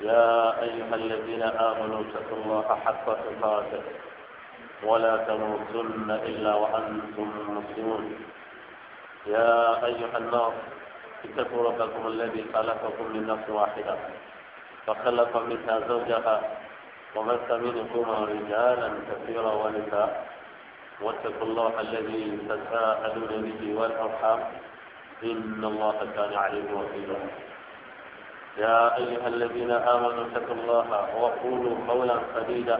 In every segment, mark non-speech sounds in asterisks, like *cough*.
يا أيها الذين آمنوا اتقوا الله حق تقاته ولا تموتن إلا وأنتم مسلمون يا أيها الناس اتقوا ربكم الذي خلقكم من نفس واحدة فخلق منها زوجها وبث منكما رجالا كثيرا ونساء واتقوا الله الذي تساءلون به والأرحام إن الله كان عليم وكيلا يا أيها الذين آمنوا اتقوا الله وقولوا قولا سديدا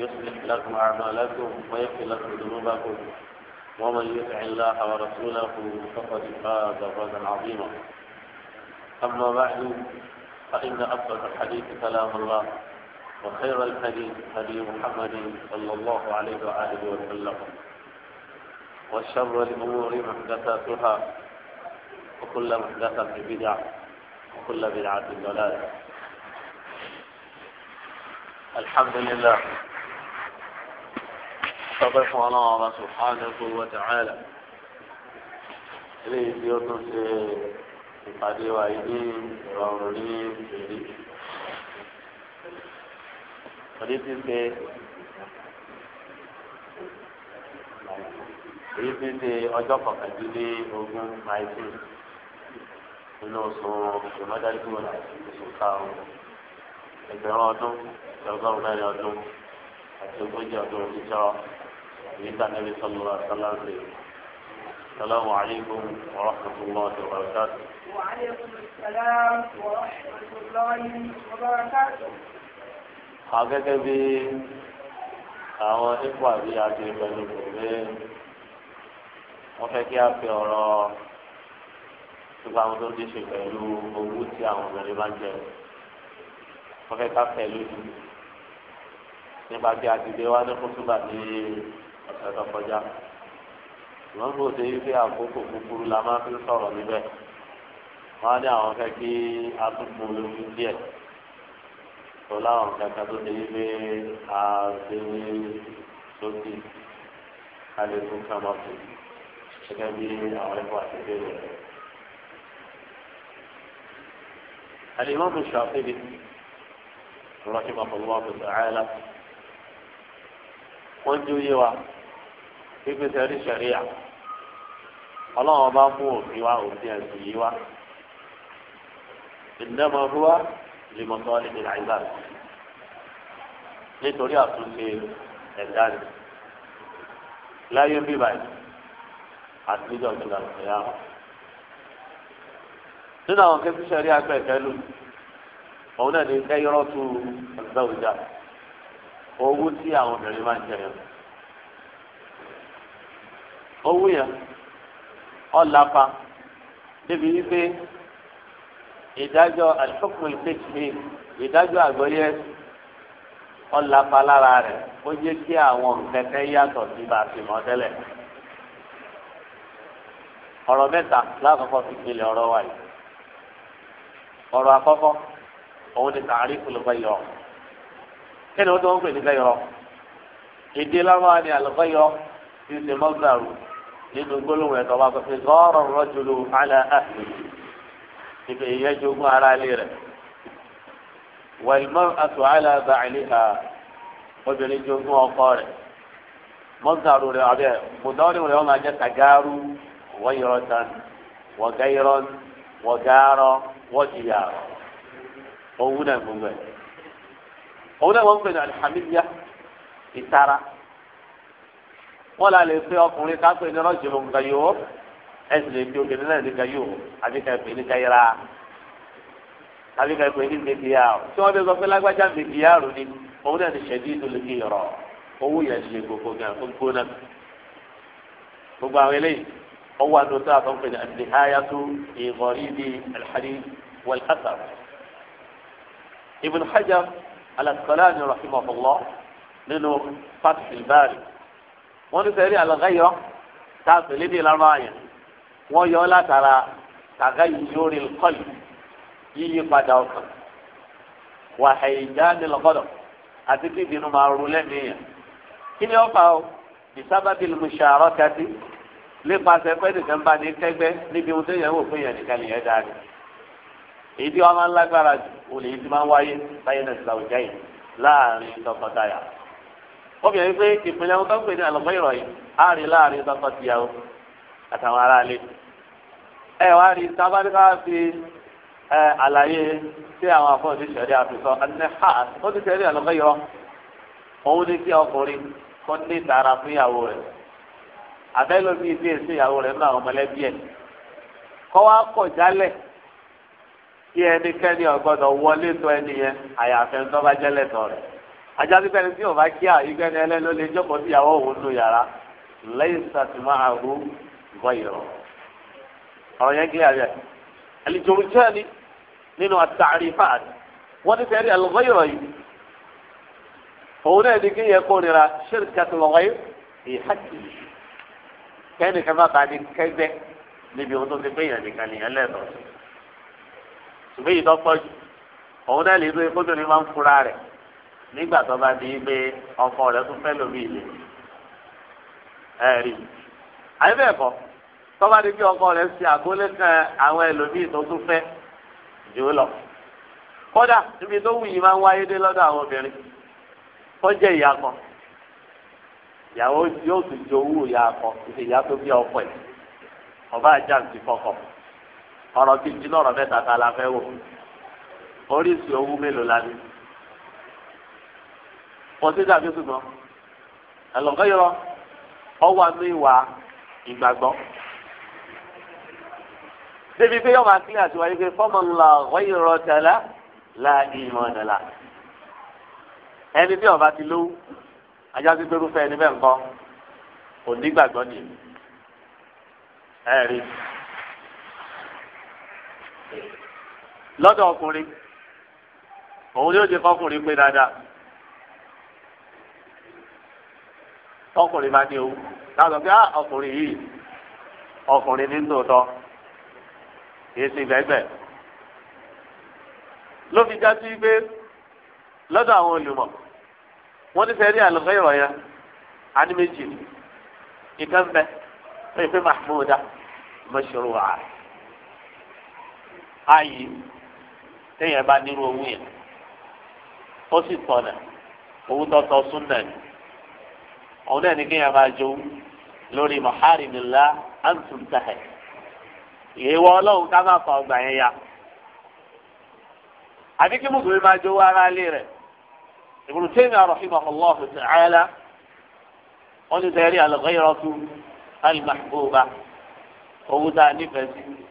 يصلح لكم أعمالكم ويغفر لكم ذنوبكم ومن يطع الله ورسوله فقد فاز فوزا عظيما أما بعد فإن أفضل الحديث كلام الله وخير الحديث هدي محمد صلى الله عليه وآله وسلم وشر الأمور محدثاتها وكل محدثة بدعة وكل بدعة ضلالة الحمد لله صبح الله سبحانه وتعالى eléyìí tí ó tún ṣe ìpàdé wa ní ìrọ̀rùn ní ìrírí. Ọdí ti ṣe èyí ti ṣe ọjọ́ kọkàndínlé ogún nineteen nínú oṣù ìmọ̀dájú oṣù karùn-ún ẹgbẹ̀rún ọdún ẹgbẹ̀rún mẹ́rin ọdún àti ogójì ọdún ìjọ ìyíká níbi sọlọ àtàlánsì salamu alaykum wa rahmatulahi wa barakatu. wa aleykum salaam wa rahmatulahi wa barakatu. àwọn gẹ́gẹ́ bí àwọn ipò àbí àti ìbẹ̀lú kò gbé wọ́n fẹ́ kí a fi ọ̀rọ̀ gbogbo àwọn tó dé ṣe pẹ̀lú owó tí àwọn obìnrin máa ń jẹ wọ́n fẹ́ ká fẹ́ lójú nípa bí àtìlẹ́ wa ní kótóbà ní ọ̀sẹ̀ tó kọjá ìwọ́n gbọ́ dé wípé àkókò kúkúrú la máa fi sọ̀rọ̀ níbẹ̀ wọ́n á ní àwọn fẹ́ kí atúkù lórí díẹ̀ tó láwọn kankan tó dé wípé àdéhùn sókè ká lè tún kàn mọ́ sí gẹ́gẹ́ bí àwọn ẹ̀kọ́ àti ìbéèrè الإمام الشافعي رحمه الله تعالى وانجو يوا في كتاب الشريعة الله ما مو يوا وفي يوا إنما هو لمصالح العباد nítorí àtúnṣe ẹ̀dá ni láyé bíbáyìí àti níjọ́ ìjọba nínú àwọn kẹfíṣẹ rí agbẹfẹ lò òun náà ní ẹyọrọ tu ọgbẹ òjà owó tí àwọn obìnrin máa ń jẹ yẹn owó yẹn ọlàpá débi wípé ìdájọ́ àlùfọkùn ìpèsè ìdájọ́ àgbọ́yé ọlàpá lára rẹ̀ ó jẹ́ kí àwọn kẹkẹ yàtọ̀ sí bá a fi mọ̀ tẹ́lẹ̀ ọ̀rọ̀ mẹ́ta lákòókò fi gbélé ọ̀rọ̀ wáyé ọ̀rọ̀ àkọ́kọ́ òun ni tààrí kùlùkọ́ yọ kí ni ó tó ń pè ní kẹyọ ìdí láwọn ni àlùkọ́ yọ ti ṣe mọ́gbàrú nínú gbólóhùn ẹ̀tọ́ wa pẹ̀lú gọ́ọ̀rọ̀ rọ́jòló alẹ́ àti ìfẹ̀ ìyẹn jogún ara ilé rẹ̀ wàlmọ́ àtò alẹ́ bàálí ha obìnrin jogún ọkọ rẹ̀ mọ́gbàrú rẹ̀ ọ̀bẹ mùdọ́rì rẹ̀ wọ́n máa jẹ́ kàgáàrú wọ́yọ̀rọ̀ tán wọ̀gẹ́yọ̀rọ̀ wọ̀gáàrọ̀ wọ́n ti yà òun náà gbogbo ẹ̀ òun náà wọ́n ń pè ní alihamidiya ìtara wọ́n la lè pe ọkùnrin ká pè ní rọ́jìmọ̀ nǹkan yòó ẹ sì lè fi obìnrin náà nìkan yòó àbí ká pè ní kẹyìrá àbí ká pè ní mẹkìyàrò tí wọ́n bẹ sọ pé lágbájá mẹkìyàrò ni òun náà ní ṣẹ̀dí ìdúró kì owó yẹn ti lè gbogbo gan gbogbo náà gbogbo àwọn eléyìí ọwọ́ àdótó àtọ́kùnrin àti àyàtú ìgbọ̀rí bíi alhadith. والأثر ابن حجر الأسقلاني رحمه الله nínú fatih ilbari wọn ní sẹrí àlọgáyọ tá a pè lédè lọrọ àyàn wọn yọ látara kàgá yìí kọlì yíyí padà ọkàn wà ẹyìndá ní lọgọdọ àti kí ìbínú máa ru lẹ́mìíyàn kí ni ó fà ó bisababi musharakati nípasẹ̀ pé nìkan bá ní kẹgbẹ́ níbi ohun tó yẹ wò fún yẹn nìkan nìyẹn dáa ni èyí tí wọn máa ń lágbára jù olè yìí ti máa ń wáyé láyé náà ti làwùjá yìí láàrin tọkọtaya obìnrin pé ìpínlẹ̀ wọn tó ń pè ní àlọ́gbọ́n ìrọ̀yìn á rí láàrin tọkọtìyàwó àtàwọn aráalé ẹ wá rí tábàdíkà fi ẹ àlàyé tí àwọn afọ́ọ̀dì sẹ̀rí àfisọ ẹni ha ó ti sẹ̀rí àlọ́gbọ́n ìrọ̀ òun ní kí ọkùnrin kó ní ìtara fún ìyàwó rẹ̀ àbẹ́lómi ìdí èsì ìyàwó rẹ̀ náà ọmọlẹ́bí ẹ̀ kọ́ wá kọ̀ jálẹ̀ tí ẹnikẹ́ni ọ̀gbọ́dọ̀ wọlé tọ̀ ẹni yẹn àyàfẹ́ tó bá jẹ́ lẹ́tọ̀ rẹ̀ ajáde pẹ́ni tí òun bá kí àyíkẹ́ni ẹlẹ́ni ó lè jókòó sí ìyàwó òun nù yàrá lẹ́yìn sàtìmọ́ àhú bọ́yọ̀ ọ̀rọ̀ yẹn kílẹ̀ rẹ̀ àlìjòrìjẹ́ni nínú àtàrífàd wọ́n ti fẹ́ẹ́ rí àlùbọ́yọ̀ yìí òun náà ní kí yẹ kó nira ṣírkàtì lọ́wọ́ ìhàkì kẹ́ni ṣùgbọ́n èyí tó pọ̀jù òun náà lè gbé kóbìnrin máa ń fura rẹ̀ nígbà tó bá di pé ọkọ rẹ̀ tún fẹ́ lómi ìlẹ̀ ẹ̀rí àyè bẹ́ẹ̀ kọ́ tó bá di pé ọkọ rẹ̀ ṣe àkólé kan àwọn ẹlòmíì tó tún fẹ́ jù ú lọ kódà níbi tó wù yìí máa ń wáyé dé lọ́dọ̀ àwọn obìnrin tó jẹ́ ìyá kan ìyàwó yóò tún jowú ìyá kan ìyá tó bí ọkọ ẹ̀ ọba àjà ti fọkàn ọ̀rọ̀ kejì náà ọ̀rọ̀ mẹ́ta ta la fẹ́ wò oríṣi owó mélòó la ní. pọtí dàbí ṣùgbọ́n ẹlọ́gọ́ yọrọ ọwọ́ àánú ìwà ìgbàgbọ́. débi pé yọ̀ọ́ máa kílẹ̀ àti wáyé pé fọ́mọ̀ ńlá ọ̀rọ̀ tẹ̀lá la ìmọ̀ tẹ̀lá. ẹni bí ọba ti lówó ajá sí pé irúfẹ́ ẹni bẹ́ẹ̀ ń kọ́ òní gbàgbọ́ nìyí. ẹ̀rí. lọ́dọ̀ ọkùnrin òun yóò di kọkùnrin pé dáadáa tọkùnrin bá ní owó láti ọ̀gá ah, ọkùnrin yìí ọkùnrin ní tòótọ́ kìí sí ló fi já sí pé lọ́dọ̀ àwọn olùmọ̀ wọ́n ti fẹ́ rí àlùkò ìrọ̀ yẹn adimejì ìkan bẹ pé pé mahmuda mọ̀ṣúrù wà á yìí. téèyàn bá nírú owó yẹn ó sì tọ̀nà owó tọ́tọ́ súnà ni òun náà ní kéèyàn máa jowú lórí maharimillah antuntahe ìyẹ́wọ́ ọlọ́run ká má fa ọgbà yẹn ya àti kí mùsùlùmí máa jowú ara lé rẹ̀ Ibn Taymiyyah rahimahullah ta'ala wọ́n ti sẹ́rí al-ghayratu al owó tá a nífẹ̀ẹ́ sí.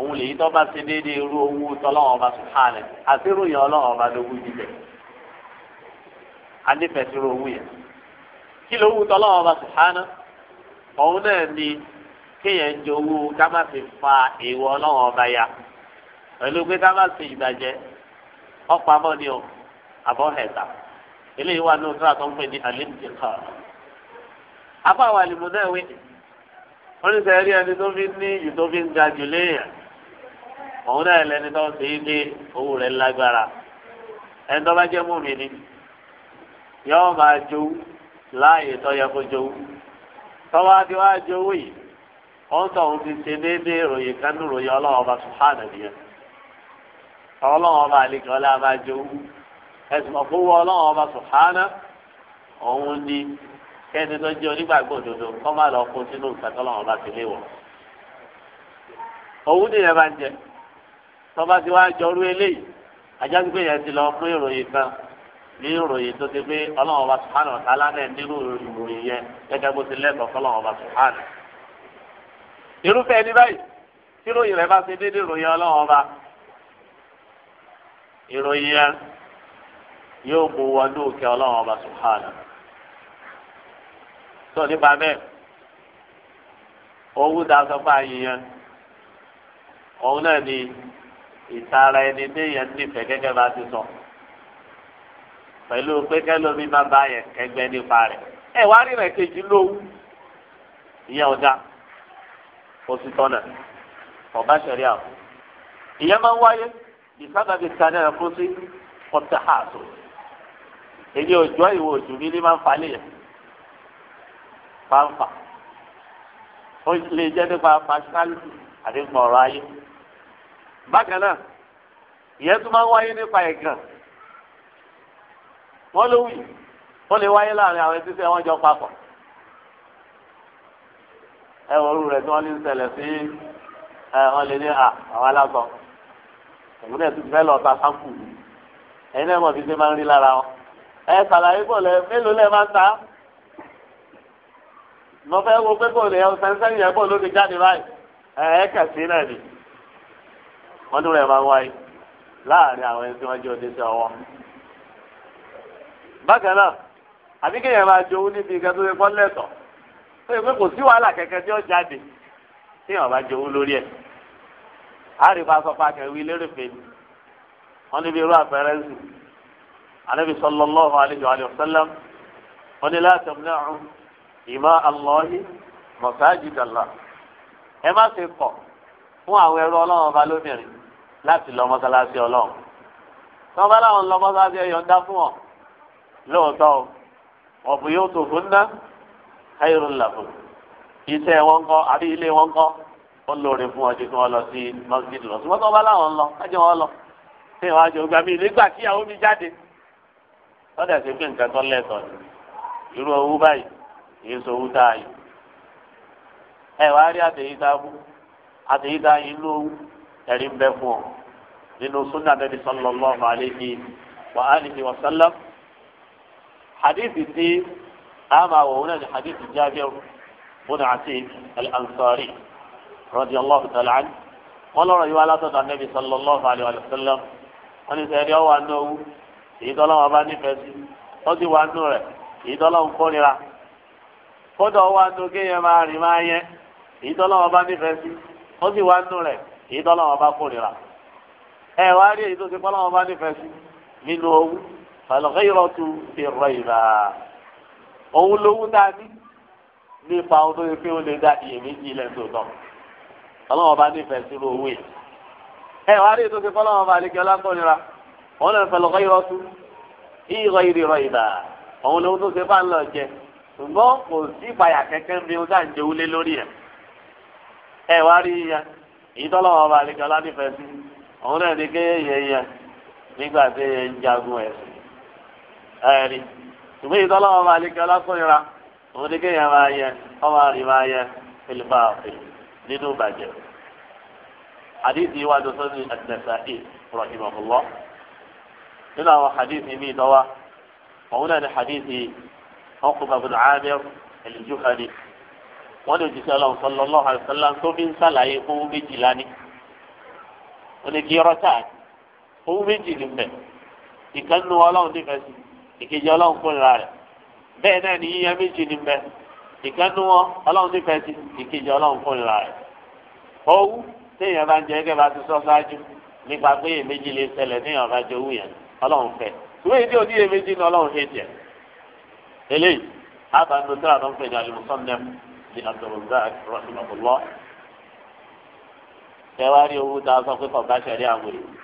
òun lèyí tó bá ṣe déédéé irú owó tọ́lọ́wọ́ ọba sùhánẹ̀ àti irú yẹn ọlọ́wọ́ ọba lówó jíjẹ adífẹ̀sirò owó yẹn kí lówó tọ́lọ́wọ́ ọba sùhánẹ̀ òun náà ni kéèyàn ń jẹ owó ká má fi fa èèwọ̀ ọlọ́wọ́ ọba ya pẹ̀lú pé ká ìgbàjẹ́ ọ̀pamọ́ ni o àbọ̀ eléyìí wà ní òtúrà tó ní àlejò kan afáwọn àlùmọ́ náà wí oníṣẹ́ rí ẹni tó fi ní ìyù ga jù léèyàn òun náà lẹni tó ń ṣe é pé owó rẹ̀ lágbára ẹni tó bá jẹ́ mùmí ni yọ́ọ́ máa jowú láàyè tó yẹ kó jowú tọ́wọ́ á ti wá jowú yìí wọ́n tọ̀ ń fi ṣe déédéé ìròyìn kan ní ìròyìn ọlọ́run ọba sùhánà nìyẹn ọlọ́run ọba àlekè ọlá máa jowú ẹ̀sùn ọ̀pọ̀wọ́ ọlọ́run ọba sùhánà òun ni kẹ́ni tó jẹ́ onígbàgbọ́ òdodo kọ́ má lọ kó sínú ìtàkọ́lọ́run ọba tìlé wọ̀ òun nìyẹn bá ń jẹ tọ́ba ti wá jọrú eléyìí ajásí pé yẹn ti lọ fún ìròyìn kan ní ìròyìn tó ti pé ọlọ́run ọba sùhánù ọ̀tá alánẹ̀ nínú ìròyìn yẹn gẹ́gẹ́ bó ti lẹ́kọ̀ọ́ fọlọ́run ọba sùhánù. irúfẹ́ ẹni báyìí tí ìròyìn rẹ̀ bá ṣe déédéé ìròyìn ọlọ́run ọba ìròyìn yẹn yóò mú wọnú òkè ọlọ́run ọba sùhánù. sọ nípa bẹ́ẹ̀ owó dáa sọ fún àyè yẹn òun náà ni ìtara ẹni déyẹn nífẹ̀ẹ́ gẹ́gẹ́ bá ti sọ pẹ̀lú pé kẹ́lómi má bá yẹn kẹgbẹ́ nípa rẹ̀ ẹ wá rí rẹ̀ kejì lówù ìyẹn ọ̀dà oṣù tọ́nà ọ̀bá ṣẹ̀rí àwọn ìyẹn máa ń wáyé ìsábàbí tani ẹ̀ kó sí ọ̀tá àtò èyí òjò ìwò òjò mi ní máa ń falẹ̀ yẹn fanfa ó lè jẹ́ nípa pàṣálì àti gbọ̀rọ̀ ayé bákan náà ìyẹn tó máa ń wáyé nípa ẹ̀gàn wọ́n ló wì wọ́n lè wáyé láàrin àwọn ẹtí sẹ́ wọ́n jọ papọ̀ ẹ wọ́n rú rẹ̀ tí wọ́n lè ń ṣẹlẹ̀ sí ẹ wọ́n lè ní àwọn alágbọ̀ ẹ̀gbọ́n ẹ̀ tó fẹ́ lọ ta sáǹpù ẹ̀yin náà mọ̀ bí ṣe máa ń rí lára wọn ẹ ṣàlàyé bò lẹ mélòó lẹ máa ń ta mo fẹ́ wo pé bò lẹ ọ̀sán sẹ́yìn ẹ̀ bò ló jáde báyìí ẹ̀ ẹ̀ kẹ̀sí náà ni ọdún rẹ̀ máa ń wáyé láàrin àwọn ẹni tí wọ́n jẹ́ oníṣẹ́ ọwọ́. bákan náà àbí kéèyàn máa jowú níbi ìkan tó ṣe kọ́ lẹ́tọ̀ tó yẹ pé kò sí wàhálà kẹ̀kẹ́ tí ó jáde téèyàn bá jowú lórí ẹ̀. àríwá sọ pé akẹ́wì lérèfé ni wọ́n níbi irú àpẹẹrẹ ń sìn. ànábì sallallahu alaihi wa sallam wọ́n ní la tamna'u ima Allahi masajid Allah ẹ má ṣe kọ̀ fún àwọn ẹrú ọlọ́run ọba lómìnirin láti lọ mọ́sálásí ọlọ́run tí wọ́n bá láwọn lọ mọ́sálásí ẹ̀yọ̀ ń dá fún ọ lóòótọ́ o ọ̀bùn yóò tó fún ná káyọ̀rọ̀ làbùn iṣẹ́ wọn kọ́ àbí ilé wọn kọ́ ó lóore fún ọjọ́ kí wọ́n lọ sí mọ́síd lọ ṣùgbọ́n tí wọ́n bá láwọn lọ ẹjọ́ wọn lọ ṣé ìwọ́n àjọ gbàmí nígbà kíyàwó mi jáde wọ́n dẹ̀ pé nǹkan tó lẹ́tọ̀ọ́ irú owó báyìí kì owó tá a yìí rí àtẹ̀yí ẹ̀rí ń bẹ fún ọ nínú sunna nabi sallallahu alayhi wa alihi wa sallam hadithi tí a máa wò wọn náà ni hadithi Jabir bin Atiq al-Ansari radiyallahu ta'ala anhu wọn lọ́rọ̀ yìí wá látọ̀dọ̀ nabi sallallahu alayhi wa sallam wọn ní sẹ́yìn ọwọ́ àná owó èyí tó lọ́wọ́ bá nífẹ̀ẹ́ sí wọ́n ti wà nù rẹ̀ èyí tó lọ́wọ́ kórira kódà ọwọ́ àná kéèyàn máa rìn máa yẹ èyí tó lọ́wọ́ bá nífẹ̀ẹ́ sí wọ́n ti wà nù rẹ̀ èyí tó lọ́wọ́ bá kórìíra ẹ wá rí èyí tó ti pọ́lọ́wọ́ bá nífẹ̀ẹ́ sí nínú owó pẹ̀lọ́kẹ́ yìí lọ́tù ti rọ ìlà òun lówó dání nípa ohun tó yẹ pé ó lè dá iyèméjì ilẹ̀ tó tọ̀ pọ́lọ́wọ́ bá nífẹ̀ẹ́ sí ló owó yìí ẹ wá rí èyí tó ti pọ́lọ́wọ́ bá àlekẹ́ ọlá kórìíra òun lè pẹ̀lọ́kẹ́ yìí lọ́tù ìrọ̀ ìlà òun lówó tó ti bá ń jẹ ṣùgbọ́n kò sí ìpayà kẹ́kẹ́ bí ó dá ń jẹ èyí tọ́lọ́ wọn bá àlejò aládìfẹ́ sí òun náà ní kéèyàn yẹn nígbà tí èèyàn ń jagun ẹ̀sìn ẹ̀rí ṣùgbọ́n èyí tọ́lọ́ wọn bá àlejò alákùnrinra òun ní kéèyàn máa yẹ ọmọ àrí máa yẹ fílípà òfin nínú ìbàjẹ́ àdìsí wa tó sọ́ni àtìlẹ́sàkì rọ̀hìmọ̀kùlọ́ nínú àwọn àdìsí mi ìdọ́wà òun náà ní àdìsí ọkùnrin wọ́n lè jìṣẹ́ ọlọ́run sallallahu alaihi wasallam tó fi ń sàlàyé owó méjìlá ni wọ́n lè kí ọ̀rọ̀ táà owó méjì ni mẹ́ ìkànnì ọlọ́run nífẹ̀ẹ́ sí ìkejì ọlọ́run kórìíra rẹ̀ bẹ́ẹ̀ náà ni yíyan méjì mẹ́ ìkànnì wọn ọlọ́run nífẹ̀ẹ́ sí ìkejì ọlọ́run kórìíra rẹ̀ owó téèyàn bá ń jẹ gẹ́gẹ́ bá ti sọ ṣáájú nípa pé èméjì lè ṣẹlẹ̀ téèyàn bá jẹ owó ti abdulrasaq rahimahullah kẹwàá rí owó tá a sọ pé kọba ṣẹlẹ̀ àwọn èèyàn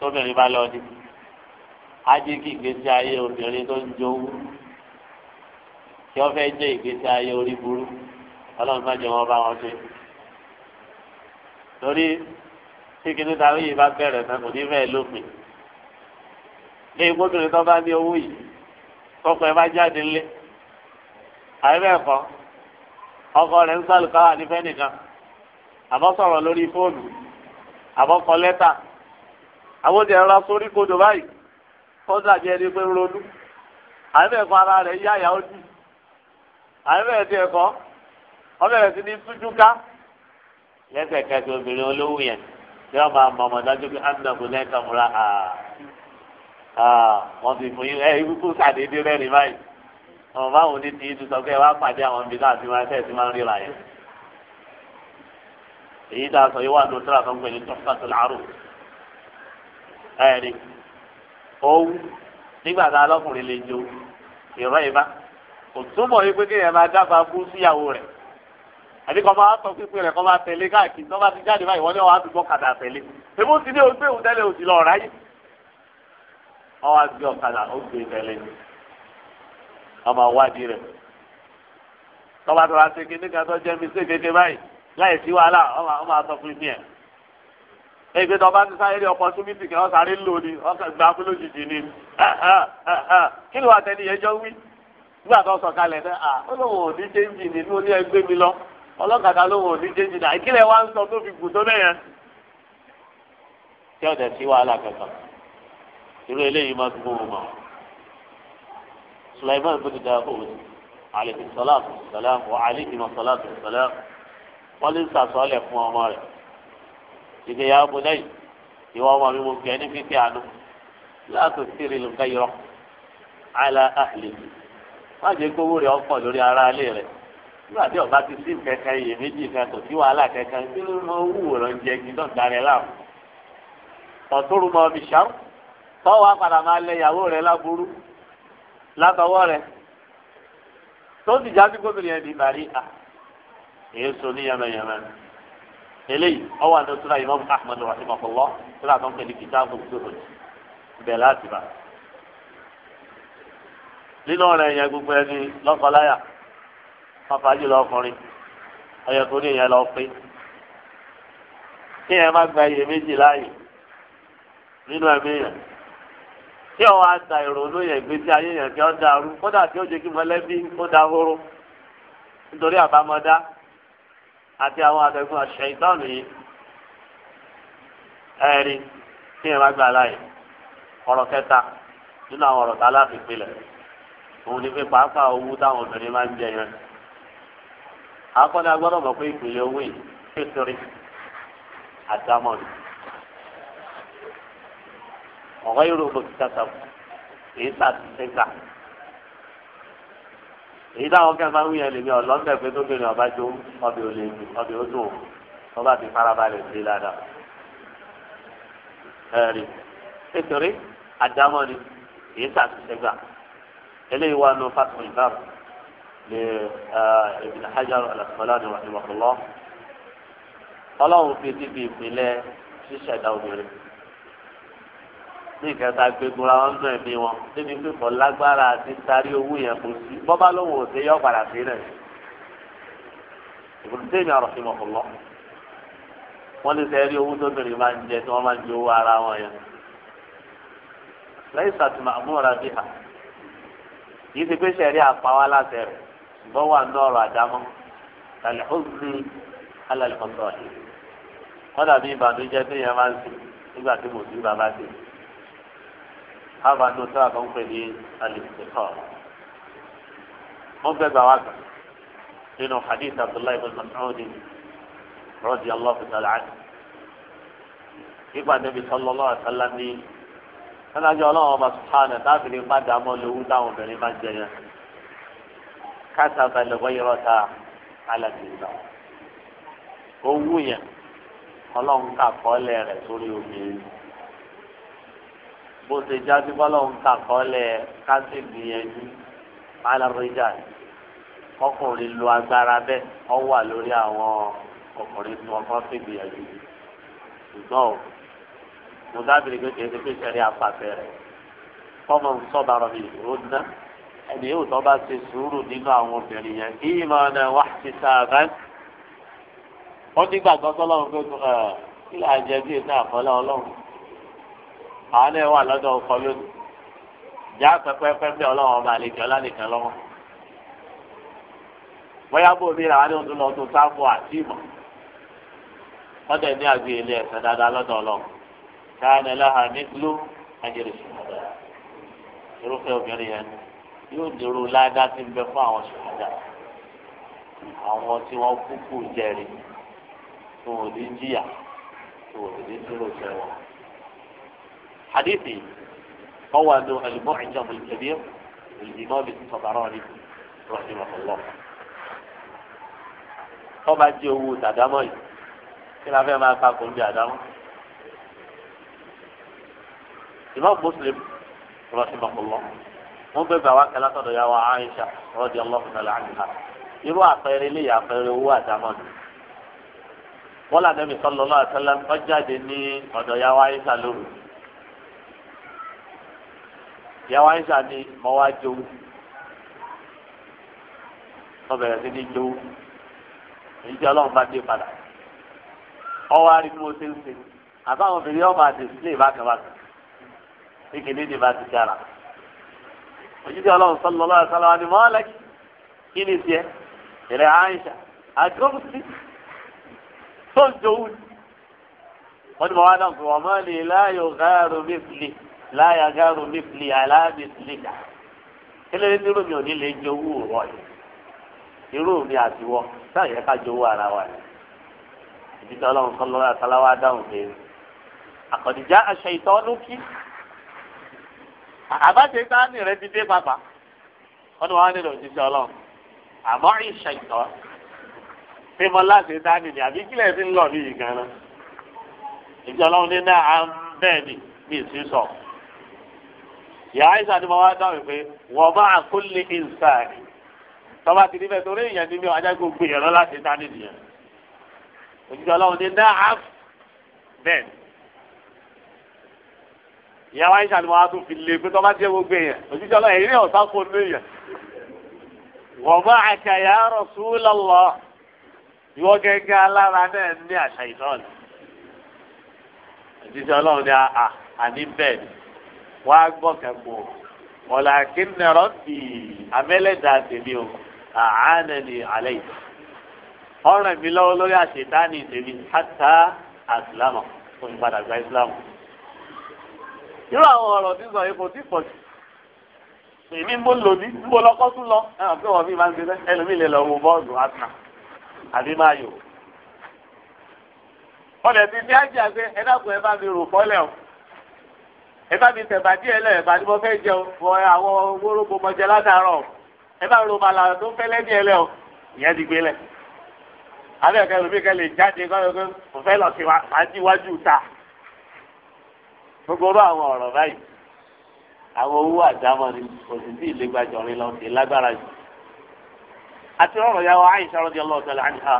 tóbìnrin bá lọ ní ajé kí ìgbésí ayé obìnrin tó ń jowú tí wọn fẹ́ẹ́ jẹ ìgbésí ayé orí burú Ọlọ́run má jẹ wọn bá wọn ṣe torí tí kìnìún ta yìí bá bẹ̀rẹ̀ náà kò ní fẹ́ẹ́ lópin ní ìgbóbìnrin tó bá ní owó yìí tọkọ ẹ bá jáde ńlẹ̀. àìbẹ́ẹ̀kọ́ ọkọ rẹ̀ ń sàlùkà nífẹ̀ẹ́ nìkan àbọ̀ lórí fóònù àbọ̀ lẹ́tà àbójì ẹ̀rọ sórí kodò báyìí ó dàbí ẹni pé ń ronú àìbẹ́ẹ̀kọ́ ara rẹ̀ yá àyà ojú àìbẹ́ẹ̀kọ́ ọbẹ̀rẹ̀ sí ní tújúká lẹ́sẹ̀kẹsẹ̀ obìnrin olówó yẹn tí wọ́n máa mọ̀ pé lẹ́kàn múra ah, ah, wọ́n ti fún yín ẹ̀ ikú sàdédé rẹ̀ ní báyìí. ọmọ báwo ní ti tu sọ pé wàá pàdé àwọn ibi náà ti máa fẹ́ẹ̀ ti máa ń ríra yẹn. èyí tá a sọ yìí wà ní òtúrà tó ń pè ní tọ́sítàtò làárò ẹ̀rí owó nígbà tá a lọ́kùnrin lè jo ìrọ̀ ìbá kò túbọ̀ yìí pé kéèyàn máa dábàá kú síyàwó rẹ̀ àbí kọ́ máa sọ pípé rẹ̀ kọ́ máa tẹ̀lé káàkiri tó bá ti jáde báyìí wọ́n ní wọ́n á kàdà tẹ̀lé èmi ó ti ní ojú èwù tẹ́lẹ̀ òsì lọ ọmọ wádìí rẹ̀ tọ́ba tó wá sí kí nígbà tó jẹ́ mi sí kékeré báyìí láì sí wàhálà ọmọ àtọ́ fún mi ẹ̀. ẹgbẹ́ tọ́ba ti sáré rí opportunity kí wọ́n sáré lò ní gbà fún lójijì ni kí ni wàá tẹ́ni yẹn jọ wí nígbà tó sọ kalẹ̀ náà à ó lóun ò ní jẹ́ǹjì ní ló ní ẹgbẹ́ mi lọ ọlọ́kadà lóun ò ní jẹ́ǹjì náà wa ń sọ tó fi gùn tó bẹ́ẹ̀ tí ọ̀dẹ̀ sí wàhálà kankan irú eléyìí máa tún kó wọn mọ̀ سليمان بن داود عليه الصلاة والسلام وعليه الصلاة والسلام ولنسى صالح وعمر إذا يا بني يوم من ممكن في كانوا لا تثير الغيرة على أهله má jẹ kówó rẹ ọkọ lórí ara alẹ rẹ nígbà tí ọba ti sí kẹkẹ iye méjì kan kò sí wàhálà kẹkẹ kí ló mọ owó rẹ ń jẹ kí náà darẹ láàmú ọtúrú mọ ọbì sàm tọwọ apàdà ìyàwó rẹ láburú látọwọ́ rẹ̀ tó ti jáde gómìnà yẹn di bàrí à èyí sọ ní yẹmẹyẹmẹ eléyìí ọwọ́ àti ọtúnra imam ahmed rahimahullah tó dà tó ń pè ní kìtàbù zuhud bẹ́ẹ̀ láti bá nínú ọ̀rẹ́ yẹn gbogbo ẹni lọ́kọláyà pàpà jùlọ ọkùnrin ọyọ tó ní lọ pé kí yẹn má gba iyèméjì láàyè nínú ẹ̀mí yẹn. tí ọ wá da ìrònú yẹn ìgbésí ayé yẹn kí ọ da arú kódà tí ó jẹ kí mọ̀lẹ́bí ó da horo nítorí àbámọ̀dá àti àwọn àtẹ̀gùn àṣẹ ìtọ́nù yìí ẹ̀rí tí ẹ má gbà láàyè ọ̀rọ̀ kẹta nínú àwọn ọ̀rọ̀ tá òun ni pé pàápàá owó táwọn obìnrin máa ń jẹ yẹn pé owó yìí ọ̀rọ̀ yìí rògbò ti kàtà èyí sàtúnṣe gbà èyí táwọn kẹfà ń yẹn lèmi ọlọ́ńdẹ̀ pé tóbìnrin ọba jó ọbẹ̀ ò lè mi ọbẹ̀ ó dùn ọba ti farabalẹ̀ sí ládà ẹ̀rí nítorí àdámọ́ ni èyí sàtúnṣe gbà eléyìí wà nù fásitì ìbámu lè Ibn Hajar al-Asqalani rahimahullah ọlọ́run fi síbi ìpínlẹ̀ ṣíṣẹ̀dá obìnrin ní ìkẹta gbẹgun ra wọn náà ní wọn níbi pípọ̀ lágbára àti tarí owó yẹn kò sí bọ́bá lóhùn òsè yọ padà sí rẹ̀ ìbùdó tèmi àrò fi mọ̀ lọ. wọ́n lè sẹ́ rí owó tó bẹ̀rẹ̀ máa ń jẹ tí wọ́n máa ń jẹ owó ara wọn yẹn. lẹ́yìn sàtìmọ̀ àmúra bí hà yìí ti pé sẹ́rí àpáwá láti rẹ̀ ṣùgbọ́n wà ní ọ̀rọ̀ àdámọ́ kàlẹ́ ó sì alẹ́ nígbà tí mò sí bàbá sí i hàbà ní oṣù àbọ̀ ń pè ní alìsìkọ́. wọ́n gbẹ́gbẹ́ àwọn àgbà nínú hadith abdullahi bin mas'ud radiyallahu ta'ala anhu. nígbà níbi sallallahu alaihi wasallam ní sọ́nájọ́ ọlọ́run ọba subhanahu tábìlì bá dààmú lówó táwọn obìnrin bá jẹ yẹn. kásàbà lọ́wọ́ yọrọ ta alàgbègbà. owó yẹn ọlọ́run kà kọ́ lẹ́rẹ̀ sórí obìnrin bó ṣe jáde bọ́lá ń ta kọ́lẹ̀ káṣí gbìyànjú alárìíjà ọkùnrin lo agbára bẹ́ẹ̀ ọ wà lórí àwọn ọkùnrin tí wọ́n kọ́ sí gbìyànjú ṣùgbọ́n o mo dábìrì pé kìí ṣe pé sẹ́rí apàṣẹ rẹ̀ fọ́mọ ń sọ́ba rọ̀ mi ìró ná ẹni yóò tọ́ bá ṣe sùúrù nínú àwọn obìnrin yẹn kí ìmọ̀ ọ̀nà wá ti sáàbá wọ́n ti gbàgbọ́ sọ́lọ́run pé kí làá jẹ bí ètò àkọ́lé ọlọ́run. àwọn náà wà lọ́dọ̀ ọkọ lónìí já pẹ́pẹ́pẹ́ ọlọ́wọ́ ọba jọ ọlánìkan lọ́wọ́ bóyá bó mi làwọn ní ọdún lọ tó sáfù àti ìmọ̀ wọ́n ní àgbé ilé ẹsẹ dáadáa lọ́dọ̀ ọlọ́wọ́ káàní ẹlẹ́hà nígbó ajẹ́rì ṣùgbọ́n irúfẹ́ obìnrin yẹn yóò dúró ládàá tí ń bẹ fún àwọn ṣùgbọ́n àwọn tí wọ́n kúkú jẹ́rìí tó ò ní jìyà tó حديثي ọwọ́ àdó àlùmọ́ ìjọba ìjọba ìjọba ìtọ́bárọ́ọ̀lì rahimahullah tọ́ba jẹ́ owó tàdámọ́ yìí kí la fẹ́ máa kakùn bí àdámọ́. imam muslim rahimahullah wọ́n bẹ̀rẹ̀ àwọn akẹ́lá tọ̀dọ̀ ya wa aisha radiyallahu ta'ala anha irú àpẹẹrẹ ilé yà àpẹẹrẹ owó àdámọ́ ni. wọ́n làdẹ́mi sallallahu alaihi wasallam ọjáde ní ọ̀dọ̀ ya wa aisha lóru ìyàwó àyíṣà ni mo wá jowú mo bẹ̀rẹ̀ sí ní jowú èyí tí ọlọ́run bá dé padà ọwọ́ àrí bí mo ṣe ń ṣe àbáwọn obìnrin ọba display bákàbákà ìkíní ni bá ti dára òjijì ọlọ́run sallallahu alaihi wasallam ni mọ́ lẹ́kì kí ni tiẹ̀ ìrẹ̀ àyíṣà àdúrósí tó ń jowú ni wọ́n ti mọ̀ wá dáhùn pé wọ́n mọ́ lè láyò gáàrú mi sílẹ̀ láyà gáàrú mi fìlì aláàbì fìlì dà kílódé nírú mi ò ní lè jẹ owó rọ yìí irú mi àtiwọ sáà yẹ ká jẹ owó ara wa ni ìdíjọ Ọlọ́run sọlọ àtàláwà dáhùn pé àkọdìjà aṣọ ìtọ́ lókì àbáṣe sáánì rẹ ti dé bàbá ọdún wa nílò ìdíjọ Ọlọ́run àmọ́ ìṣe ìtọ́ pé mo láṣẹ sáánì ni àbí kílẹ̀ ti ń lọ ní náà à ń bẹ́ẹ̀ mi ì sí ìyá àìsàn ni mo wá dáhùn pé wọ́n máa kó lè ìsàlẹ̀ tọ́ba ti níbẹ̀ torí ìyẹn ní mi ò ajá gbogbo ìyẹn lọ́la ṣe dání nìyẹn òjijì ọlọ́run ní náà bẹ́ẹ̀ ìyá àìsàn ni mo wá tún fi lè pé tọ́ba jẹ́ gbogbo ìyẹn òjijì ọlọ́run èyí ní ọ̀sán kò ní ìyẹn wọ́n máa àkàyà rọ̀ súnlọ́lọ́ ìwọ gẹ́gẹ́ alára náà ní àṣà ìtọ́ni òjijì ọlọ́run ní àní bẹ́ẹ̀ wọ́n á gbọ́ kẹ́kọ̀ọ́ mọ̀láàkì nẹ̀rọ̀ bì amẹ́lẹ́dà tèmi o àánẹ́ni alẹ́ yìí ọ̀ràn mi lọ́wọ́ lórí àṣetánì tèmi hàtà àsìlámù fún ìpadà gba ìsìlámù. irú àwọn ọ̀rọ̀ tí sọ yìí kò tí pọ̀ jù èmi ń bó lòdì ń bó lọ́kọ́ tún lọ ẹ̀rọ pé wọ́n fi máa ń gbé ẹlòmíì lè lọ wo bọ́ọ̀lù àtúnà àbí máa yò. ọ̀dẹ̀ ti ní àjẹ́ àgbẹ̀ ẹ̀dá ẹ bá mi díẹ̀ lẹ̀ bá ní mo fẹ́ jẹun fọ àwọn wórógbó mọ̀jẹ látàárọ̀ ẹ bá ro bàlà tó lẹ̀ o ìyẹn ti gbélẹ̀ alẹ́ ẹ̀ka ẹ̀rọ mi kẹ́ lè jáde kọ́ ẹ̀kọ́ fẹ́ lọ sí wa ti wájú ta gbogbo àwọn ọ̀rọ̀ báyìí àwọn owó àdámọ́ ni kò sì lọ sí lágbára jù àti ọ̀rọ̀ ya wa Aisha radiyallahu di anha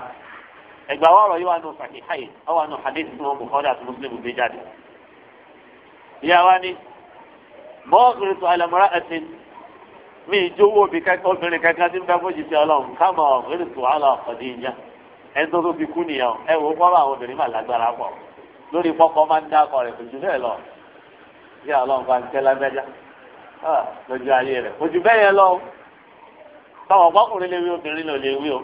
ìyá wa ni mọ́ọ̀kìrì tó àlàmúra ẹ̀sìn mi ìjówó obì kẹ́kẹ́ obìnrin kẹ́kẹ́ tí ń bẹ́ fojì sí ọlọ́run káàmọ̀ ọ̀kìrì tó àlà ọ̀kọ̀dé ìyá ẹni tó tó fi kú nìyẹn ẹ wò ó kọ́ àwọn obìnrin mà lágbára pọ̀ lórí pọ́kọ́ máa ń dákọ̀ rẹ̀ kò jù bẹ́ẹ̀ lọ ìyá ọlọ́run bá ń tẹ́ lágbájá lójú ayé rẹ̀ kò jù bẹ́ẹ̀ lọ táwọn ọkùnrin lè wí obìnrin lò lè wí o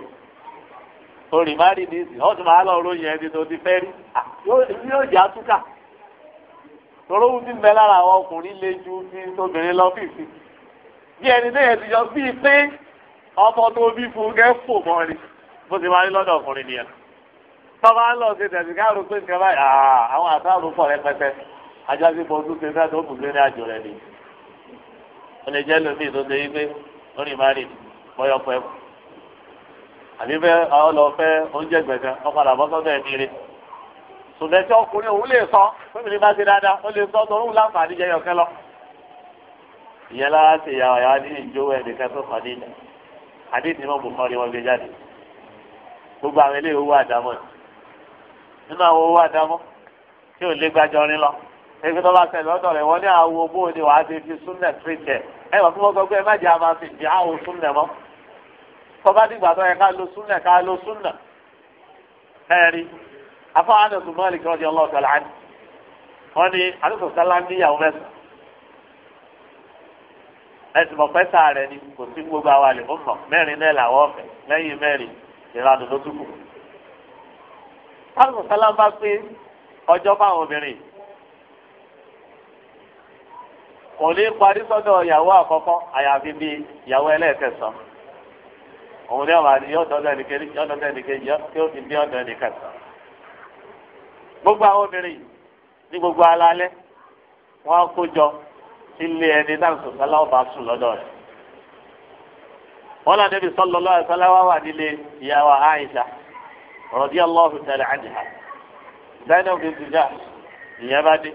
orí má rí ní ìsìn tòró wù sí bẹ lára àwọn ọkùnrin lè ju ti obìnrin lọ fífi bí ẹni náà ti yọ bíi pé ọmọ tó bí fún kẹ́ fò mọ́ ni bó ti máa rí lọ́dọ̀ ọkùnrin nìyẹn tọ́ba ń lọ sí tẹ̀sí káàró pé nǹkan báyìí àwọn àtàrò pọ̀ rẹpẹtẹ ajásí bọ́ tó ṣe fẹ́ tó kù lórí àjò rẹ̀ ni ó lè jẹ́ lómi tó ṣe wípé ó rìn máa rìn bọ́yọ̀ pẹ́ àbí fẹ́ ọ lọ fẹ́ oúnjẹ gbẹ̀gàn ọ padà bọ́ sọ́dọ̀ ẹ̀mí ṣùgbọ́n tí ọkùnrin òun lè sọ fúnmi bá ṣe dáadáa ó lè sọ tọrún láǹfààní jẹyọ kẹ lọ. ìyẹn lára ṣe ìyàwó ìyàwó ní ìjówó ẹnìkan tó kàn ní ilẹ̀ àdéhùn ìmọ̀ bùkọ́rí wọn gbé jáde gbogbo àwọn eléyìí owó àdámọ́ nínú àwọn owó àdámọ́ tí ò lé gbàjọ rin lọ ebi tó bá tẹ̀ lọ́dọ̀ rẹ̀ wọ́n ní àwọn owó ni wàá ti fi súnlẹ̀ tìrìtẹ̀ ẹ ẹ afọ àwọn ẹ̀sùn mọ́lì kí wọ́n di ọlọ́ọ̀tà láàánú wọ́n ní àdúgbò sálá ń níyàwó mẹ́sàn ẹ̀sùn mọ̀pẹ́ sáré ni kò sí gbogbo àwọn àlè fún mọ̀ mẹ́rin náà làwọn ọ̀fẹ́ lẹ́yìn mẹ́rin ìlànà ló túkù. àdúgbò sálá bá pé ọjọ́ fáwọn obìnrin kò ní parí sọ́dọ̀ ìyàwó àkọ́kọ́ àyàfi bíi ìyàwó ẹlẹ́ẹ̀kẹsàn-án òun ní ọ̀rọ̀ àdìyọ́ ọ̀dọ́ ẹnìkejì ọ̀dọ́ ẹnìkejì tí ó fi bí ọ̀dọ́ ẹnìkẹsàn gbogbo àwọn obìnrin ní gbogbo alalẹ́ wọn á kó jọ ilé ẹni náà sọsọ aláwọ bá sùn lọ́dọ̀ rẹ̀ wọn náà débi sọlọ lọ ẹsọlá wa wà nílé ìyàwó Àìṣà radiyallahu ta'ala anha Zainab bíbí jà ìyẹn bá dé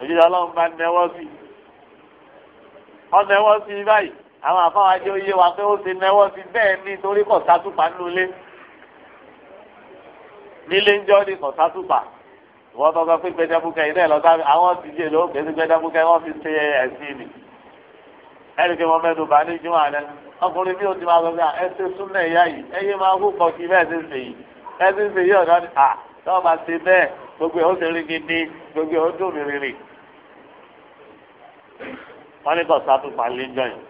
òjijì Ọlọ́run bá nẹwọ sí ọnẹwọ sí báyìí àwọn àfáwọn ajé wa pé ó ti nẹwọ sí bẹ́ẹ̀ ní torí kò sátúpa nulẹ nílé ń jọ́ ní kọ̀sátùpà wọ́n tọ́ka pé gbẹdẹ́bùkẹ́ iná ẹ̀ lọ́sá àwọn ti jẹ́ lóhùn kẹ́sí gbẹdẹ́bùkẹ́ wọ́n fi ṣe ẹ̀sìn mi ẹ̀rí pé wọ́n mẹ́nu bá ní jùmọ̀ rẹ ọkùnrin bí o ti máa sọ pé ẹ ṣe súnmọ́ ẹ̀yà yìí ẹyẹ máa hú kọ kí bẹ́ẹ̀ ṣe ń ṣe yìí ẹ ṣe ń ṣe yìí ọ̀dọ́ ni à tọ́ máa ṣe bẹ́ẹ̀ gbogbo ẹ̀ ó ṣe rí gidi gbogbo ẹ̀ ó dùn mí rírì. wọ́n ní kọ̀sátùpà lé jọyìn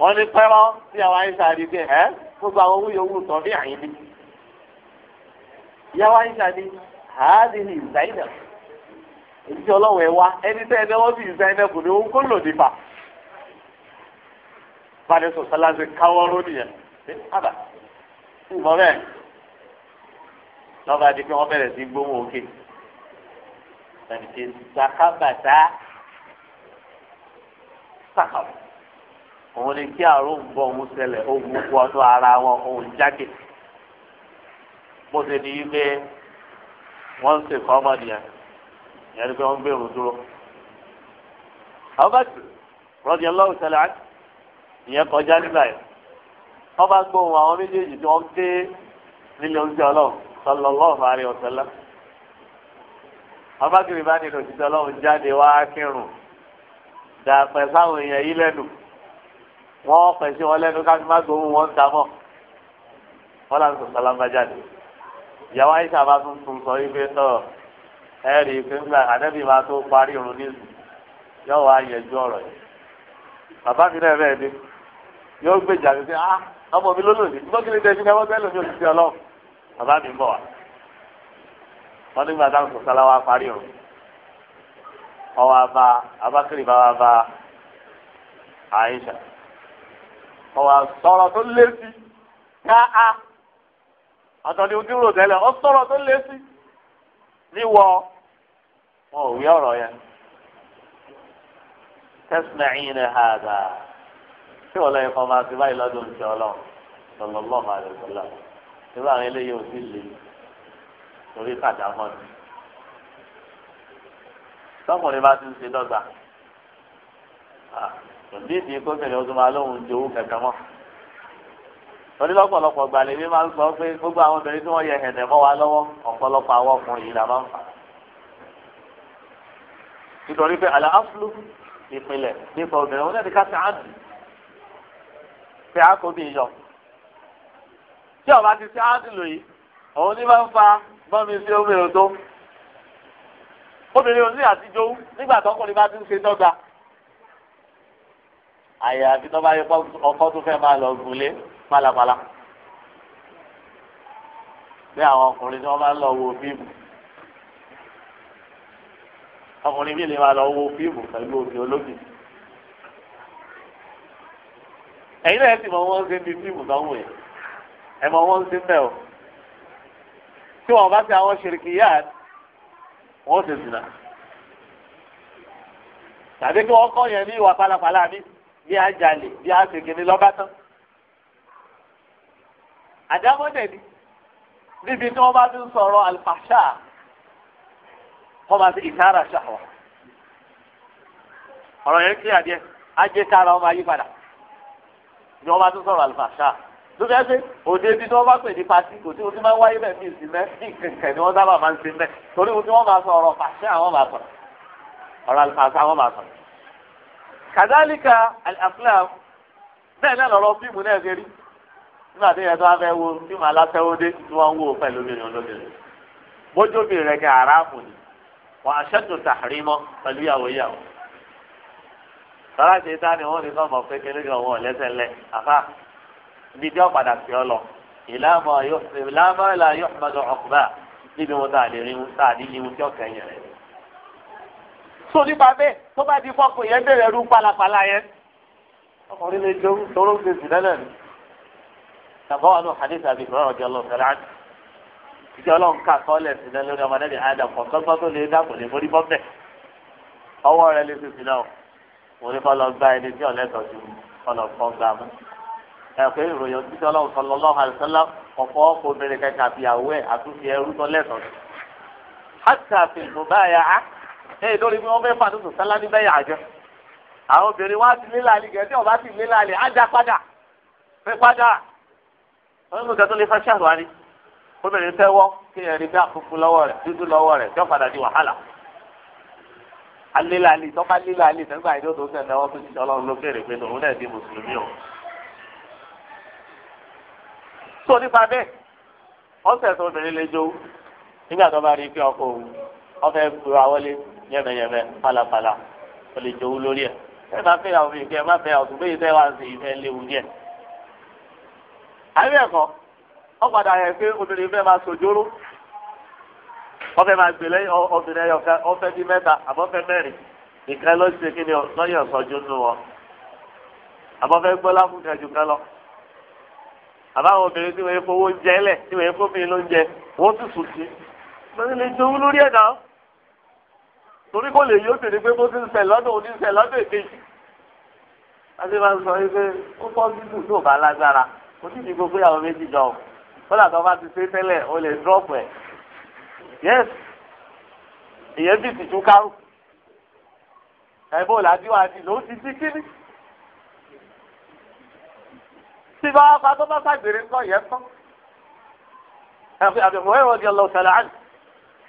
wọ́n ní pẹ́rọ́ tí àwọn àyíṣà rí pé ẹ́ gbogbo àwọn owó yòówù tọ́ bí àyíní ìyá wa ń ṣàdé àádìní ìzáìdà èyí ọlọ́wọ̀ ẹ̀ wá ẹni tẹ́ ẹ lọ́wọ́ bí ìzáìdà kò ní ohun kó lò nípa bàdé sọ sálásí káwọ́ ró nìyẹn àbà ìmọ̀ bẹ́ẹ̀ lọ́ba di pé wọ́n bẹ̀rẹ̀ sí gbóhùn òkè ẹnìkan sàkábàtà sàkàwọ̀ òun ni kí àrùn bọ̀ òun ṣẹlẹ̀ òun gbogbo ọdún ara wọn òun jákèjì bó ṣe di wípé wọ́n ń sèkọ́ ọmọnìyàn ìyẹn ni pé wọ́n ń gbèrú dúró. abubakar rọ́ọ̀dì ọlọ́run sẹlẹ̀ á ìyẹn kọjá nígbà yẹn wọ́n bá gbóhùn àwọn méjèèjì tí wọ́n dé nílé oúnjẹ ọlọ́run sallallahu alaihi wasallam abubakar bá nínú òṣìṣẹ́ ọlọ́run jáde wá kírun dàpẹ́ sáwọn èèyàn yìí lẹ́nu wọ́n pẹ̀ sí wọn lẹ́nu ká fi má gbóhùn wọn ń ta mọ́ wọ́n làǹtọ̀ sálámà jáde ìyàwó àyíṣà bá tún tún sọ wípé tọ́ ẹ rí i pé ńgbà àdẹ́bí máa tó parí irun nísù yóò wá yẹjú ọ̀rọ̀ yìí bàbá mi náà bẹ́ẹ̀ ni yóò gbé ìjà mi pé ah ọmọ mi lólòdì ṣùgbọ́n kí ni tẹ́ fi ní ẹwọ́n bẹ́ẹ̀ lòdì òṣìṣẹ́ ọlọ́run bàbá mi ń bọ̀ wá wọ́n nígbà táwọn sọ̀tà láwa parí irun ọwọ́ abá abákiri bá wa bá àyíṣà ọwọ́ sọ̀rọ̀ tó lé sí ká á ọ̀tọ̀ ni ojú rò tó lé sí níwọ wọn ò wí ọ̀rọ̀ yẹn tẹ́sán-ẹ̀yìn rẹ̀ hà dà tí wọ́n lẹ́yìn kan máa ti báyìí lọ́dún ti ọlọ́run lọ́lọ́lọ́ máa lè sọ́lá irú àwọn eléyìí ò sí lè torí kàdámọ́ ni tọkùnrin bá ti ń ṣe dọ́gba kò ní ìdí kóbìnrin ó máa lóhun jowó kẹkẹ mọ́ torí lọ́pọ̀lọpọ̀ gbalẹ̀ mi máa ń sọ pé gbogbo àwọn obìnrin tí wọ́n yẹ hẹ̀dẹ̀ mọ́ wa lọ́wọ́ ọ̀pọ̀lọpọ̀ àwọn ọkùnrin yìí la máa ń fà. nítorí pé àlà áfúlù ìpìlẹ̀ nípa obìnrin wọn lẹ́ẹ̀dí ká ti á dùn pé a kò bí yọ. tí ọba ti ti á dùn lò yìí òun ní máa ń fa bọ́mi sí omi òdo. obìnrin òní àtijọ́ nígbà tọkùnrin bá ti ń ṣe dọ́gba. àyà àti tọ́ pálapàla bí àwọn ọkùnrin tí wọ́n bá ń lọ wo fíìmù ọkùnrin mi lè máa lọ wo fíìmù pẹ̀lú obì olóbì ẹ̀yin náà sì mọ wọ́n ń ṣe bí fíìmù sanwó yẹn ẹ̀ mọ wọ́n ń ṣe bẹ́ẹ̀ o tí wọ́n bá ti àwọn ṣèrìkì yá wọ́n ṣe zìnà tàbí kí wọ́n kọ́ yẹn ní ìwà pálapàla mi bí a bí a ní lọ́bátán àdámọ́dẹ̀ ni níbi tí wọ́n bá ti ń sọ̀rọ̀ àlùfàṣà wọ́n máa ti ìtara ṣàwà ọ̀rọ̀ yẹn kí adìẹ ajé tara ọmọ ayé padà ni wọ́n bá ti ń sọ̀rọ̀ àlùfàṣà lóbi ẹsẹ òde bí wọn bá pè ní pati kò tí o ti máa ń wáyé bẹ́ẹ̀ bíi ìsinmẹ bíi kẹ̀kẹ́ ni wọn sábà máa ń sin mẹ torí o ti wọn máa sọ fàṣẹ àwọn máa sọ̀rọ̀ ọ̀rọ̀ àlùfàṣẹ àwọn máa sọ̀rọ̀. kàdálíkà àfúlà bẹ́ẹ̀ náà lọ́rọ̀ fíìmù náà ṣe rí nígbà tí yẹn tó wá fẹ́ wo fíìmù alátẹ́wọ́dé tí wọ́n ń wò pẹ̀lú obìnrin olóbìnrin bójóbìnrin rẹ̀ kẹ́ aráàmù ni wọ́n aṣẹ́tò tàrímọ́ pẹ̀lú ìyàwó ìyàwó. sọ́láṣẹ́ ìta ni wọ́n ti kọ́ mọ̀ pé kéré gan wọn lẹ́sẹ̀ lẹ̀ àfà níbi tí wọ́n padà sí ọ lọ ìlànà ìlà yóò mọ̀tò ọ̀kùnbà níbi wọn tá a lè rí wọn tá a ní ní wọn tí ọ̀kẹ́ yẹn rẹ̀. so nípa bẹ́ẹ̀ tó bá di fọ́ọ̀kù yẹn bẹ̀rẹ̀ rú pálapàla yẹn ọkùnrin lè jẹun tó ló ń gbèsè náà tàbá wà ní hadith àbí ìfọwọ́ ọjọ́ lọ sọ̀rọ̀ àti ìjọ ọlọ́run ká sọ́ọ̀lẹ̀ sílẹ̀ lórí ọmọ nẹ́bí adam kọ̀ọ̀kan tó lè dàpọ̀ lè mórí bọ́m̀bẹ̀ ọwọ́ rẹ lè fi sílẹ̀ o mo ní kọ́ lọ gba ẹni tí ọ̀lẹ́tọ̀ ju kọ́ lọ fọ́ gbà mú ẹ̀kọ́ ìròyìn títí ọlọ́run sọ lọ́lọ́run àlùsọ́lá ọ̀pọ̀ obìnrin kẹta àbíyàwó ẹ̀ àtúnfi ẹrú tó lẹ́tọ̀ obìnrin wá wọ́n mú kẹ́tọ́ lè fa ṣáà wá ní obìnrin fẹ́ wọ́ kí ẹ̀rí bí àkókò lọ́wọ́ rẹ̀ dúdú lọ́wọ́ rẹ̀ tí ó padà di wàhálà alílà alì tọ́ka lílà alì nígbà yìí tó sẹ̀ náwó tó ti sọ ọlọ́run ló fèrè pé tòun náà di mùsùlùmí o. tó nípa bẹ́ẹ̀ ọ̀sẹ̀ tó obìnrin lè jó nígbà tó bá rí pé ọkọ òun ọfẹ́ gbúra wọlé yẹ̀mẹ̀yẹ̀mẹ̀ pálapàla ó lè jowú lórí ẹ̀ ẹ má fẹ́ àwọn àbí ẹ̀kọ́ wọ́n padà yẹ pé obìnrin fẹ́ máa sojóró wọ́n fẹ́ máa gbèlè obìnrin ẹ̀yọ̀kẹ́ wọ́n fẹ́ bí mẹ́ta àbọ̀fẹ́ mẹ́rin nìkan ló ṣe kí ni lọ́yọ̀ sọ́jú nù wọn àbọ̀fẹ́ gbọ́lá fún kẹjù kan lọ àbáwọn obìnrin tí wọ́n yẹ fowó jẹ lẹ̀ tí wọ́n yẹ fófin ló ń jẹ wọ́n tún sùn sí lórí lè jowú lórí ẹ̀dá torí kò lè yí obìnrin pé bó ti ń sẹ̀ lọ́dọ̀ òní ń sẹ̀ lọ́dọ̀ èkejì a ti máa ń sọ yìí pé ó pọ́ bíbù kò sí ìdìbò pé àwọn méjì jọ o kódà tó bá ti ṣe tẹ́lẹ̀ o lè dúrọ́pù ẹ̀ yẹ́sì ìyẹn bí tìtú kárù ẹ̀bùn làdíwá ti lòún ti sí kíní tí bá wàá tó bá sàgbèrè ńkọ yẹn tán. àbẹ̀wò ẹ̀rọ di ọlọ́wọ́ sẹlẹ̀ àná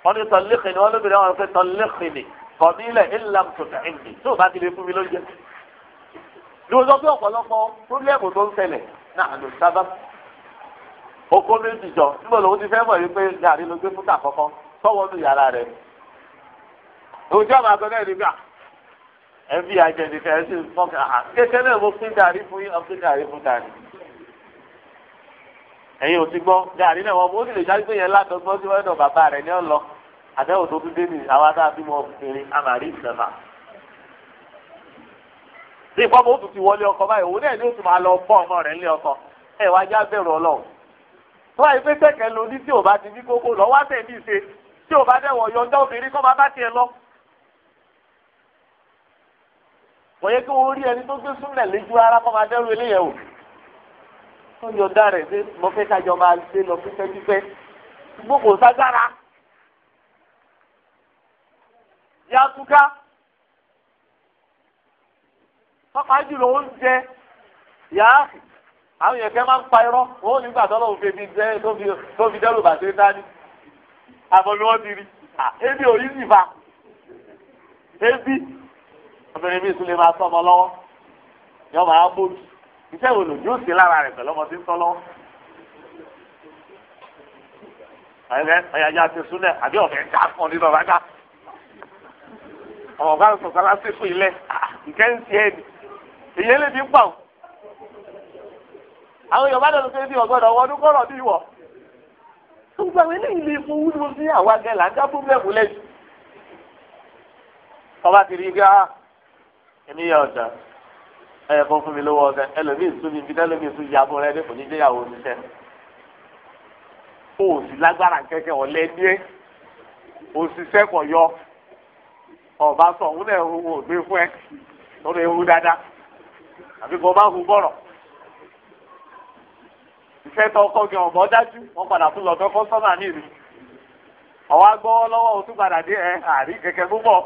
wọ́n ní tọ́lẹ́kì ni wọ́n lóbi náà wọ́n fẹ́ tọ́lẹ́kì ni kọ̀mílẹ̀ ìlàm tuntun ẹ̀ǹdì tó bá ti lè fún mi lóúnjẹ. ìwòsàn bí ọ̀pọ̀lọpọ̀ pírọ́blẹ́mù tó ń ṣẹlẹ̀ náà ló sábà oko méjì jọ níbo lòun ti fẹ́ mọ̀ wípé gàrí ló gbé fúta kọ́kọ́ tọ́wọ́ lu yàrá rẹ̀ òun tí wọ́n máa sọ náà ní gbà ah, ẹbí àjẹnìfẹ́ ẹ sì ń fọ́n kà ah, á ah, kékeré mo pín gàrí fún yín ọ̀pín gàrí fún gàrí ẹ̀yin ò ti gbọ́ gàrí náà wọn bó ti lè sáré pé yẹn látọ̀ gbọ́ sí wọ́n dọ̀ bàbá rẹ̀ ní ọ̀lọ́ àtẹ̀wò tó tún dé nìyí àwọn adáàbí mọ́ obìnrin tí ìfọ́mọ́ òtún ti wọlé ọkọ báyìí òun náà ni ó ti máa lọ fọ́ ọmọ rẹ̀ nílé ọkọ ẹ wá já bẹ̀rù ọlọ́run tó wáyé pé tẹ̀kẹ́ lo ní tí ò bá ti ní kókó lọ wá tẹ̀ ní ìṣe tí ò bá dẹ̀wọ̀ yọjọ́ obìnrin kọ́ máa bá tiẹ̀ lọ. wọ́n yẹ kí wọ́n rí ẹni tó gbé súnlẹ̀ lójú ara kọ́ máa dẹ́rù eléyẹ̀ wò. tó yọ̀ǹda rẹ̀ pé mo fẹ́ kájọ máa ṣe lọ pípẹ́pípẹ́ gbogbo ságbára. yàtúkà pápá jùlọ oúnjẹ yá àwọn yẹn kẹ́ máa ń pa irọ́ wọn ò nígbà tọ́lọ́ òfin mi jẹ́ tó fi dẹ́rù bàtẹ́ dání àbọ̀ mi wọ́n ti rí ebi ò yí sì fa ebi obìnrin mi sùn lè máa sọmọ lọ́wọ́ yọ máa bójú iṣẹ́ wo lòdì òsè lára rẹ̀ pẹ̀lú ọmọdé ń tọ́ lọ́wọ́ ẹ̀rẹ́ ẹ̀yàjà ti súnlẹ̀ àbí ọ̀fẹ́ dá fún ọ nínú ọ̀rá dá ọ̀gá sọ̀tà lásìkò ilẹ̀ ìkẹ́ńsì ẹ̀dì èyí lè fi ń àwọn yorùbá dọ̀tún pé bí ọgbọ́dọ̀ wọ́n ọdún kọ́rọ̀ bí wọ̀ gbogbo àwọn eléyìí lè fún wúlò sí àwa gẹ̀ là ń dá pọ́blẹ́mù lẹ́yìn ọba ti rí i gbá ẹni ah, yà ọ̀dà ẹ̀yẹ kó fún mi lówó ọ̀sẹ̀ ẹlòmíì sún mi bíi ẹlòmíì sún yabọ̀ rẹ ní kò ní jẹ́yàwó oníṣẹ́ o sì lágbára kẹ́kẹ́ ọ̀lẹ́ ní ẹ́ òṣìṣẹ́ kọ̀ yọ ọba sọ òun náà ewu ògbé fún ẹ lórí ewu dáadáa àbí kò bá hu bọ̀rọ̀ ìfẹ́ tó ọkọ gẹ̀ ọ̀bọ dájú wọ́n padà tún lọ́dọ̀ kọ́sọ́mà ní ìlú ọ̀wọ́ agbọ́wọ́ lọ́wọ́ o tún padà dé ẹ̀ àrí kẹ̀kẹ́ púpọ̀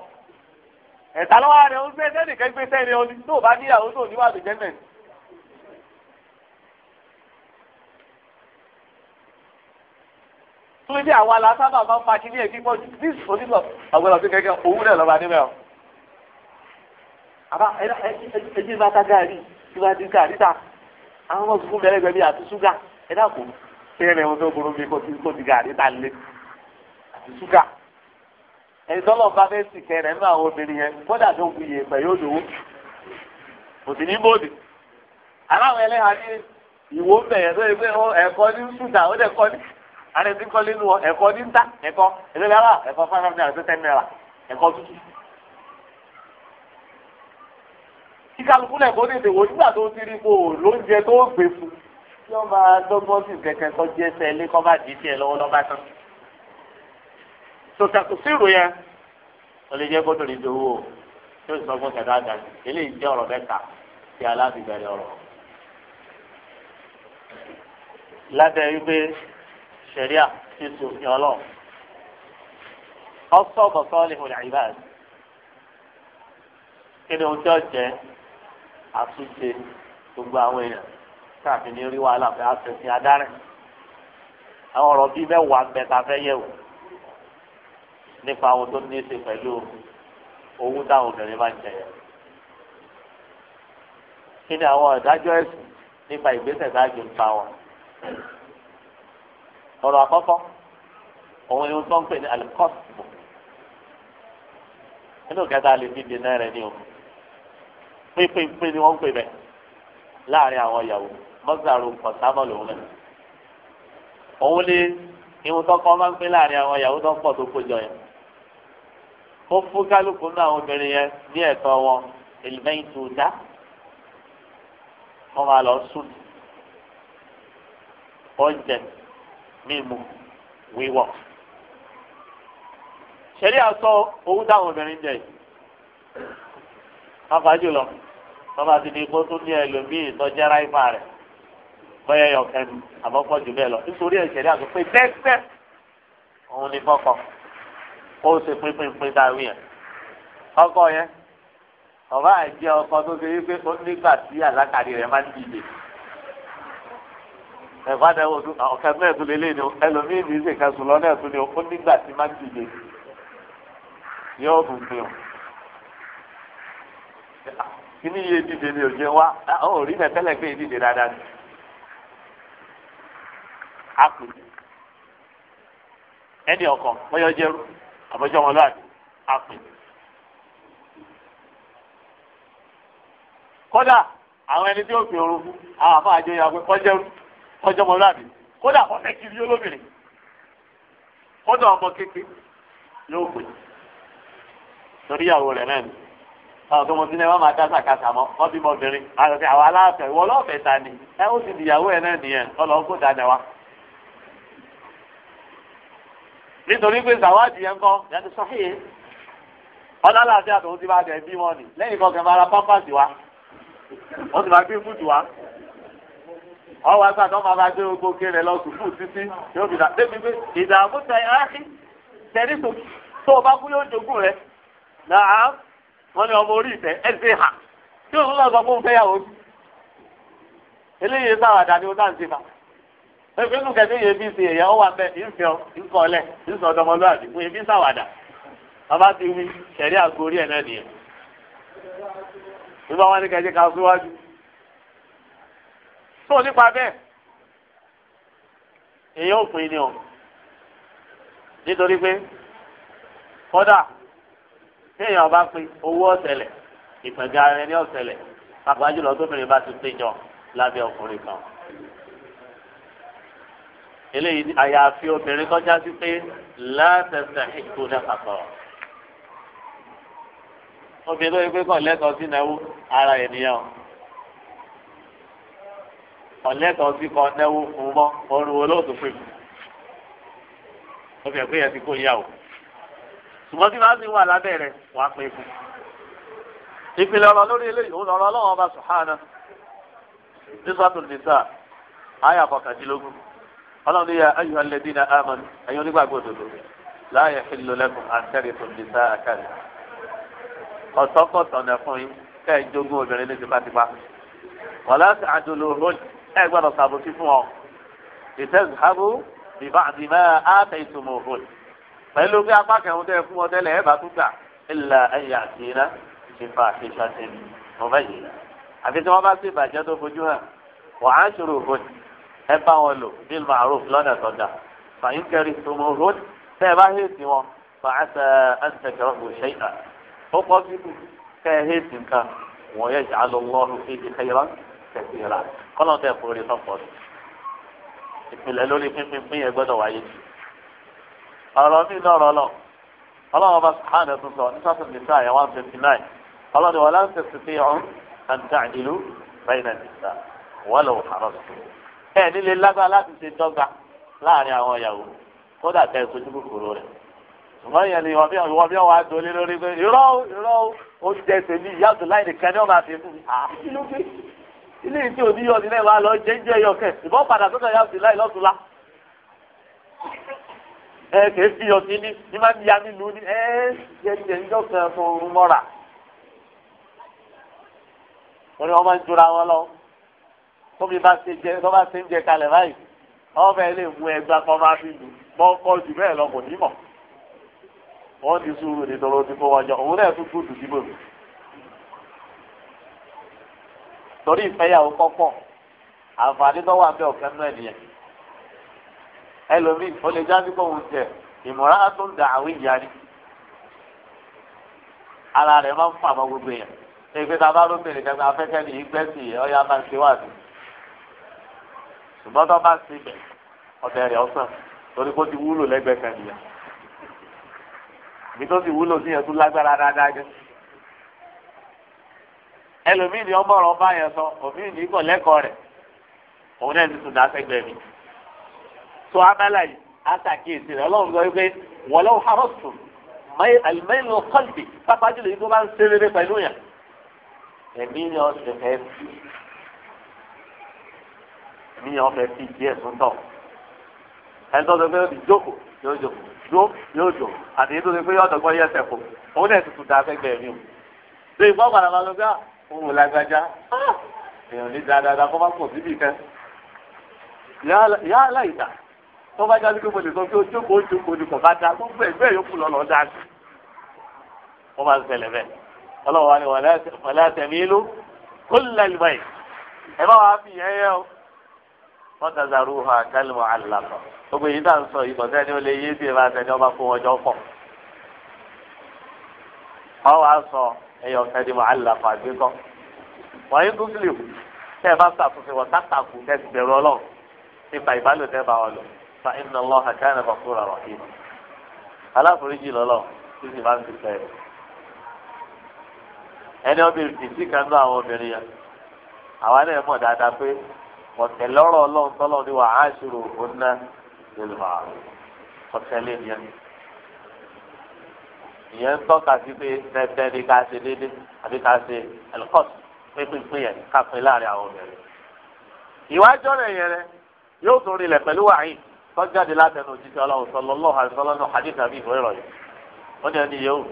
ẹ̀ta lọ́wọ́ rẹ̀ ó gbé sẹ́ni kẹ́gbé sẹ́ni ọdún tó bá níyàwó tó níwájú jẹ́mẹ̀. tún ní àwa la sábà máa ń pa kí ní ẹ̀kí pọ̀ jù bí òní lọ ọ̀gbọ́n lọ sí kẹ́kẹ́ òwúrẹ̀ lọ́ba níbẹ̀ o àbá ẹjí máa ta gàrí tí máa di gàrí ta àwọn ọmọ sùkúl bẹ̀rẹ̀ gbẹ̀bí àti ṣúgà ẹ dà kó kéré lẹ́wọ̀n tó burú mi kó ti gàrí ta lé àti ṣúgà ẹ̀dọ́lọ̀ bá fẹ́ sì kẹrẹ̀ nínú àwọn obìnrin yẹn kódà tó kù yẹ pẹ̀ yóò lówó kò sì ní bòdì aláwọ̀ ẹlẹ́hà ní ìwò bẹ̀yẹ̀ tó yẹ pé ẹ̀kọ́ ní sùdà ó dẹ̀ kọ́ ní àrètí kọ́ nínú ẹ̀kọ́ ní ń ta ẹ̀kọ́ ẹ̀dọ́lẹ́wà ẹ̀kọ́ five hundred and ten naira ẹ̀kọ́ tútù. kí kálukú náà kó tètè wò nígbà tó ti rí kó lóúnjẹ tó gbé fún kí wọn máa dọ́gbọ́n sí kẹ̀kẹ́ tó jẹ́ ẹsẹ̀ ilé kọ́ bá dìí tiẹ̀ lọ́wọ́ lọ́ba tán. sòtàkù sí ìrò yẹn ó lè jẹ́ gbọ́dọ̀ lè dòwó o tí ó sì sọ fún kẹ̀kẹ́ àdáni eléyìí jẹ́ ọ̀rọ̀ mẹ́ta tí aláàbìbẹ̀rẹ̀ ọ̀rọ̀. lábẹ́ wípé sẹ̀ríà ti sòfin ọlọ́run ọ̀sọ̀ bọ̀sọ̀ lè hùwà ìbáàdì àtúnṣe gbogbo àwọn èèyàn káàfin ní rí wàhálà fẹ́ àṣẹṣin adárẹ̀ àwọn ọ̀rọ̀ bíi mẹ́wàá bẹ ta fẹ́ yẹ̀wò nípa àwọn tó ní í ṣe pẹ̀lú owó táwọn obìnrin máa ń jẹ yẹn kí ni àwọn ìdájọ́ ẹ̀sìn nípa ìgbésẹ̀ dájú ń pa wọn ọ̀rọ̀ àkọ́kọ́ òun ni wọ́n tó ń pè ní alikọ́sìmù nínú kẹta lè fi dènà rẹ̀ ní òkú pínpínpín ni wọ́n pè bẹ́ẹ̀ láàrin àwọn ìyàwó mọ́sàrò kọ̀sámọ́ lòun náà òun ni irun tó máa ń pín láàrin àwọn ìyàwó tó pọ̀ tó kójọ yẹn ó fún kálukú náà àwọn obìnrin yẹn ní ẹ̀tọ́ wọn èlùmẹ́yìn tó wọ́n máa lọ sùn oúnjẹ mímu wíwọ̀ ṣẹlẹ̀ àtọ́ owó táwọn obìnrin jẹ yìí pàápàá jùlọ tọ́ba ti di kó tó ní ẹlòmíì tọ́jà ráìfà rẹ̀ bọ́yá yọ kẹnu àbọ̀pọ̀ jù bẹ́ẹ̀ lọ nítorí ẹ̀ṣẹ̀ rí àgbẹ̀ pé bẹ́ẹ̀ òun ni fọ́kọ ó ṣe pínpínpín dáwí yẹn ọkọ yẹn ọba àìjẹ ọkọ tó ṣe wípé ó nígbà tí àlákàrí rẹ̀ máa ń dìde ẹ̀fọ́ àdáwò ọ̀kẹ́ náà tún lélẹ́yìn ni ẹlòmíì ní ìṣèkẹ́sùn lọ́nà ẹ̀ tún ni ó nígbà tí máa ń dìde yóò tún fi hàn kíní yé dìde ní òjò wa ó ah, rí bẹ́ẹ̀ tẹ́lẹ̀ pé dìde dáadáa ni a kù ẹni ọkọ bọyọ jẹrú àbọjọ wọn lọ àdé a kù kódà àwọn ẹni tí ó fi orun fún àwọn àfa àjọ yàgbé kọjẹrú kọjọ wọn lọ àdé kódà ọ̀sẹ̀ kiri olóbìnrin kódà ọmọ kékeré yóò pè toríyàwó rẹ̀ náà ni ọ̀sán mo ti ní ẹ máa kásà kásà mọ́ wọ́n bímọ obìnrin àtàtì àwọn aláàfẹ́ ìwọ ọlọ́ọ̀fẹ́ ta ni ẹ ó sì dìyàwó ẹ náà nìyẹn ọlọ́ọ̀ kó dáadáa wa. nítorí pé sàwádìí yẹn kọ́ yàtọ̀ sọ́hìn ọ̀nà aláàfẹ́ àtọ̀hún ti bá tẹ̀ bí mọ́ ni lẹ́yìn kan kẹfà ara pampasì wa wọ́n sì máa gbé fúdù wa wọ́n wá sáà máa bá gbé gbogbo kéré lọ sùkúù títí yóò fi dà débi pé ìdààmú wọ́n ní ọmọ orí ìtẹ́ ẹ̀sìn hà tí òun lọ sọ fún fẹ́yàwó sí. eléyìí sáwàdà ó náà ń ṣe fà. ẹgbẹ́ inú yẹn bí èyàn wà ìfẹ́ ìkọlẹ̀ bàbá ti wí àgórí ẹ̀ náà nìyẹn. ká síwájú. tó nípa bẹ́ẹ̀ èyàn ò pin ni o nítorí pé kódà téèyàn bá pé owó ọ̀sẹ̀lẹ̀ ìfẹ̀gà rẹ ní ọ̀sẹ̀lẹ̀ pàápàá jùlọ tóbìnrin bá ti péjọ lábẹ́ ọkùnrin kan. eléyìí àyàfi obìnrin kọjá sí pé látẹ̀sẹ̀ ètò náà sọ̀rọ̀. obìnrin lóye pé kàn lẹ́tọ̀ọ́ sí náwó ara ènìyàn ọ̀lẹ́tọ̀ọ́ sí kan náwó fún mọ́ orun olóòtú pé obìnrin pé yẹn ti kó yá o ṣùgbọ́n tí wàá sì wà lábẹ́ rẹ̀ wàá pé fún un. ìpìlẹ̀ ọ̀rọ̀ lórí eléyìí òun lọ́rọ̀ ọlọ́run ọba sùhánà nísàtò nìsà àyà kọkàndínlógún ọlọ́run ní ayọ̀ alẹ́dínà amọ̀n ẹ̀yin onígbàgbọ́ òdodo láàyè ìlọlẹ́kùn àtẹ̀rẹ̀tò nìsà àkàrẹ̀ ọ̀tọ́kọ̀tọ̀ nà yín kẹ́ ẹ̀ jogún obìnrin ní tipátipá wàlá sí pẹ̀lú bí apá kẹ̀hún tẹ̀ fún ọtẹlẹ ẹ̀ bá tún gbà illa an ya'tina bi fahishatin mubayyina àfi tí wọ́n bá sì bàjẹ́ tó fojú hàn wa ashiruhun ẹ bá wọn lò bil ma'ruf lọ́nà tó fàyín kẹrì tó mọ tẹ́ ẹ bá hẹ́ẹ̀sì wọn fa'asa an takrahu ẹ hẹ́ẹ̀sì nǹkan wọ́n yaj'al Allahu fihi khayran katira kọ́nà tẹ̀ fún orí sọ́pọ̀ ìpìlẹ̀ lórí pínpín pín ẹ ọ̀rọ̀ mi náà rọ̀ lọ. ọlọ́run ọba sàánù tún sọ nípa tó nìta ẹ̀ one fifty nine ọlọ́run wọlé ń tẹ̀sí sí ọ̀hún àǹtà ìlú bẹ́ẹ̀ náà nìta wọ́n lọ àrọ̀ sí. ẹ nílé lágbára láti ṣe dọ́gba láàrin àwọn ìyàwó kódà tẹ sojú kòkòrò rẹ̀. ṣùgbọ́n ìyẹn ni ìwọ bí ìwọ bí wàá dolé lórí pé irọ́ irọ́ oúnjẹ tèmi ìyá abdullahi nìkan ni wọ́n máa fi fún mi. Ah, ilé ìtì òní yọ ẹ kìí fi ọtí ní ní máa ń ya mí ní ẹ yẹ tiẹ̀ ń jọ́kàn fún oorun mọ́ra. wọ́n ní wọ́n máa ń jura wọn lọ tóbi bá ṣe jẹ tó bá ṣe ń jẹ kalẹ̀ báyìí wọ́n lè mú ẹgbẹ́ kan máa lù mọ́ kọ́ jù bẹ́ẹ̀ lọ kò ní mọ̀. wọ́n ti sùúrù nítorí ó ti kó wọn jọ òun náà tún kúndùn síbò mi. torí ìfẹ́yàwó kọ́kọ́ àǹfààní tó wà bẹ́ẹ̀ ọ̀kẹ́ náà nìyẹn ẹlòmíì ó lè já sípò òun tẹ ìmọ̀ràn tó ń dà àwọn ìyá ni ara rẹ̀ máa ń fà mọ́ gbogbo yẹn ẹgbẹ́ tá a bá lóbìnrin kẹta afẹ́kẹ́ ní ìgbẹ́sì ọ̀yà máa ń ṣe wá sí ṣùgbọ́n tó bá ṣe bẹ̀ ọ̀bẹ rẹ̀ ọ̀sán torí kó ti wúlò lẹ́gbẹ̀ẹ́ kan nìyẹn ibi tó ti wúlò sí yẹn tún lágbára dáadáa jẹ́ ẹlòmíì ni ọmọ ọ̀rọ̀ bá yẹn sọ òmíì ní ìkọ̀lẹ́kọ̀ọ́ rẹ̀ òun náà ti sùn dá sẹ́gbẹ̀ẹ́ mi tó abala yìí àtàkìyèsí rẹ̀ ọlọ́run sọ wípé wọ́n lọ́wọ́ harrods àlùmẹ́yìn lọ kọ́lìbì pápá jùlọ yìí tó bá ń ṣe rere pẹ̀lú yẹn ẹ̀mí ni ọ ti fẹ́ fi ẹ̀mí ni ọ fẹ́ fi díẹ̀ sọ́tọ̀ ẹni tó sọ pé ìjókòó yóò jò dúró yóò jò àti ètò ìpínlẹ̀ ọ̀dọ́gbọ́n yẹ ẹsẹ̀ kù òun náà tuntun dá afẹ́gbẹ́ mi o ṣé ìfọ́ padà máa lọ bí ah, òun ò lágbájá ah, èèyàn ní dáadáa kó má pọ̀ síbi kẹ́ yálà ìdá tó bá jáde pé mo lè sọ pé ojókòó ojókòó ni kò bá da gbogbo ẹgbẹ́ yòókù lọ́lọ́ dá sí. wọ́n máa ń ṣẹlẹ̀ bẹ́ẹ̀ ọlọ́wọ́ wa ni wọ́n lé àtẹ̀mí ìlú kó lè lè báyìí ẹ bá wàá fi yẹn yẹ o. wọ́n ta zaru ha kálímọ̀ àlàkọ̀ gbogbo èyí tá à ń sọ ìbọn sẹ́ni ó lè yé sí ìbá sẹ́ni ọba fún wọn jọ pọ̀. wọ́n wàá sọ ẹyọ kálímọ̀ àlàkọ̀ àgbékọ́. wọ́n yín gúgúlì tẹ́ ẹ bá ṣàtúnṣe wọ́n tá fa inna Allaha kana ghafura rahima aláforíjì lọ́lọ́ tí sì máa ń ti sẹ́yìn ẹni obìnrin kì í sí kan náà àwọn obìnrin yẹn àwa náà mọ̀ dáadáa pé ọ̀tẹ̀lọ́rọ̀ ọlọ́run tọ́lọ́ ni wà á ṣòro òun náà lè máa ọ̀tẹ̀lẹ̀ yẹn ìyẹn ń tọ́ka sí pé tẹ́tẹ́ ni ká ṣe déédé àbí ká ṣe ẹ̀lọ́kọ̀t pínpín yẹn ká pín láàrin àwọn obìnrin. ìwájọ́ rẹ̀ yẹn rẹ̀ yóò tún rinlẹ̀ pẹ̀lú wàhíì tọ́jáde látẹnu òjíṣẹ́ ọlọ́run sallallahu alaihi wasallam náà hadith àbí ìwé ìrọ̀lẹ́ ó ní ẹni yòówù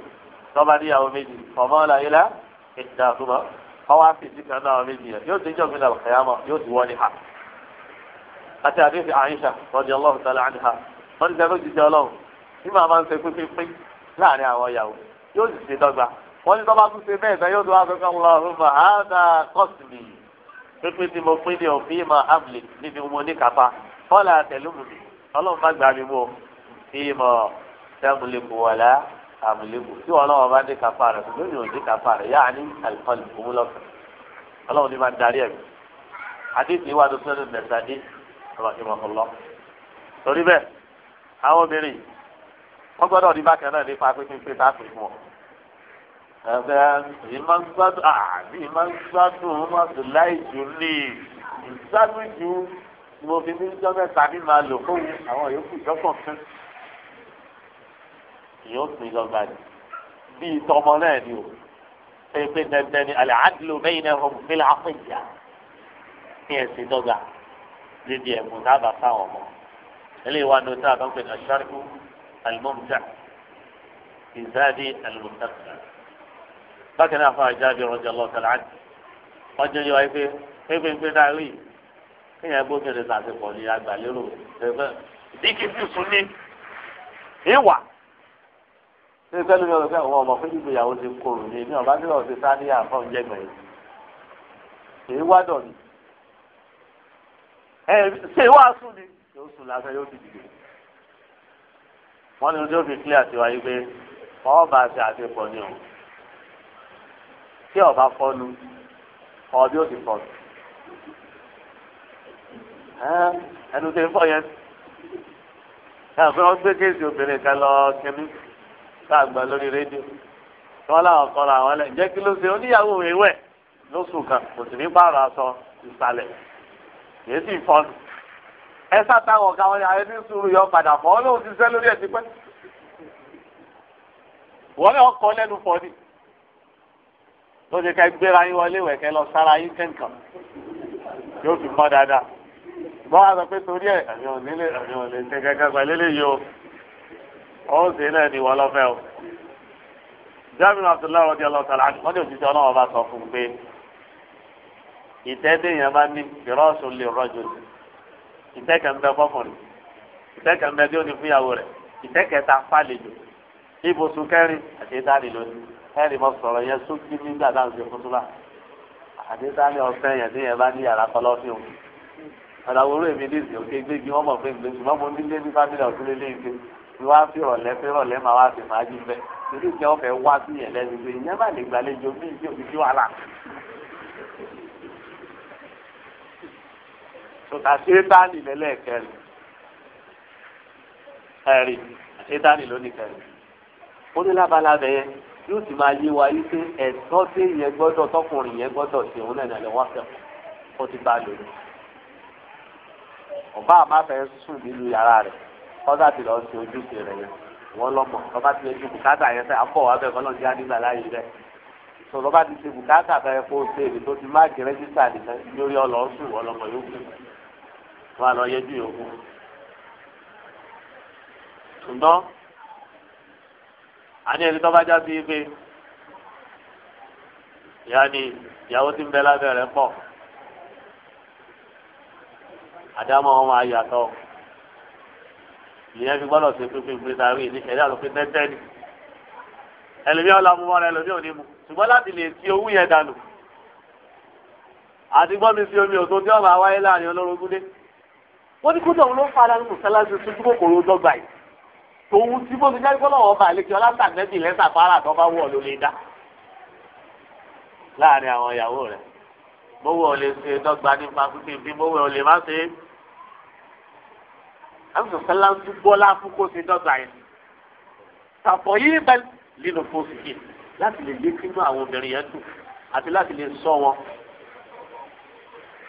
tọ́ba níyàwó méjì ọmọ ọ̀la ilá ìdá àtúmọ̀ ọwọ́ àfìsí kan náà méjì yẹn yóò díjọ́ mi náà kẹ́yàmọ̀ yóò ti wọ́n ní ha. àti àdéhùn Àìṣà radiyallahu ta'ala anha wọ́n ti sẹ́nu òjíṣẹ́ ọlọ́run bí màá máa ń ṣe pínpín láàrin àwọn ìyàwó yóò sì ṣe dọ́gba pín ní òfin máa ọlọ́run má gbà mí mú o kí mọ̀ sẹ́mùlẹ́kù wọlé àmùlẹ́kù tí wọn náà bá dé kápá rẹ̀ ṣùgbọ́n mi ò dé kápá rẹ̀ yáà ní àlùfáàlù fún lọ́fẹ̀ ọlọ́run ní máa darí ẹ̀mí àdéhùn ìwà tó fẹ́ràn mẹ́sàdé ọlọ́ torí bẹ́ẹ̀ àwọn obìnrin wọ́n gbọ́dọ̀ ní bákan náà nípa pínpín tá a pè fún ọ. ẹ̀fẹ̀ ìmọ̀ ń gbádùn àbí ìmọ̀ ń gbádùn ni mo fi mílíọ̀nù mẹ́ta ní máa lò fún àwọn yòókù ìjọ́kàn fún yóò pín lọ́gbà ni bíi tọmọ náà ni o ṣe pé dandan ni àlẹ́ àdìlò bẹ́yìn náà fún mi láàpẹ̀ ìjà ní ẹ̀sìn dọ́gà níbi ẹ̀bùn tábà fáwọn ọmọ eléyìí wà ní oṣù àtọ́pẹ́ náà ṣáàkú alimọ́mùtà ìzáde alimọ́mùtà bákan náà fún àjáde rọjò lọ́tàlá ọjọ́ yóò wáyé pé pépé ń pé dáa rí kéèyàn gbóbìnrin sàṣepọ̀ ní agbàlérò ẹgbẹ́ ìdíkì sì sún ní ìwà ní ìfẹ́lú mi ọ̀rọ̀ pé àwọn ọmọ fún ìgbéyàwó ti kóòrò ní ní ọ̀bá nílò ọ̀sẹ̀ sáníyà fún jẹ́gbẹ̀ yìí èyí wá dọ̀ ni ẹ ṣe wá sùn ni yóò sùn lásán yóò dìde wọ́n ní ojú òfin clear ti wáyé pé wọ́n bá ṣe àṣepọ̀ ní o tí ọba fọ́nu ọbí ẹnu tẹ fọ yẹn ẹgbẹ́ wọn gbé kéèsì obìnrin kan lọ kínní káàgbà lórí rédíò wọn làwọn kọra àwọn ẹlẹ jẹ kí ló ṣe oníyàwó ewé lóṣù kan kò sì ní pààrọ̀ aṣọ ìsàlẹ̀ kìí sì fọnù ẹ sátàwọn káwọn ní ayé ní sùúrù yọ padà fọ ọ lóun ti sẹ lórí ẹ ti pẹ́ wọn náà kọ lẹ́nu fọ ni lóde ká gbéra yín wọlé wẹkẹ lọ sára yín kẹńkàn yóò fi mọ dáadáa bọ́ a sọ pé torí ẹ̀ àmì ò nílé àmì ò lè ṣe kankan pẹ̀lú eléyìí o ó sì náà ní wọ́n lọ́fẹ́ o. jamiu abdullahi rọdí ọlọ́sàlá wọ́n ní òṣìṣẹ́ ọlọ́wọ́ bá sọ fún un pé ìtẹ́tẹ́ yẹn bá ní fìrọ́ọ̀sù lè rọ́jò ìtẹ́kẹ̀ ń bẹ fọ́fọ̀rì ìtẹ́kẹ̀ ń bẹ tí ó ní fúyàwó rẹ̀ ìtẹ́kẹ̀ta fàlejò ibùsùn kẹrin àti ìdánì lónìí ẹnì mọ sọ̀rọ̀ yẹn sókí nígbà táwọn ṣe fún túbà ọ̀sẹ̀ yẹn tí yẹn bá ní yàrá kọlọ́fíùn àdàwòrán èmi lèzi òkè gbégi wọn mọ̀ pé ń gbégi wọn nílé ní fámìlì ọ̀tún lé léyìn ni wọn á fi rọ̀lẹ́ fi rọ̀lẹ́ máa wá fi máa jí bẹ́ torí ìjẹ́ ọ̀fẹ́ wá sí yẹn lẹ́nu pé ìyẹn má lè gbàlejò mí ìdí òbí sí wàhálà. sọ̀tà sétáàlì lẹ́lẹ́kẹ̀rin ẹ̀rì sétáàlì lónìí kẹrin ó ní lábala bẹ́ẹ̀ yóò sì máa yé wa yí pé ẹ̀tọ́ sí yẹn gbọ́dọ̀ tọkùnrin yẹn gbọ́dọ̀ sí òun náà ní alẹ́ wọ́n fẹ́ kó ti bá a ọba àmàfẹ́ sùn nínú yàrá rẹ̀ kọ́dà ti lọ sí ojúṣe rẹ̀ yẹn wọ́n lọ́mọ lọ́ba ti lè ju bùkátà yẹn sẹ́ akọ́ wa bẹ́ẹ̀ kọ́lọ́ọ̀dì àdìgbà láàyè rẹ̀ tó lọ́ba ti ṣe bùkátà bẹ́ẹ̀ kó o ṣe èdè tó ti má jẹ rẹ́jísítà nìkan lórí ọlọ́ọ̀sùn ọlọ́mọ yòókù wọn àlọ́ yẹjú yòókù. ṣùgbọ́n àní ẹni tó bá já sí pé ìyá ni ìyàwó ti ń bẹ lábẹ́ rẹ̀ pọ̀ àdámọ́ wọn máa yàtọ̀ ìyẹn fi gbọ́dọ̀ ṣe pínpín pínpín sáré ní ṣẹ̀dá ló fi tẹ́tẹ́ ni ẹlòmíọ́ la mú mọ́ra ẹlòmíọ́ ní mu ṣùgbọ́n láti lè ti owó yẹn dànù àti gbọ́ mi sí omi òtó tí ọ̀rọ̀ àwáyé láàrin ọlọ́rọ̀gúndé wọ́n ní kódà òun ló ń fara ní mùsálásí sójú kòkòrò dọ́gba yìí tòun tí bó ti jáde kọ́ lọ́wọ́ ọba àlekí ọlásàgbẹ́bì lẹ́sàkọ́ àràtọ́ bá wọ̀ ló lè dá láàrin àwọn ìyàwó rẹ̀ mowó ò lè ṣe dọ́gba nípa fífi bí mowó ò lè má ṣe é àwọn sọ̀sọ́lá ń túbọ̀ láàfún kó ṣe dọ́gba yẹn tàbọ̀ yìí bẹ́ nínú fòsì yìí láti lè lékí inú àwọn obìnrin yẹn dùn àti láti lè sọ wọn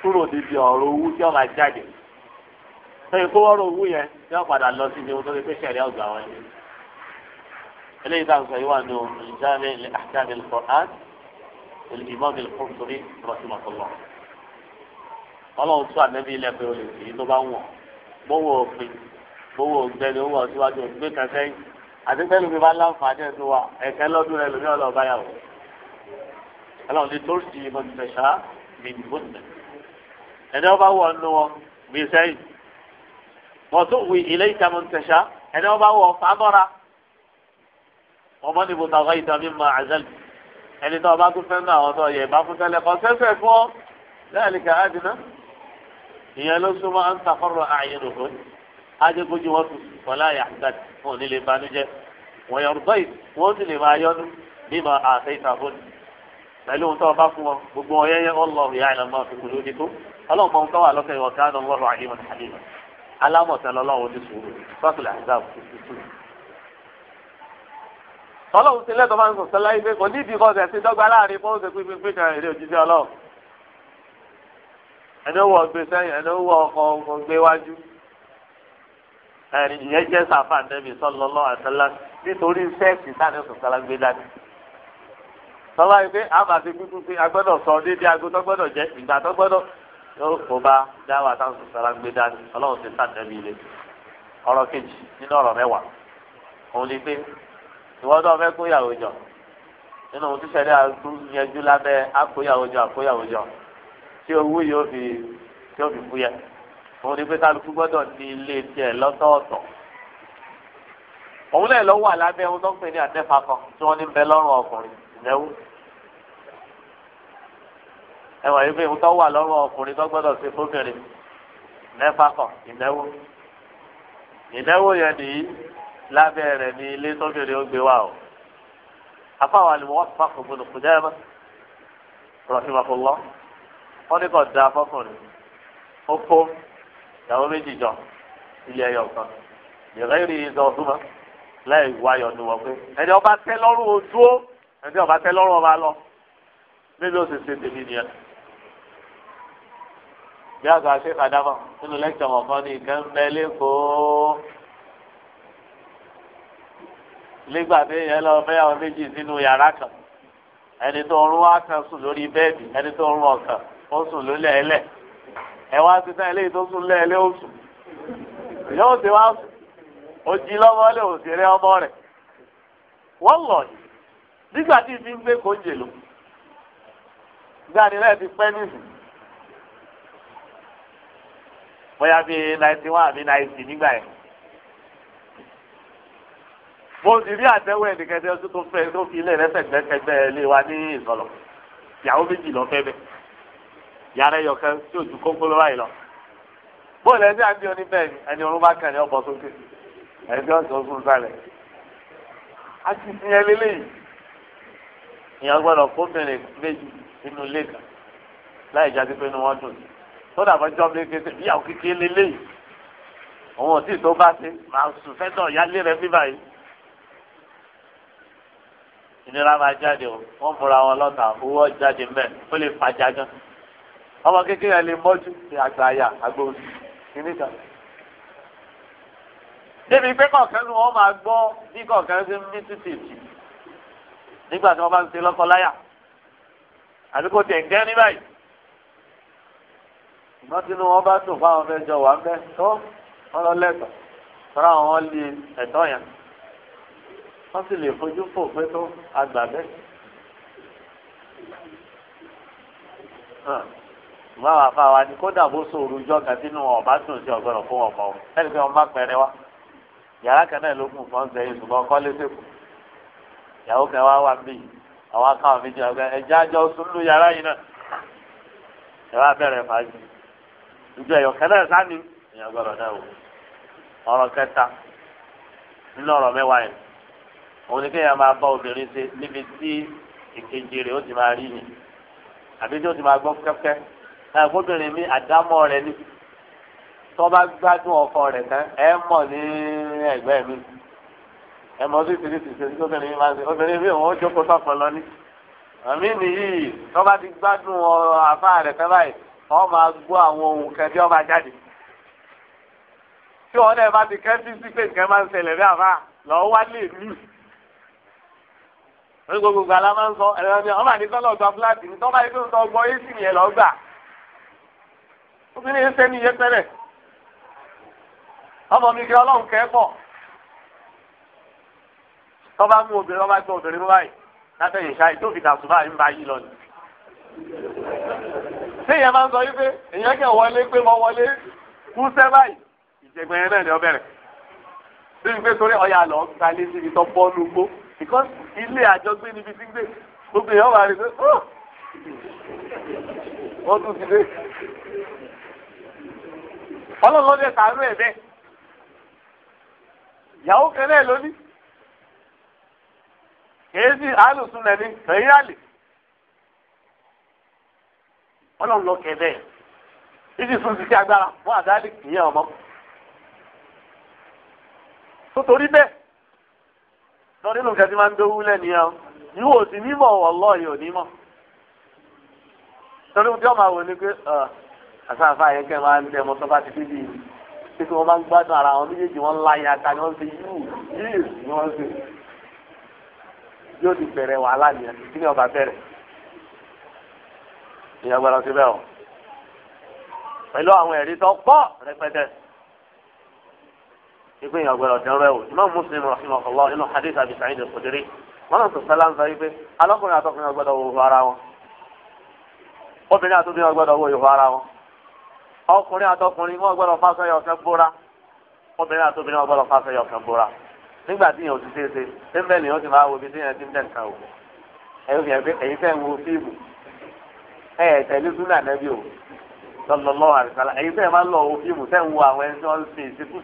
kúrò níbi ọ̀rọ̀ owó tí wọ́n máa jáde lẹ́yìn kó wọ́n rọ owó yẹn tí wọ́n padà lọ sí ibi wọn tó lè pé sẹ̀ríà ọ̀gbà wọn yẹn eléyìí táwọn sọ yìí wà nù ìjáde àti ìfọ̀ olùdìmọ́ mi kò sórí rọ́ṣìmọ̀ tó lọ. ọlọ́run tún ànẹ́bí ilẹ̀ pé o lè fi tó bá wọ̀n gbówó òfin gbówó ògbẹ́ni owó ọ̀síwájú ògbé kan sẹ́yìn àti pẹ́ẹ́lú mi bá láǹfààní ẹ̀sùn wa ẹ̀kẹ́ lọ́dún rẹ lómi ọ̀lọ́ báyàwó. ọlọ́run ti tó sì mọ̀ ní ṣẹ̀ṣá mi nìbó nìyẹn. ẹni wọ́n bá wọ̀ ọ́nú wọn mi sẹ́yìn. wọ́n tún wí ilé ìtàmù ṣẹ̀ṣá ẹni wọ́n bá wọ̀ fàmọ́ra. ọmọ nìbò tàwọn ìtàn mi máa àzẹ́lì ẹni tó ọba tún fẹ́ náà àwọn tó yẹ ìbá fún tẹ́lẹ̀ kan sẹ́sẹ̀ fún ọ lẹ́yìn kà á dìná ìyẹn ló súnmọ́ à ń takọ́rọ̀ ààyè nìkan ajẹ́gbójú wọn tún fọlá yàtàt fún onílé banújẹ́ wọ́n yọrù báyìí wọ́n sì lè máa yọnu bímọ àṣẹ ìtàkùn pẹ̀lú ohun tó ọba fún wọn gbogbo wọn yẹ́yẹ́ ọlọ́run yá ìlànà máa ọlọ́run ti lẹ́tọ̀ọ́ máa ń sọ̀tẹ́ láyé pé kò ní ìdí kọ́sẹ̀ sí dọ́gba láàrin fún oṣù pínpín pín kan èrè òjíṣẹ́ ọlọ́run ẹni ó wọ ọgbẹ sẹ́yìn ẹni ó wọ ọkọ ọkọ gbé wájú ìyẹn jẹ́ sàfà nẹ́bí sọ́lọ́lọ́ àtàlá nítorí sẹ́ẹ̀sì táni sọ̀tẹ́lá gbé dání sọlá yìí pé àbá ti pínpín pín agbọ́dọ̀ sọ déédéé aago tó gbọ́dọ̀ jẹ ìgbà tó gbọ́dọ̀ yóò kó bá dáwà táwọn sọ̀tẹ́lá gbé dání ọlọ́run ti sàtẹ́bí ilé ìwọ́n tó fẹ́ kó yàwó jọ nínú ohun tó ṣẹlẹ̀ àgbóyanjú lábẹ́ àkóyàwó jọ àkóyàwó jọ tí owó yóò fi tí ó fi fúyẹ́ òun ni pé kálukú gbọ́dọ̀ ní ilé tiẹ̀ lọ́tọ̀ọ̀tọ̀ òun náà lọ wà lábẹ́ ohun tó ń pè ní àtẹ́fà kan tí wọ́n ní bẹ lọ́rùn ọkùnrin ìnáwó ẹ wà yìí pé ohun tó wà lọ́rùn ọkùnrin tó gbọ́dọ̀ ṣe fóbìnrin mẹ́fà kan ìnáwó ìnáwó yẹn nìyí lábẹ́ rẹ̀ ní ilé tóbìnrin ó gbé wá o afáwọn àlùmọ́ wọ́n fà fún gbọdọ̀ kùjá ẹ̀mọ́ rọ̀hìmọ̀fọ̀lọ́ wọ́n ní kò da fọkùnrin ó kó ìyàwó méjì jọ ilé ẹyọ kan ìrẹ́rì ìdọ̀túnmọ́ láì wáyọ̀ ní wọ́n pé ẹni ọba tẹ́ lọ́rùn ojú ó ẹni ọba tẹ́ lọ́rùn ọba lọ níbi ó sì ṣe tèmi nìyẹn bí àgbà ṣe kàdámọ̀ nínú lẹ́kítọ̀ mọ̀kàn ní ìkẹ́ lẹ́kọ̀ọ́. nígbà tí èèyàn lọ fẹ́ àwọn méjì sínú yàrá kan ẹni tó rún wá sùn lórí bẹ́ẹ̀dì ẹni tó rún ó sùn lólẹ̀ ẹlẹ̀ ẹ wá ti tó sùn lẹ́ẹ̀lẹ́ ó sùn yóò ti wá sùn ó jí lè rẹ ọmọ rẹ̀ wọ́n lọ yìí nígbà tí gbé ti pẹ́ bóyá bíi àbí nígbà yẹn. mo sì rí àtẹwọ́ ẹnìkan tó fẹ́ tó fi ilé lẹ́sẹ̀gbẹ́kẹgbẹ́ ilé wa ní ìsọlọ ìyàwó méjì lọ fẹ́ bẹ́ẹ̀ yàrá ẹyọ kan tí ojú kókóló báyìí lọ bóòlù ẹni àti oní bẹ́ẹ̀ ni ẹni ọrùn bá kàn ní ọbọ sókè ẹni tí wọ́n sọ fún sálẹ̀ àti ìyẹn lélẹ́yìí ìyẹn gbọ́dọ̀ kóbìnrin méjì nínú ilé kan láì jáde pé inú wọn dùn tó dàbọ̀ jọ́ mi kété ìyàwó kékeré lélẹ́yìí òun ò tí ì tó bá ṣe màá sùn fẹ́ yálé rẹ bíbáyìí ìnira máa jáde o wọ́n fura wọn lọ́tà owó jáde mẹ́ ó lè fàjà gan ọmọ kékeré lè mọ́jú ní àgbáyà agbóhùn kìnnìkan débi pé kọ̀ọ̀kan ni wọ́n máa gbọ́ bí kọ̀ọ̀kan ṣe ń mí títì jì nígbà tí wọ́n bá ń ṣe lọ́kọ-láyà àbí kò tẹ̀ ń gẹ́ ní báyìí. ìgbọ́n tí wọ́n bá tún fáwọn fẹ́ jọ wà ń bẹ́ tó wọ́n lọ lẹ́tọ̀ọ́ tọ́ra àwọn lé ẹ̀tọ́ yẹn wọ́n sì lè fojú fò pé tó àgbà bẹ́ẹ̀. ìmọ̀ àwọn afáwa ni kódà bó sòrò ijọ́ kan sínú ọ̀bá tún sí ọ̀gbọ́n fún ọ̀pọ̀ wọn ẹni pé wọ́n bá pẹ̀rẹ̀ wá yàrá kan náà ló kù fún ọ̀sẹ̀ yìí ṣùgbọ́n kọ́ lé sèkù ìyàwó kan wá wà bí àwọn akáwọn méjì ọ̀gá ẹ̀jẹ̀ àjọ sùnlù yàrá yìí náà ẹ̀rọ abẹ́rẹ́ fàájì ìjọ ẹ̀yọ̀ kan náà sáni ìyàgbọ́dọ̀ náà wò ọ̀rọ̀ òun ni kéèyàn máa bá obìnrin ṣe níbi tí ìkejì rẹ̀ ó ti máa rí ni àbí tí ó ti máa gbọ́ kẹ́kẹ́ náà fóbìnrin mi àdámọ́ rẹ̀ ni tó bá gbádùn ọkọ rẹ̀ tán ẹ mọ̀ ní ẹgbẹ́ mi ẹ mọ̀ sí tìrìtì ṣe tí obìnrin mi máa ń ṣe obìnrin mi òun ó jókòó sọ̀kan lọ ní. àmì nìyí tó bá ti gbádùn àfa rẹ̀ tán báyìí wọ́n máa gbọ́ àwọn ohun kan tí wọ́n máa jáde tí wọ́n náà bá ti kẹ́ sí sí pé nǹkan máa ń ṣẹlẹ̀ bí àfa lọ́ọ́ wálé mi wọ́n gbogbo gbà máa ń sọ ẹ̀rọ ni ọmọ àti sọ́lọ̀ gba fúláàtì ní tọ́ba yìí tó ń sọ gbọ́ yé sì yẹn lọ gbà obìnrin yẹn sẹ́ni yẹn ọmọ mi kí ọlọ́run kẹ́ pọ̀ tọ́ba mú obìnrin ọba gbọ́ obìnrin mú látẹ̀yìn ṣáà tó fi dàtú báyìí ń ba yìí lọ ni. ṣé ìyẹn máa ń sọ yí pé èèyàn kẹ́ wọlé pé mo wọlé kú sẹ́ báyìí ìjẹ̀gbẹ̀rẹ̀ náà ni ọ because ilé àjọgbé níbi tí ń gbé gbogbo èèyàn wà rí pé ó oh! wọ́n tún ti dé. ọlọ́run lọ́dẹ sàánú ẹ̀ bẹ́ẹ̀ ìyàwó kan náà ló ní kèé sí àlùsùn lẹ́ni kẹ̀yìn àlè ọlọ́run lọ kẹ̀ bẹ́ẹ̀ ìdí sùn ti agbára wọ́n àdáyé kìí ọmọ. tó torí bẹ́ẹ̀ lọ nínú nǹkan tí máa ń gbówú lẹ́ni ẹ̀ ní wò sí mímọ̀ wọ̀lọ́ yìí ò nímọ̀ torí ohun tí máa wò ni pé àsáfà yẹn kẹ́ máa ń tẹ ọmọ tó bá ti dé bíi pé kí wọ́n máa ń gbádùn ara àwọn méjèèjì wọn láyé ata ni wọ́n ṣe yíwù yíyù ni wọ́n ṣe yóò ti bẹ̀rẹ̀ wàhálà nìyẹn kí ni ọba bẹ̀rẹ̀ ìyàgbọ́ra ti bẹ̀ ọ́ pẹ̀lú àwọn ẹ̀rí tó pọ̀ rẹpẹtẹ. ipe yẹn ọgbẹrẹ ọdẹrẹ o imam muslim rahimahullah inú hadith abi sa'id al-khudri wọn náà sọsọ láǹfà yìí pé alọkùnrin àtọkùnrin ọgbọ́dọ̀ wo ìhó ara wọn obìnrin àtọkùnrin ọgbọ́dọ̀ wo ìhó ara wọn ọkùnrin àtọkùnrin wọn ọgbọ́dọ̀ fásọ yọ ọkẹ bóra obìnrin nígbà tí yẹn ò ti ṣe é ṣe ṣé bẹ́ẹ̀ ni ti máa wo ibi tí yẹn o ẹ̀yin fẹ́ wo fíìmù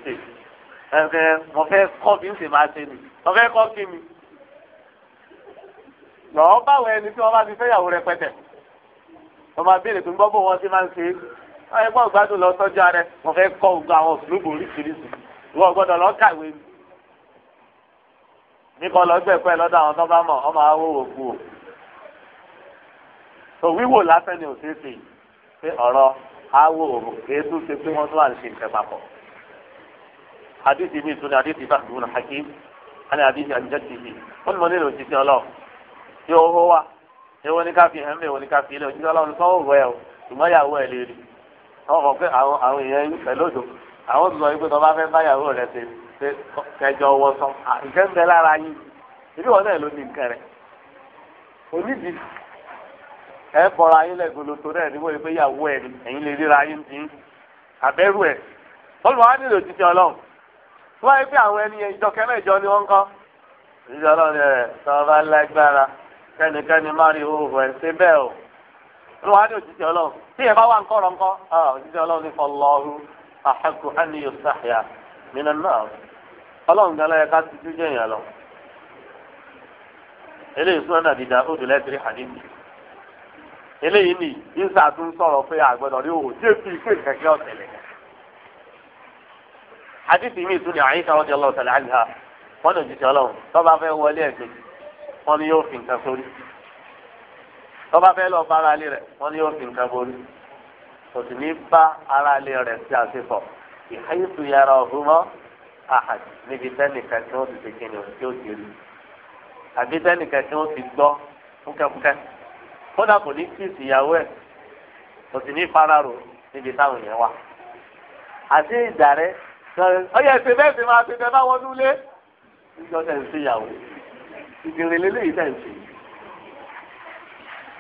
ẹ̀fẹ̀ mo fẹ́ kọ́ bí n sì máa ṣe ni mo fẹ́ kọ́ kí mi. lọ́ọ́ báwo ẹni tí wọ́n bá ti fẹ́yàwó rẹpẹtẹ wọ́n máa béèrè pé gbọ́bọ̀ wọn ti máa ń ṣe é wọ́n yẹ kó gbádùn lọ sọ́jọ́ rẹ mo fẹ́ kọ́ gbogbo àwọn òṣèlúgbò oríṣiríṣi ìwọ gbọ́dọ̀ lọ kàwé mi. mi kọ́ lọ gbẹ̀pẹ́ lọ́dọ̀ àwọn tó bá mọ̀ ọmọ awòwò kú o. tó wíwò lásán ni òṣèṣe pé ọ̀rọ̀ awòwò kì í hadithi mi tún ní hadithi fàkì ibn hakim àni hadithi àjẹsì yìí wọn ni mo nílò òjijì ọlọ́run tí ó hó wa èwo ni ká fi hàn mí èwo ni ká fi ilé òjijì ọlọ́run tó wọ ẹ o ṣùgbọ́n yàwó ẹ lè rí wọn mọ̀ pé àwọn àwọn èèyàn yìí pẹ̀lú òdò àwọn sọ wípé tó bá fẹ́ bá yàwó rẹ ṣe ṣe kẹjọ wọ sọ nǹkan ń bẹ lára yín ìbí wọn náà ló ní nǹkan rẹ onídìí ẹ bọra yín lẹ́gbọ̀lọ́tò náà níwọ̀n yìí pé yàwó ẹ ẹ̀yin lè ríra yín ti nílò òjijì ọlọ́run wọ́n á yẹ pé àwọn ẹni yẹn ìjọ kẹ́mẹ́ ìjọ ni wọ́n ń kọ́ ìjọ náà ni ẹ̀ sọ́ọ́ bá lágbára kẹ́nikẹ́ni má rí òhùn ẹ̀ ṣe bẹ́ẹ̀ o ló wá ní òjijì ọlọ́run tí ẹ bá wà ńkọ́ ọ̀rọ̀ ńkọ́ òjijì ọlọ́run ní fọlọ́ọ̀rù àhẹ́kù ánìyó sàhìá nínú náà ọlọ́run gan lẹ́yìn ká tijú jẹ́ èèyàn lọ. eléyìí súná náà dìda ó dùn lẹ́tìrì hàdíìmì eléyìí nì ìsà tún sọ̀rọ̀ pé àgbẹ̀dọ̀ rí òwò tí èpì ìpè kẹ̀kẹ́ ọ̀tẹ̀lẹ̀ àdìsí mi ìtúni àyíká ọdí ọlọ́run tẹ̀lé àyíká wọ́n lè jíjẹ ọlọ́run tọ́ba fẹ́ wọlé ẹ̀gbẹ́ wọ́n ní yóò fi nǹkan sórí tọ́ba fẹ́ lọ bá ara lé rẹ̀ wọ́n ní yóò fi nǹkan borí kò sì ní bá ara lé rẹ̀ sí àṣepọ̀ ìhàyèsù yàrá ọ̀hún mọ́ àhàd níbi tẹ́nìkan tí wọ́n ti ṣe kíni tí ó ti àbí tẹ́nìkan tí wọ́n ti gbọ́ fúkẹ́fúkẹ́ kódà kò ní kí ìsìyàwó ẹ̀ kò sì ní fararò níbi táwọn yẹn wà àti ìdàrẹ́ ọyẹ ẹsẹ bẹ́ẹ̀ sì máa ṣe tẹ bá wọn núlé ìjọ tẹ̀ ń ṣe ìyàwó ìdìrín lélẹ́yìí tẹ̀ ń ṣe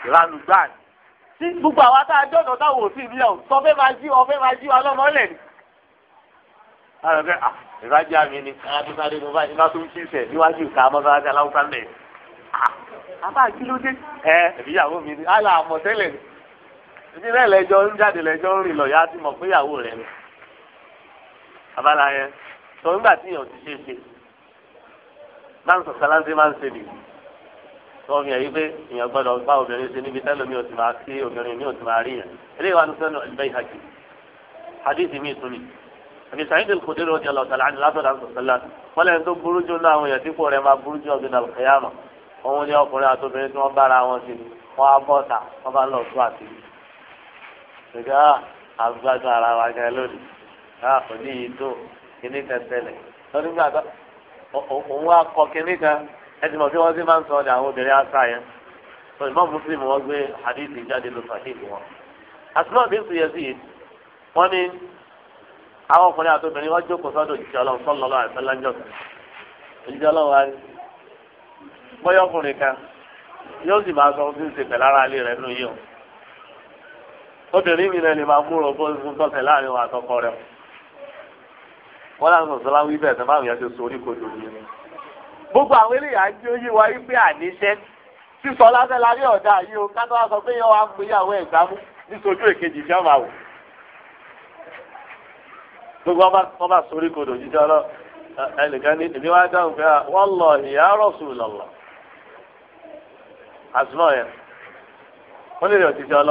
ìranu gbáà ni tí gbogbo àwa tá a jọ̀dọ̀ táwọn òsì ìlú yàwó sọ fẹ́ máa jí ọ fẹ́ máa jí wa lọ́mọ lẹ̀ ni. Ah, ara bẹ́ẹ̀ à ìrajà mi ni káyà sáré mo bá ní tó ń ṣe ìṣẹ̀ níwájú ìka mọ́sálásí aláwùsá mẹ́ẹ̀. Ah, àbá kí ló dé ẹ abala yẹn sọ nígbà tí èèyàn ti ṣe ṣe báńsọ̀ sáláńtì máa ń ṣe nìyí wọ́n fi hàn yí pé èèyàn gbọ́dọ̀ bá obìnrin ṣe níbi tẹ́lẹ̀ mi ò ti máa sí obìnrin mi ò ti máa rí yẹn eléyìí wà ní sẹ́nu al-Bayhaqi hadithi mi tún ni àbí Sa'id al-Khudri radiyallahu ta'ala anhu látọ̀dá sọ̀tẹ́lá wọ́n lẹ́yìn tó burú jù náà àwọn èèyàn tí kò rẹ̀ máa burú jù ọ̀gbìn al òun ni ọkùnrin àti obìnrin tí wọ́n bára wọn sí wọ́n á bọ́ ta wọ́n bá lọ sọ àti a ah, kò ní yìí tó kan tẹ́lẹ̀ lọ́dún gbà tó òun kọ kan ẹ ti mọ̀ wọ́n ti máa ń sọ àwọn obìnrin yẹn tó ìmọ̀ mùsùlùmí wọ́n gbé jáde wọn. àtúnwò bí sùn yẹn sì yìí wọ́n ní àwọn ọkùnrin àti obìnrin wọ́n jókòó sọ́dọ̀ òjijì ọlọ́run sọ́lọ́ lọ́wọ́ àìsàn lájọ́ òjijì ọlọ́run kan yóò sì wọn láti sọ̀rọ̀ sọ́lá wíbẹ̀ tó máa ń yàtọ̀ sórí kodò yìí. gbogbo àwọn eléyà ń jó yé wa wípé àníṣe sísọ lásẹ̀ lárí ọ̀dà yìí o ká tó wá sọ pé yẹn wàá gbé ìyàwó ẹ̀gbá mú nítorí èkejì fi ọmọ àwò. gbogbo wọn bá sórí kodò jíjọ lọ ẹnìkan ní ìdí wá dáhùn pé wọn lọ ìyá rọ̀sù lọ̀lọ̀ àtúnọ̀ yẹn wọ́n lè rí òtítọ́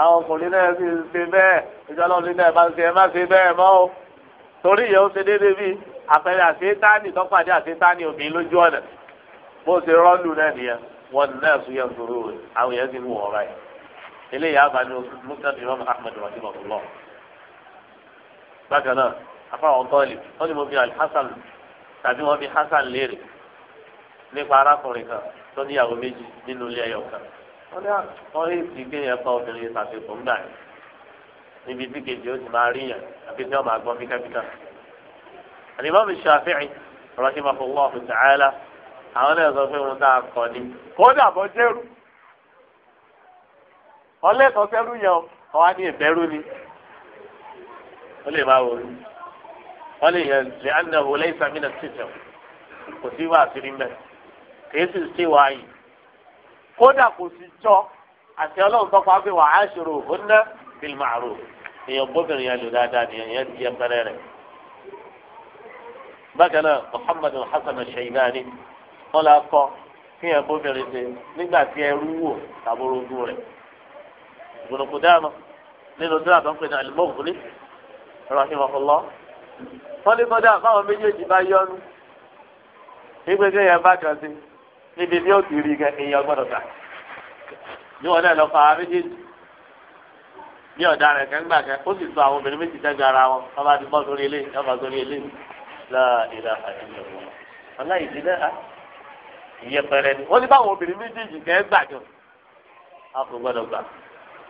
àwọn ọkùnrin náà sì ń ṣe bẹ́ẹ̀ ìjọba ọdún náà máa ń ṣe ẹ má ṣe bẹ́ẹ̀ mọ́ o torí ìyẹn ó ṣe déédéé bíi àpẹẹrẹ àṣetáni tọ́pàdé àṣetáni òbí lójú ọ̀nà bó ṣe rọ́ọ̀lù náà nìyẹn wọn náà sún yẹn sòrò rẹ̀ àwọn yẹn sì ń wọ̀ ọ̀rá yẹn eléyìí abàní musa ti rọ́ọ̀mù ahmed rahim abdullah bákan náà afáwọn tọ́ọ̀lì wọ́n ní mo fi alhassan tàbí wọ́n fi hassan léèrè nípa arákùnrin kan tó níyàwó méjì nínú ilé ẹyọ kan wọ́n ní wọ́n rí ti gbé yẹn pa obìnrin ṣàṣepọ̀ ńgbà yẹn níbi tí kejì ó ti máa rí yẹn àbí tí wọ́n máa gbọ́ fíkàfíkà. àlìmọ́mù Ṣáfi'í rahimahullah ta'ala àwọn náà sọ fún un tá a kọ ni. kódà bọ́ jẹ́rù ọlẹ́tọ̀ sẹ́rù yẹn o ọwá ní ìbẹ́rù ni ó lè máa wò wọ́n lè yẹn lè ànàwó lẹ́yìn sàmínà títẹ̀ kò sí wàásù rí mẹ́ kì í sì sí wáyìí kódà kò sí jọ àti ọlọ́run tó pa pé wà á ṣòro òhúnná bil ma'ruf èèyàn gbóbìnrin yẹn lò dáadáa ni èèyàn ti yẹ pẹrẹ rẹ. bákan náà muhammad hasan shaybani wọn la kọ kí yẹn gbóbìnrin ṣe nígbà tí ẹrú wò tàbórogún rẹ. ìgbòlòkù dáàmà nínú dúrà tó ń pè ní alimọ́kùnrin rahimahullah wọn ní kọjá báwọn méjèèjì bá yọnu ìgbésẹ̀ yẹn bá kàn sí níbi tí ó ti rí gan èèyàn gbọ́dọ̀ gbà ní wọn náà lọ fa méjèèjì ní ọ̀daràn kẹ́ńgbà kẹ́ ó sì sọ àwọn obìnrin méjì sẹ́gbẹ̀ ara wọn wọ́n bá ti bọ́ sórí ilé yọ̀ọ́ bá sórí ilé láà ìlà àti ìlọ̀wọ̀ ọ̀la ìdílé ha ìyẹpẹrẹ ni wọ́n ní báwọn obìnrin méjèèjì kẹ́ gbà jọ a kò gbọ́dọ̀ gbà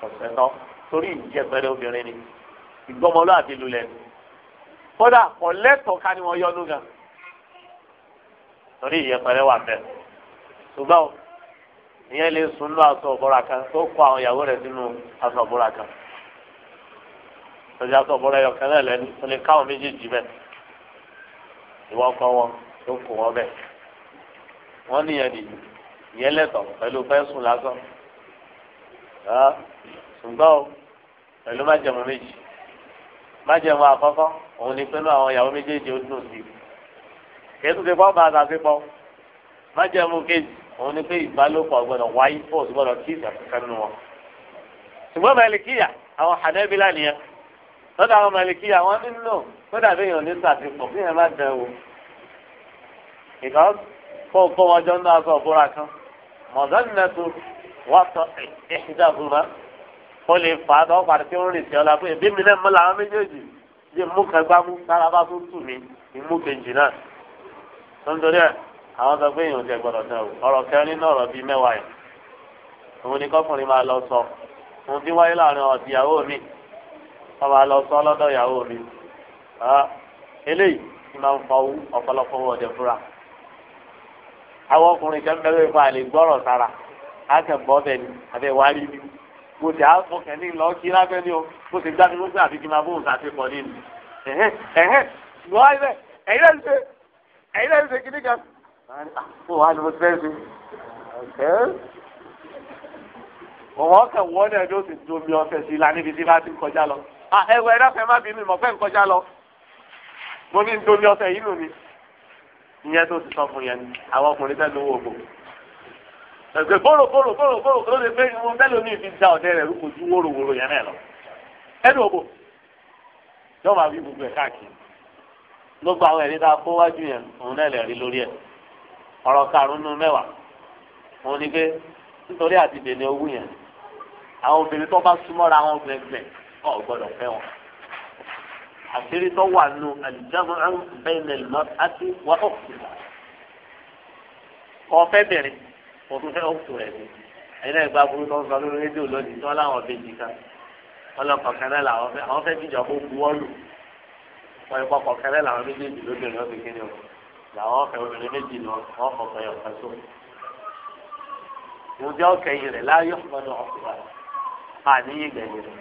ọ̀sẹ̀ tán torí ìyẹpẹrẹ obìnrin ni ìgbọ́mọlú àti lulẹ̀ ni kódà ọ̀lẹ́tọ̀ ká ni wọ́n yọnu gan torí ìyẹpẹrẹ wà bẹ́ẹ̀ ṣùgbọ́n ìyẹn lè sun lọ aṣọ ọ̀bọ̀ra kan tó kọ àwọn ìyàwó rẹ̀ sínú aṣọ ọ̀bọ̀ra kan tọ́jà aṣọ ọ̀bọ̀ra ẹyọ kan náà lẹ́nu tó lè káwọn méjèèjì bẹ́ẹ̀ ìwọ ọkọ wọn tó kù wọn bẹ́ẹ̀ wọ́n níyẹn nìyí ìyẹn lẹ́tọ̀ pẹ̀lú fẹ́ sùn lásán ṣùgbọ́n o pẹ̀lú májẹ̀mú méjì májẹ̀mú àkọ́kọ́ òun ni pẹ̀lú àwọn ìyàwó méjèèjì ó dùn sí i ti pọ́ bá a ta sí pọ́ májẹ̀mú kejì òun ni pé ìbálòpọ̀ gbọ́dọ̀ wáyé fún òsì gbọ́dọ̀ kí ìsàkẹ́kẹ́ nínú wọn. ṣùgbọ́n màlìkíyà àwọn hànẹ́bílà nìyẹn lọ́dọ̀ àwọn màlìkíyà wọn nínú kódà bí èèyàn ní sàtìpọ̀ bí èèyàn má dẹ̀ wò. ìkà kó kó wọn jọ nínú aṣọ òbúra kan mọ̀dánilẹ́tù wà sọ ìṣìdàbùmá ó lè fà á lọ́wọ́ pàdé tí ó ń rìn sí ọlá pé èbí mi náà mọ́ làwọn méjèèjì lè mú kẹgbámú tára bá tó tù mí ìmú kejì náà àwọn sọ pé èèyàn ti gbọ́dọ̀ náà o ọ̀rọ̀ kẹrin náà ọ̀rọ̀ bíi mẹ́wàá yìí òun ni kọkùnrin máa lọ sọ òun ti wáyé láàrin ọ̀dì ìyàwó mi wọ́n máa lọ sọ lọ́dọ̀ ìyàwó mi eléyìí ti máa ń fa ọ̀pọ̀lọpọ̀ ọ̀dẹ̀ fúra àwọn ọkùnrin kan bẹ́ẹ̀ fún àlè gbọ́rọ̀ sára á kẹ̀ bọ́ bẹ́ẹ̀ ni àbẹ̀ wá rí mi mo ti á mo lọ kí lábẹ́ ni o mo ti gbádùn gbogbo àbí kí n máa bóun sàṣepọ̀ nínú ẹ̀hẹ́ ẹ̀hẹ́ ṣùgbọ́n ẹ̀yin náà ń ṣe ẹ̀yin náà ń ṣe kíní kan Ah, fún wa ni mo fẹ́ ṣe wọ́n kẹ̀ wọ́n náà yóò sì domi ọ̀sẹ̀ sí la níbi tí bá ti ń kọjá lọ. ẹwẹ́ ah, ẹ dáfẹ́ má bínú ìmọ̀ fẹ́ ń kọjá lọ. mo ní domi ọ̀sẹ̀ yìí nù ni. ìyẹn tó ti sọ fún yẹn ni àwọn ọkùnrin fẹ́ lówó ògbò. ẹ̀sẹ̀ bóró bóró bóró bóró kó ló lè pé mo fẹ́ lómi ìfi da ọ̀dẹ rẹ̀ kò ju wóró wóró yẹn náà lọ. ẹnu ògbò yóò máa fi gbogbo ẹ̀ káàkiri. ló gba àwọn ẹ̀rí ọ̀rọ̀ karùn-ún mẹ́wàá òun ni pé nítorí àti dènà owó yẹn àwọn obìnrin tó bá súnmọ́ra wọn gbẹ̀gbẹ̀ ọ̀ gbọ́dọ̀ fẹ́ wọn. àṣírí tó wà nù àlùjáwọ̀ bẹ́ẹ̀nẹ̀ lọ àti wọ́n ò sì wà. ọ̀fẹ́ bẹ̀rẹ̀ òtún fẹ́ òtún rẹ̀ ni ẹ̀yin náà gba burú tó ń sọ lórí rédíò lónìí tí láwọn bèjì kan ọlọ́kọ̀ kẹrẹ́ làwọn fẹ́ àwọn fẹ́ bíjọ́ kó buwọ́lù wọ́n ìpọ̀kọ̀ kẹrẹ́ làwọn méjèèjì lóbìnrin ó fi kéde làwọn ọ̀fẹ́ obìnrin méjì ni wọ́n fọkàn yọ̀ kan sóhun. ìwọ́n jẹ́ ọ̀kẹ́yìn rẹ̀ láyé ọ̀pọ̀lọpọ̀ ọ̀kùnrin àníyàn gbẹ̀yìn rẹ̀.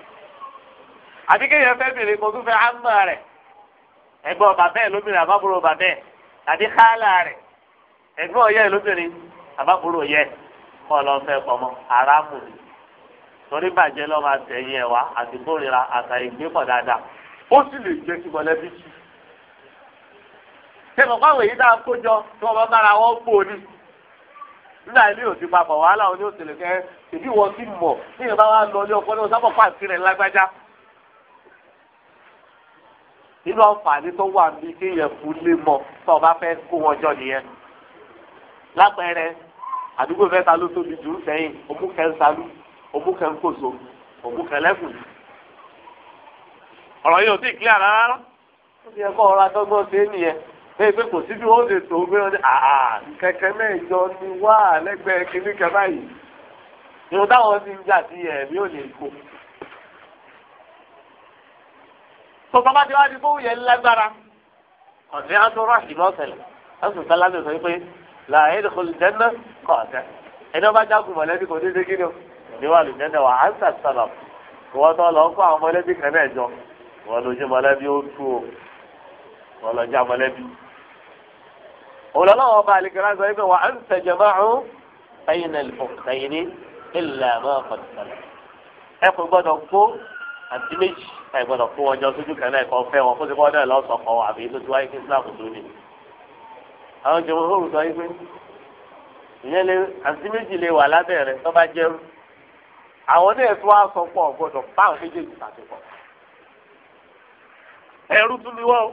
àbí kéèyàn fẹ́ bèrè kó tún fẹ́ ámà rẹ̀ ẹ̀gbọ́n bàbá ẹ̀ lóbìnrin àbábúrò bàbá ẹ̀ àbí kálà rẹ̀ ẹ̀gbọ́n ọ̀yẹ́ ẹ̀ lóbìnrin àbábúrò yẹ kọ́ lọ fẹ́ pọmọ aráàmù ni torí bàjẹ́ lọ́ máa tẹ̀yìn ẹ̀ wá àti kórìíra àtàyè gbé pọ̀ dáadáa ó sì lè jẹ́ kí mọ̀lẹ́bí sẹ́kọ̀ káwọn èyí tá kó jọ tí wọ́n bá bára wọn pò ní. nígbà ilé òsì papọ̀ wàhálà òní òsèlè kẹ́ èbí wọn ti mọ̀ ní ìyẹn bá wà lọ ní ọkọ ní wọn sábà pàǹtí rẹ̀ lágbájá. nínú àǹfààní tó wà ní kéèyàn fún lé mọ tó o bá fẹ́ kó wọn jọ nìyẹn. lápẹẹrẹ àdúgbò mẹ́ta ló tóbi jù sẹ́yìn òmùkẹ́ ń salú òmùkẹ́ ń kòso òmùkẹ́ lẹ́kùn. ọ̀rọ̀ yìí ò tí ì kílíà rárá. ó ti yẹ kó ọ̀rọ̀ adọ́gbọ́n ṣe é nìyẹn bẹ́ẹ̀ pé kò sí bí wọ́n ṣe tó gbé wọn ní àhà kẹ̀kẹ́ náà jọ wá lẹ́gbẹ̀ẹ́ kínní kan báyìí ìwọ̀n táwọn ti ń jà sí ẹ̀mí ò lè kó. tó bá bá ti wá di fóun yẹn lágbára ọ̀sẹ̀ á tó rọ́ọ̀ṣì lọ́sẹ̀lẹ̀ ẹ̀sùn sálámì sọ pé làáyé lè kọlu jẹ́nà kọ̀ ọ̀sẹ̀ ẹni wọ́n bá jágun mọ̀lẹ́bí kò dé dégí lọ ní wàá lù jẹ́nà wà á ń sàtàlà olùlọ́wọ́ bá àlekèrè sọ pé wà á ń tẹ̀jọ̀ máa ń fẹ́yìn náà lùfọ̀ fẹ́yìn ní ilẹ̀ máa kọ̀ tẹ̀lẹ̀. ẹ kò gbọ́dọ̀ kó àti méjì ẹ gbọ́dọ̀ kó wọn jọ sójú kan náà kọ́ fẹ́ wọn kó ti kọ́ náà lọ́sọ̀ kọ́ àbí tó ti wáyé kí islam tó ní. àwọn jọmọ hóòrù sọ pé ìyẹn lè àti méjì lè wà lábẹ́rẹ́ tó bá jẹ́ àwọn náà tó wá sọ pọ̀ gbọ́dọ̀ báwọn méjèèjì pàṣẹ pọ̀ ẹrú tún ni wọ́n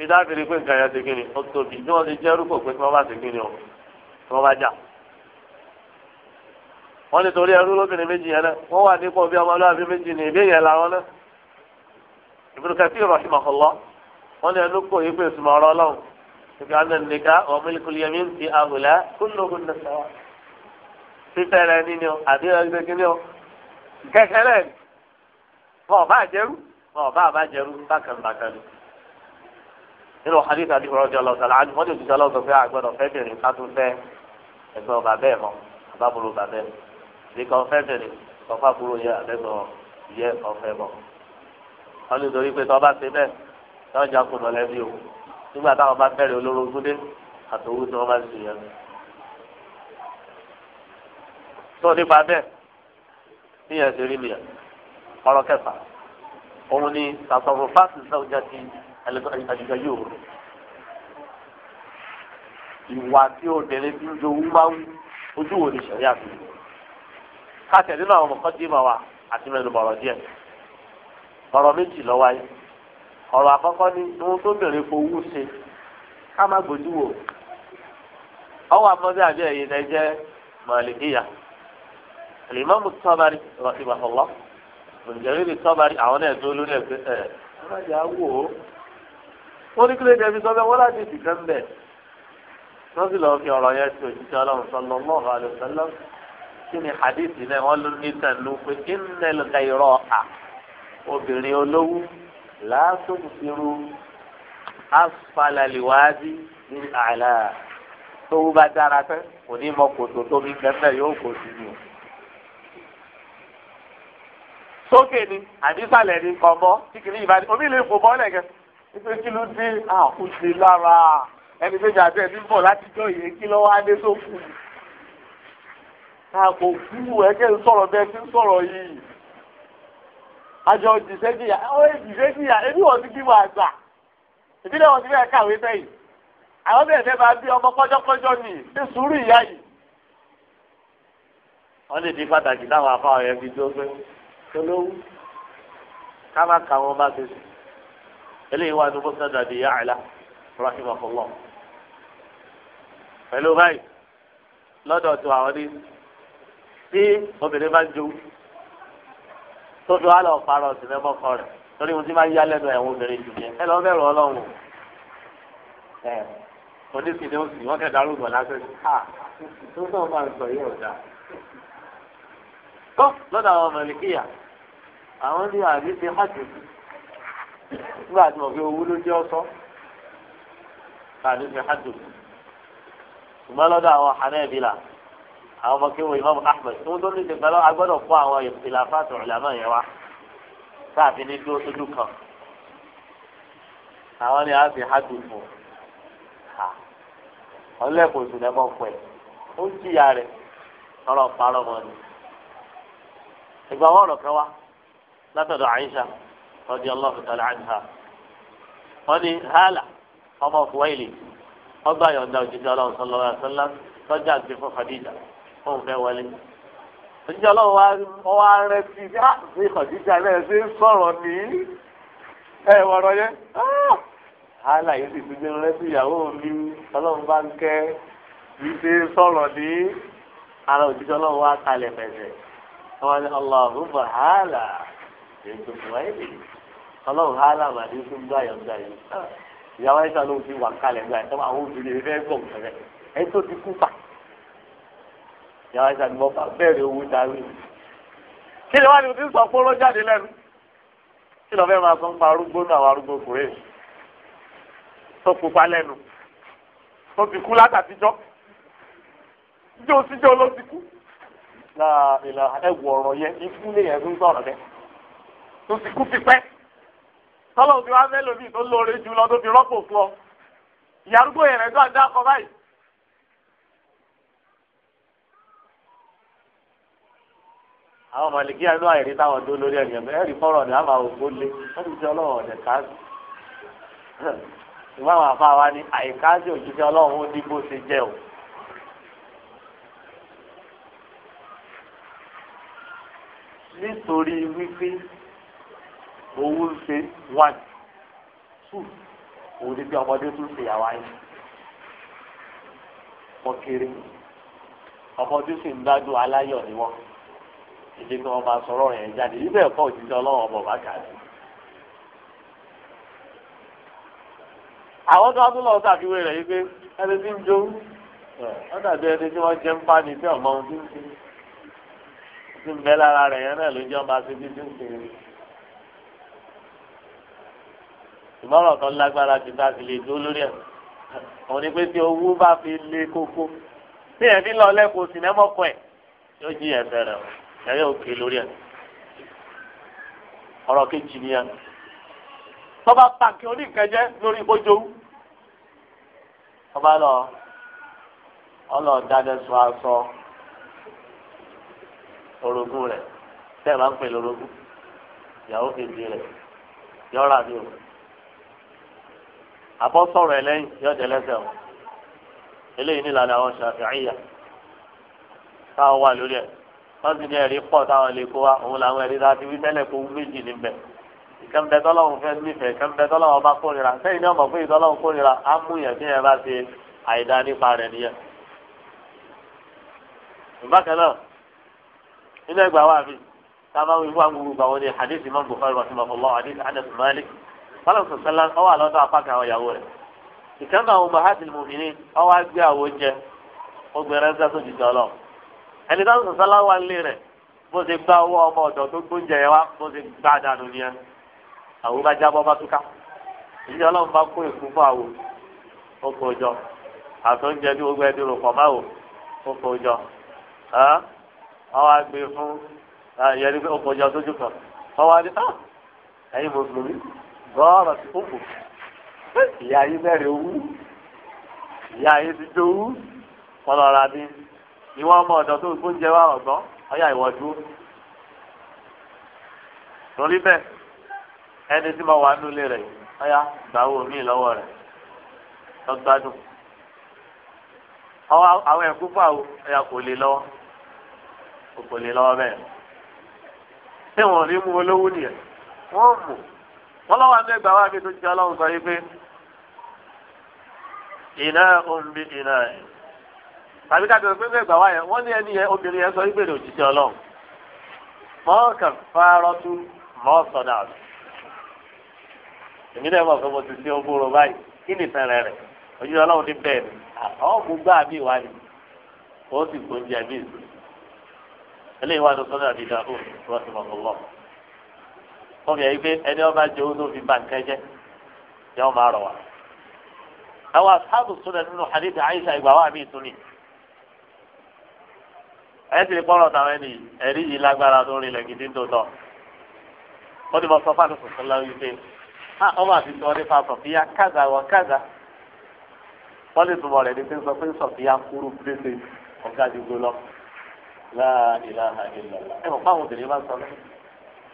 bí dáàbì rí pé nǹkan yẹn ti kíni ó tóbi bí wọ́n ti jẹ́ rúkò pé kí wọ́n bá ti kíni o kí wọ́n bá jà. wọ́n ní torí ẹrú lóbìnrin méjì yẹn náà wọ́n wà nípò bí ọmọlúwàbí méjì ní ìbí yẹn làwọn náà. Ibn Kathir rahimahullah wọ́n ní ẹnu kò yí pé ìsúnmọ́ ọ̀rọ̀ ọlọ́run ìgbà náà nìka wa milkul yamin ti àwùlá kulluhunna sawa. fífẹ́ rẹ ní ni o àbí ẹgbẹ́ kíní o kẹ́kẹ́ rẹ̀ wọn ò bá jẹ́rú wọn ò bá àbá bákan bákan ni nínú hadith àti ìrọ̀jọ́ ọlọ́sàlá àti mọ́tò ìjọba ọlọ́sọ fẹ́ àgbẹ̀dọ̀ fẹ́ bẹ̀rẹ̀ kátó fẹ́ ẹ̀gbọ́n bàbá ẹ̀ mọ́ àbábúrò bàbá ẹ̀ bí kan fẹ́ bẹ̀rẹ̀ kọfà búrò yẹ àbẹ́gbọ̀n yẹ ọ̀fẹ́ mọ́. wọ́n ní torí pé tọ́ba ṣe bẹ́ẹ̀ tọ́ ìjà kùnà lẹ́bí o nígbà táwọn bá bẹ̀rẹ̀ olórogún dé àtòwú tí wọ́n bá ṣe yẹn. tó nípa bẹ́ẹ̀ níyẹn ṣe rí nìyẹn ọ̀rọ̀ kẹfà òun ni tàṣọ̀rọ̀ fásitì àdìgbàyò ìwà tí obìnrin fi ń jowú máa ń ojú wo ni sẹ̀rí àfi ká tẹ̀lé náà ọmọ kan dìímọ̀ wa àti mẹ́nu bọ̀rọ̀ díẹ̀ ọ̀rọ̀ méjì lọ́wọ́ ayé ọ̀rọ̀ àkọ́kọ́ ni ohun tó bẹ̀rẹ̀ fowó ṣe ká má gbójú wò ọwọ́ àmọ́dé àbí ẹ̀yẹ náà jẹ́ màlìkíyà Al-Imam Tabari rahimahullah Ibn Jarir Tabari àwọn náà dúró lórí ẹ̀gbẹ́ ẹ̀ ẹ̀ wọ́n ní kílódé ẹbí sọ bẹ́ẹ̀ wọ́n láti sì kẹ́ ń bẹ̀. wọ́n sì lọ́ọ́ fi ọ̀rọ̀ yẹn ti òjíṣẹ́ ọlọ́run sọlọ mọ́ọ̀hà lọ́sọ̀lọ́ kí ni hadithi náà wọ́n ló ní tẹ̀lú pé ìnnẹ́lẹ̀ kẹrọ à obìnrin olówó làásùn irú asfalaliwadi ní àlà tówó bá dára tẹ́ kò ní mọ kòtò tóbi kẹ́mẹ́ yóò kò sí ni sókè ni àbísàlẹ̀ ni kọ̀ mọ́ tí kìnnìyàn omi lè fò bọ́ lẹ̀ ife kí ló dé àkóso lára ẹni tó jà bẹ́ẹ̀ bíbọ̀ láti jọ ìyè kí ló wá dé tó kù. àpò kú ẹgbẹ́ ń sọ̀rọ̀ bẹ́ẹ̀ tí ń sọ̀rọ̀ yìí. àjọ jìṣẹ́ jìyà ó yẹ jìṣẹ́ jìyà ebi wọ́n ti bímọ àgbà ìbílẹ̀ wọn ti bẹ́ẹ̀ kàwé bẹ́yìn. àwọn bẹ́ẹ̀ fẹ́ máa bí ọmọ kọ́jọ́kọ́jọ́ nì ní sùúrù ìyá yìí. wọ́n lè di pàtàkì láwọn afáwọn yẹn fi dó pé olówó ká má ka wọn bá ti sùn eléyìí wà ní mọ́sán dàbí yàrá rahimahullah pẹ̀lú báyìí lọ́dọ̀ tó àwọn ní tí obìnrin bá ń jó tó fi wá lọ parọ́ sí mẹ́mọ́kọ rẹ̀ torí mo ti máa ń yá lẹ́nu ẹ̀wọ̀n obìnrin jù yẹn ẹ lọ bẹ̀rù ọlọ́run ẹ onísìnyí ó sì wọ́n kẹ́ darú gbọ̀n lásán ha tó sọ̀ máa ń yìí ọ̀dà tó lọ́dọ̀ àwọn mọ̀lẹ́kìyà àwọn ní àdìsí hàjù nígbà tí mo fi owó ló jẹ́ ọ̀sọ́ káàdì fi hajj ṣùgbọ́n lọ́dọ̀ àwọn hanẹ́bílà àwọn ọmọ kéwòn imam ahmed tí wọ́n tó ní ìṣèpẹ́lọ́ agbọ́dọ̀ kó àwọn ìlàfáàtì ọ̀làmọ́ yẹn wá káàfin ní dúró sójú kan àwọn ni a fi hajj fún ọlẹ́kùn ìṣúná ẹ̀mọ́ pẹ̀ ó ń jìyà rẹ̀ ọ̀rọ̀ parọ́ mọ́ ni ìgbà wọn ọ̀rọ̀ kan wá látọ̀dọ̀ àyíṣà radiyallahu ta'ala anha wọ́n ní hàlà ọmọ Kuwaili wọ́n gbà yọ̀ǹda òjijì ọlọ́run sallallahu alaihi wasallam lọ́jà gbé fún Khadija fún òun fẹ́ wọlé òjijì ọlọ́run wa ọ wá rẹ sí i á sí Khadija náà ṣe ń sọ̀rọ̀ ní ẹ wọ̀rọ̀ yẹn hàlà ah, yìí sì ti gbé rẹ sí ìyàwó mi ọlọ́run bá ń kẹ́ mi ṣe ń sọ̀rọ̀ ní ara òjijì ọlọ́run wa kalẹ̀ pẹ̀sẹ̀ wọ́n ní ọlọ́run bọ̀ hàlà èyí tó fún wa yìí ọlọ́run ha náà màdí tó ń gbọ́ àyọ̀ǹda yìí ìyàwó ayíṣà ló ń fi wà kalẹ̀ gba ẹ̀tọ́ àwọn obìnrin fẹ́ bọ̀ kẹ̀kẹ́ ẹ̀ tó ti kú fà ìyàwó ayíṣà ni bá bẹ̀rẹ̀ owó darí kí ni wọ́n ti sọ fóró jáde lẹ́nu kí lọ́ fẹ́ máa sọ ń pa arúgbó náà àwọn arúgbó kùrẹ́ tó pupa lẹ́nu tó ti kú látàtijọ́ jíjọ́ síjọ́ ló ti kú tó ti kú tipẹ́ tọ́lọ̀ òbí wa fẹ́ lómi tó lóore jù lọ tó fi rọ́pò fún ọ ìyàrúgbó yẹn rẹ̀ tó àdá kọ báyìí. àwọn màlìkí àánú àìrí táwọn tó lórí ẹ̀yàn bẹ́ẹ̀ rí fọ́rọ̀ ni a máa wò lé wọ́n ti jẹ́ ọlọ́run ọ̀dẹ̀ káàsì. ìwọ́n àwọn afá wa ní àìkáàsì òjijì ọlọ́run ó ní bó ṣe jẹ́ o. nítorí wípé owó ń ṣe one two òun ni bí ọmọdé tún ṣe yàwá yìí wọ́n kéré ọmọdé sì ń dájú aláyọ̀ ni wọ́n ìdí tí wọ́n máa sọ̀rọ̀ yẹn jáde ibẹ̀ kọ́ òjijì ọlọ́run ọmọ bàkà ni. àwọn tó wá tún lọ sàfiwé rẹ̀ yìí pé ẹni tí ń jó wọ́n dàbí ẹni tí wọ́n jẹ́ ń pa ni tí ọmọ ohun tí ń ti ń bẹ lára rẹ̀ yẹn náà ló jẹ́ ọmọ aṣojú tí ń ṣe ìmọ̀ràn kan lágbára ti bá fi lè dó lórí ẹ̀ òun ni pé tí owó bá fi lé tí ẹ̀ fi lọ lẹ́kọ̀ọ́ sinẹ́mọ́kọ̀ ẹ̀ yóò jí ẹ̀fẹ̀ rẹ̀ ẹ̀ yóò ké lórí ẹ̀ ọ̀rọ̀ kejì tọ́ba oníkẹ́jẹ́ lórí ìbójú ọba lọ ọlọ́ọ̀dádẹ́sọ aṣọ orogún rẹ̀ máa ń pè lórogún ìyàwó kejì rẹ̀ àbọ̀ sọ̀rọ̀ ẹ̀ lẹ́yìn yóò jẹ lẹ́sẹ̀ o eléyìí ní ìlànà àwọn ṣàfihàn táwọn wà lórí ẹ̀ wọ́n ti ní ẹ̀rí pọ̀ táwọn lè kó wa òun làwọn ẹ̀rí láti wí tẹ́lẹ̀ kó méjì ní bẹ̀ ìkẹ́mbẹ́ tọ́lọ́hún fẹ́ nífẹ̀ẹ́ ìkẹ́mbẹ́ tọ́lọ́hún bá kórira sẹ́yìn náà mọ̀ pé ìtọ́lọ́hún kórira á mú yẹn tí yẹn bá ṣe àìdá nípa rẹ̀ nìyẹn. bákan náà nínú ẹgbàá wà mí táwọn ìwà gbogbo àwọn ní hadith imam bukhari rahimahullah hadith anas malik fọlọ́n sọ̀sẹ́lá ọwọ́ àlọ́dọ̀ apá kan àwọn ìyàwó rẹ̀ ìkan náà ọmọ hàtì mùmíní ọwọ́ agbé àwọn oúnjẹ ọgbẹ́ rẹ̀ ń sẹ́sọ́ jùjọ lọ ẹni táwọn sọ̀sẹ́lá wà ń lé rẹ̀ bó ṣe gbá owó ọmọ ọ̀dọ̀ tó gbóúnjẹ yẹn wá bó ṣe gbá dànù nìyẹn àwọn bá jábọ́ bá túká ìdí ọlọ́run bá kó èkú fún àwò oko òjọ àtúnjẹ ní gbogbo ẹdínwó pọ̀ máa wò oko òjọ ọwọ́ agbé fún rọ́ọ̀rọ̀ ti fòfò ìyá yín mẹ́rin owú ìyá yín ti dowú kọlọ́ra bí ìwọ ọmọ ọ̀dọ́ tó gbóúnjẹ wá ọ̀gbọ́n ọ̀yà ìwọ dúró torí bẹ́ẹ̀ ẹni tí mo wà nílé rẹ̀ ọ̀yà gbàwó mi lọ́wọ́ rẹ̀ lọ́gbádùn àwọn ẹ̀kú fún àwọn ẹ̀yà kò lè lọ́wọ́ kò lè lọ́wọ́ bẹ́ẹ̀ ṣé wọn ò mú olówó nìyẹn wọ́n mú wọ́n lọ́wọ́ abẹ́ gbà wá kí tó ti ọlọ́run sọ yìí pé iná omi iná ẹ̀ tàbí ká bẹ̀rẹ̀ pé bẹ́ẹ̀ gbà wá yẹn wọ́n ní ẹni yẹn obìnrin yẹn sọ yìí bèrè òjijì ọlọ́run mọ́ọ̀kàn fárọ́tú mọ́ọ̀sọ̀dà èmi náà mọ̀ pé mo ti ṣe ogúnro báyìí kí ni ìtẹ̀rẹ̀ rẹ̀ òjijì ọlọ́run ní bẹ́ẹ̀ ni ọ̀ọ́mù gbá mi wá ni ó sì gbóúnjẹ mi eléyìí wá ní sọ́dọ̀ àdìdà ọmọ yẹn pé ẹni ọba jẹ owó tó fi ba nǹkan jẹ yẹn wọn máa rọ wa. àwọn asáàbù sunan nínú hadith Aisha ìgbà wa mi tún ni. ẹ ti rí pọ́nrọ̀ táwọn ẹni ẹ̀rí yìí lágbára tó rinlẹ̀ gidi tó tọ̀. wọ́n ti mọ sọ fáànù sọ̀tún lọ wípé a ọmọ àti sọ nípa sọ̀fíà kaza wọ kaza. wọ́n lè túmọ̀ rẹ̀ ní pé sọ pé sọ̀fíà kúrú pírẹ́sẹ̀ ọ̀gá àdìgbò lọ. láà ìlànà ìlànà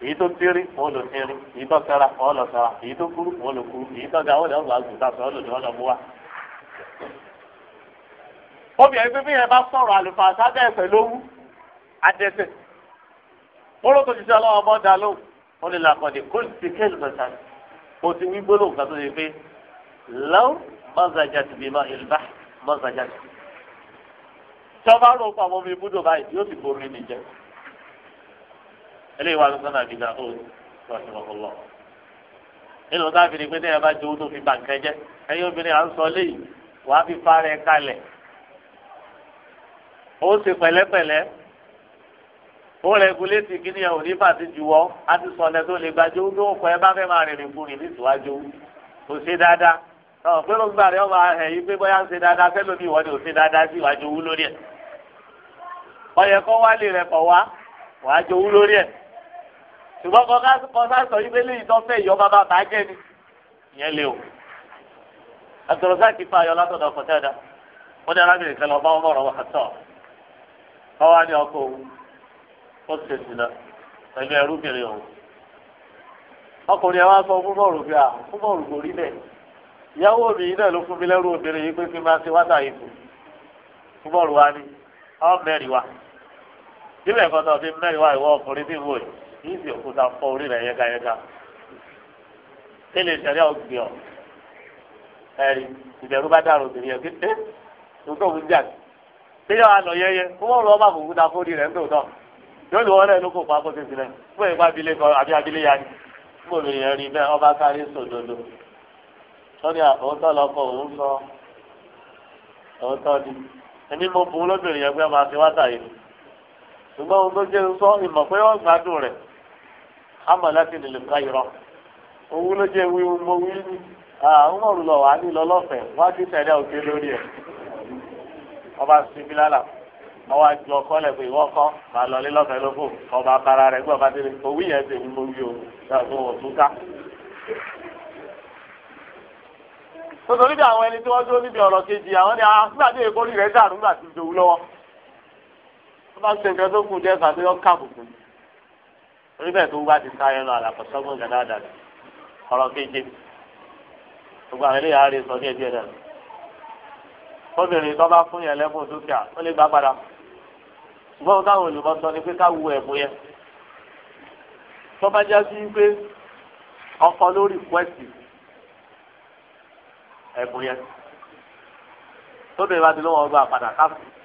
èyí tó tẹ́rí wọ́n lò tẹ́rí èyí tó sẹ́ra wọ́n lọ sẹ́ra èyí tó kúrú wọ́n lò kúrú èyí tó ga wọ́n lọ gbà gùn sàṣọ lòdì wọ́n lọ mú wa. obìnrin pípín yẹn bá sọ̀rọ̀ àlùfáà sábẹ́ ẹ̀fẹ̀ lówú adẹ́sẹ̀ wọ́n tó ṣiṣẹ́ ọlọ́wọ́ bọ́ da lóhùn wọ́n lè làkọ̀dé kó ti kéèlì bẹ̀sà mo ti wí gbólóhùn kan tó ṣe pé lọ́wọ́ mọ́sàájà ti bímọ ìlbá mọ́sàájà ti. tí wọ́n bá rò eléyìí wà lọ́sọ̀nà àbídà ó sọ̀tì wọ́pọ̀lọ́. nínú fi ni pé ní jowó tó fi bà jẹ́ ẹ̀yin obìnrin à ń sọ léyìí wàá fi fárẹ̀ kalẹ̀. ó ṣe pẹ̀lẹ́pẹ̀lẹ́ ó ẹ̀ fàtí ju sọ ọ̀nà tó lè gba jowó tó ẹ bá fẹ́ máa rìnrìn kò ṣe dáadáa ọ̀ gbà rẹ̀ ọba ẹ̀yìn pé ń ṣe dáadáa fẹ́ lómi ìwọ́de ò ṣe dáadáa sí ìwájú owó lórí ẹ̀ ọ̀yẹ̀kọ́ wálé rẹ̀ pọ̀ wá lórí ẹ̀ ṣùgbọ́n kọ́sá sọ yí pé lẹ́yìn tó fẹ́ ìyọ́ bàbá ni ìyẹn lé o àtọ̀rọ̀sá fa ayọ̀ látọ̀dọ̀ ọkọ̀ tẹ́ẹ̀dá wọ́n ní arábìnrin kan lọ bá wọn bọ̀rọ̀ wà tọ̀ ọwọ́ ní ọkọ̀ òun ó ti ṣèṣì lọ pẹ̀lú ẹrúbìnrin òun ọkùnrin ẹ wá sọ fún bọ́ọ̀rù bíi fún bọ́ọ̀rù kò bẹ́ẹ̀ ìyàwó mi náà ló fún mi lẹ́rú obìnrin yìí pé kí n máa ṣe wáta yìí fún fún bọ́ọ̀rù wa ni ọ mẹ́rin wa níbẹ̀ kan fi mẹ́rin wa ìwọ ọkùnrin tí ń kì òkúta fọ́ orí rẹ̀ yẹ́kayẹ́ka tẹ́lẹ̀ ìṣẹ̀lẹ̀ ọ̀gbìn ọ̀ ẹ̀rí ìbẹ̀rù bá dàrú obìnrin yẹn kété lóòótọ́ òun jà tẹ́lẹ̀ wà lọ yẹ́yẹ́ fún wọn lọ́ọ́ bá òkúta fọ́ orí rẹ̀ ńlóòótọ́ yóò lù wọ́n náà kó pa kó tẹ̀sí náà fún ìpa abilé kan àbí abilé ya ni fún obìnrin rí bẹ́ẹ̀ ọba kárí sòdodo wọ́n ní àkótọ́ òun sọ òótọ́ ni ẹni mo bu lóbìnrin yẹn pé ọmọ àti wáta yìí ṣùgbọ́n ohun tó jẹ́ sọ ìmọ̀ pé wọ́n rẹ̀ ama láti lè lè ká irọ́ owó ló jẹ́ wíwú mo wí ní àwọn ọmọ òrùlọ wà nílò ọlọ́fẹ́ wá sí sẹ́dá òkè lórí ẹ̀ ọba sinmi lálà ọwọ́ àjọ ọkọlẹ̀ pé ìwọ kọ́ mà lọ lé lọ́fẹ́ lóko ọba para rẹ̀ gbọ́ bá délé owó yẹn ṣe wí mo wí o ṣàtò wọ̀ tún ká. tòtòrí bí àwọn ẹni tí wọ́n dúró níbi ọ̀rọ̀ kejì àwọn ni àgbà tí èkó rí rẹ̀ dàrú gbà ti dòwú lọ́wọ́ wọ́n bá ṣe nǹkan tó kù dẹ́ oníbẹ̀ tó bá ti sáyẹn lọ àlàkọ̀ sọ́gbọ́n gàdá dàdà ọ̀rọ̀ kéje gbogbo àwọn eléyàá rí sọ ní ẹbí ẹ̀dá obìnrin tó bá fún yẹn lẹ́kùn dúkìá ó lè gbá padà ṣùgbọ́n táwọn olùkọ́ sọ ni pé ká wu ẹ̀bùn yẹn tó bá já sí pé ọkọ lórí kwẹ́sì ẹ̀bùn yẹn tóbi bá ti lọ́wọ́ gbà padà káfíńsì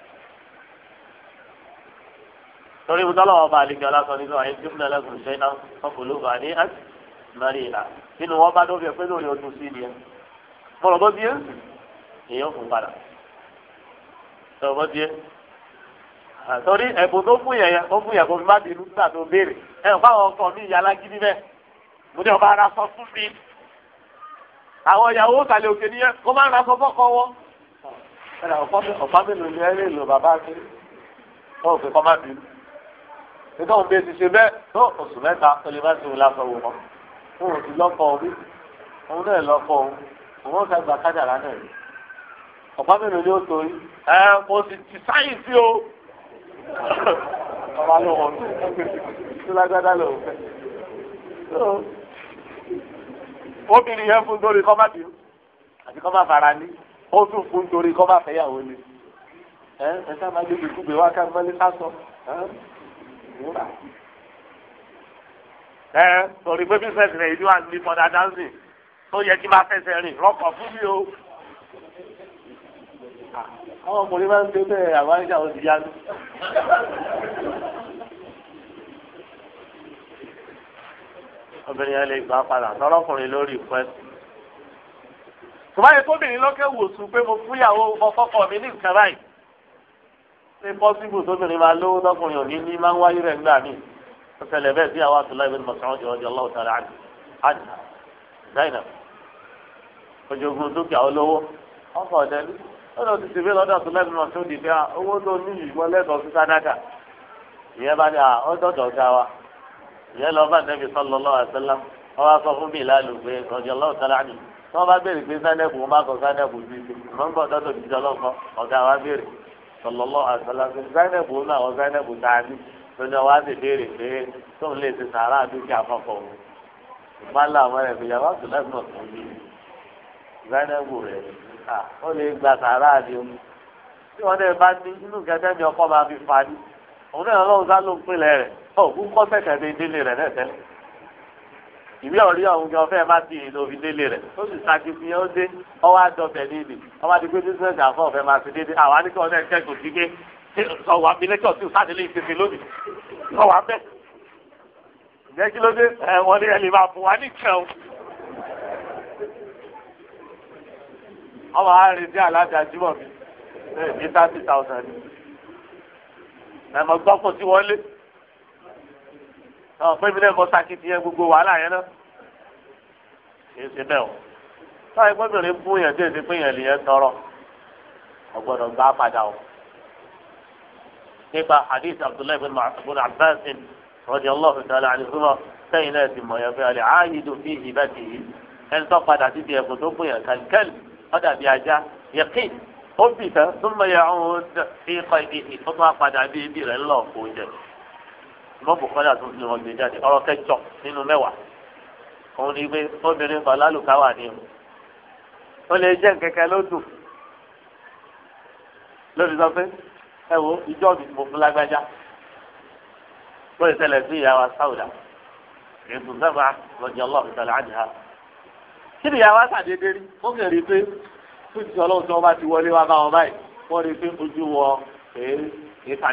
torí ibi tọ́lọ́wọ́ bá àlejò aláṣọ nínú àyè tí múlẹ̀ lẹ́kùn ṣe náà ọkùnrin bá ní ẹ́ mẹ́rin ìlà nínú wọn bá dóbi ẹgbẹ́ lórí ọdún sí ni ẹ mọ̀rọ̀ bó di ẹ́ èèyàn fún padà sọ̀rọ̀ bó di ẹ́ torí ẹ̀bùn tó fún yẹn tó fún yẹn kò fi má bínú nígbà tó béèrè ẹ̀ fáwọn ọkọ mi ìyá alágídí bẹ́ẹ̀ mo ní ọba ara sọ fún mi àwọn ìyàwó kàlẹ́ òkè nìyẹn kó má ra sọ fọ́kọ wọn nígbà wọn bẹ́ẹ̀ ti ṣe bẹ́ẹ̀ tó oṣù mẹ́ta tó lè má sinmi lásán wò wọn òun ti lọ́kọ̀ orí òun náà lọ́kọ̀ òun òun ó sàgbà kájàrá náà rí ọ̀pá mélòó ni ó torí ẹ mo sì ti sáyẹ̀nsì o ọba ló wọn tó lágbádá lòun fẹ́ obìnrin yẹn fún torí kọ́ má bí àti kọ́ má fara ní ó tún fún torí kọ́ má fẹ́yàwó ni ẹ ẹ sábà débi kúgbe wá ká mọ́lé sọ ń ẹ sọ̀rọ̀ pé bísẹ̀sì rẹ̀ wà ní mọ̀dà dáńsì tó yẹ kí máa fẹsẹ̀ rìn rọ́kọ̀ fún mi o. àwọn ọmọdé máa ń gbé bẹ́ẹ̀ àwọn ìjà òsì yanu. obìnrin yẹn lè gbà padà tọ́lọ́kùnrin lórí ìpẹ́. tùmáyé tóbìnrin lọ́kẹ́ wòsùn pé mo fúyàwó mo mi ní nǹkan báyìí ṣé pọ́sibù sóbìnrin máa lówó tọkùnrin òní ní máa ń wáyé rẹ̀ ńgbà míì ó ṣẹlẹ̀ bẹ́ẹ̀ sí àwọn àtúlá ibn Mas'ud radiyallahu ta'ala anhu àdìhà Zainab ojogun dúkìá olówó ọkọ̀ ọ̀dẹ́lú ó lọ sí tìbí lọ́dọ̀ àtúlá ibn Mas'ud dìde ah, owó tó ní ìgbọ́ lẹ́tọ̀ọ́ sí sádàkà ìyẹn bá ní à ah, ọ́dọ̀dọ̀ ọ̀gá wa ìyẹn lọ bá nẹ́bí sallallahu alaihi wasallam wọ́n wá sọ fún mi sọlọ́lọ́ àtàlàfẹ́ zainabu náà àwọn zainabu dání lọ́jọ́ wa ti béèrè pé tóun lè ti sàárà dúkìá fọ́fọ́ o ìgbà làwọn rẹ̀ fìyàwó àtúnlẹ̀ náà tó yé zainabu rẹ̀ ó lè gba sàárà ni o tí wọ́n náà bá ní inú kẹtẹ́ mi ọkọ máa fi fa ni òun náà lọ́wọ́ sá ń pínlẹ̀ rẹ̀ ọ̀ kú kọ́ sẹ̀kẹ̀ ìwé ọ̀rí ọ̀hún gan fẹ́ má sí èlò òfin rẹ̀ ó sì ṣàkíyàn ó dé ọwọ́ àdọ̀bẹ̀ níbi ọwọ́ àdìgbé bísíǹsì àfọ̀ ọ̀fẹ́ máa fi dédé àwa ní kí wọ́n náà kẹ́kọ̀ọ́ sí pé ọwọ́ abilékọ̀ tí sátẹ̀lẹ̀ ìfẹ́fẹ́ lónìí ọwọ́ abẹ́ ǹjẹ́ kí ló dé ẹ wọ́n ní ẹlẹ́ máa bùn wá ní kẹun. ọmọ àárín sí aláàbí àjùmọ̀ mi ní thirty thousand ẹ̀ mọ̀ gbọ́kùn sí wọlé ọ̀pẹ́ mi náà kọ́ sakitiyan gbogbo wàhálà yẹn náà kì í ṣe bẹ́ẹ̀ o táwọn ìgbọ́bìnrin fún yẹn tí èsì pé yẹn lè yẹn tọrọ ọgbọ́dọ̀ gbá padà o nípa hadith abdullahi bin maṣabun abbas radiyallahu ta'ala anhuma sẹ́yìn náà ti mọ̀ yẹn fún yàrá ààyèdò fi ìbá ti yìí ẹni tó padà títí ẹ̀kọ́ tó fún yẹn kankan ọ̀dà bíi ajá yẹkí ó bì tán súnmọ́ yẹn ọ̀hún fi kọ́ ibi ìfọ́tọ́ apàdà bíi ibi rẹ̀ ńlọ kó jẹ ìmọ̀ bùkọ́lá àtúntò ni wọ́n jáde ọ̀rọ̀ kẹjọ nínú mẹ́wàá òun ni pé obìnrin kan lálùká wà ní o ó lè jẹ́ kẹ̀kẹ́ ló lórí sọ pé ẹ wo ìjọ mi mo fún lágbájá ó lè ṣẹlẹ̀ sí ìyá sáwùdà ètò sábà lọ́jọ́ ọlọ́run tẹ̀lé àdìhà kí ni ìyá sàdédé rí ó kàn rí pé fún ìṣọ́ ọlọ́run tí wọ́n bá ti wọlé wá bá wọn báyìí wọ́n rí pé ojú wọn kèé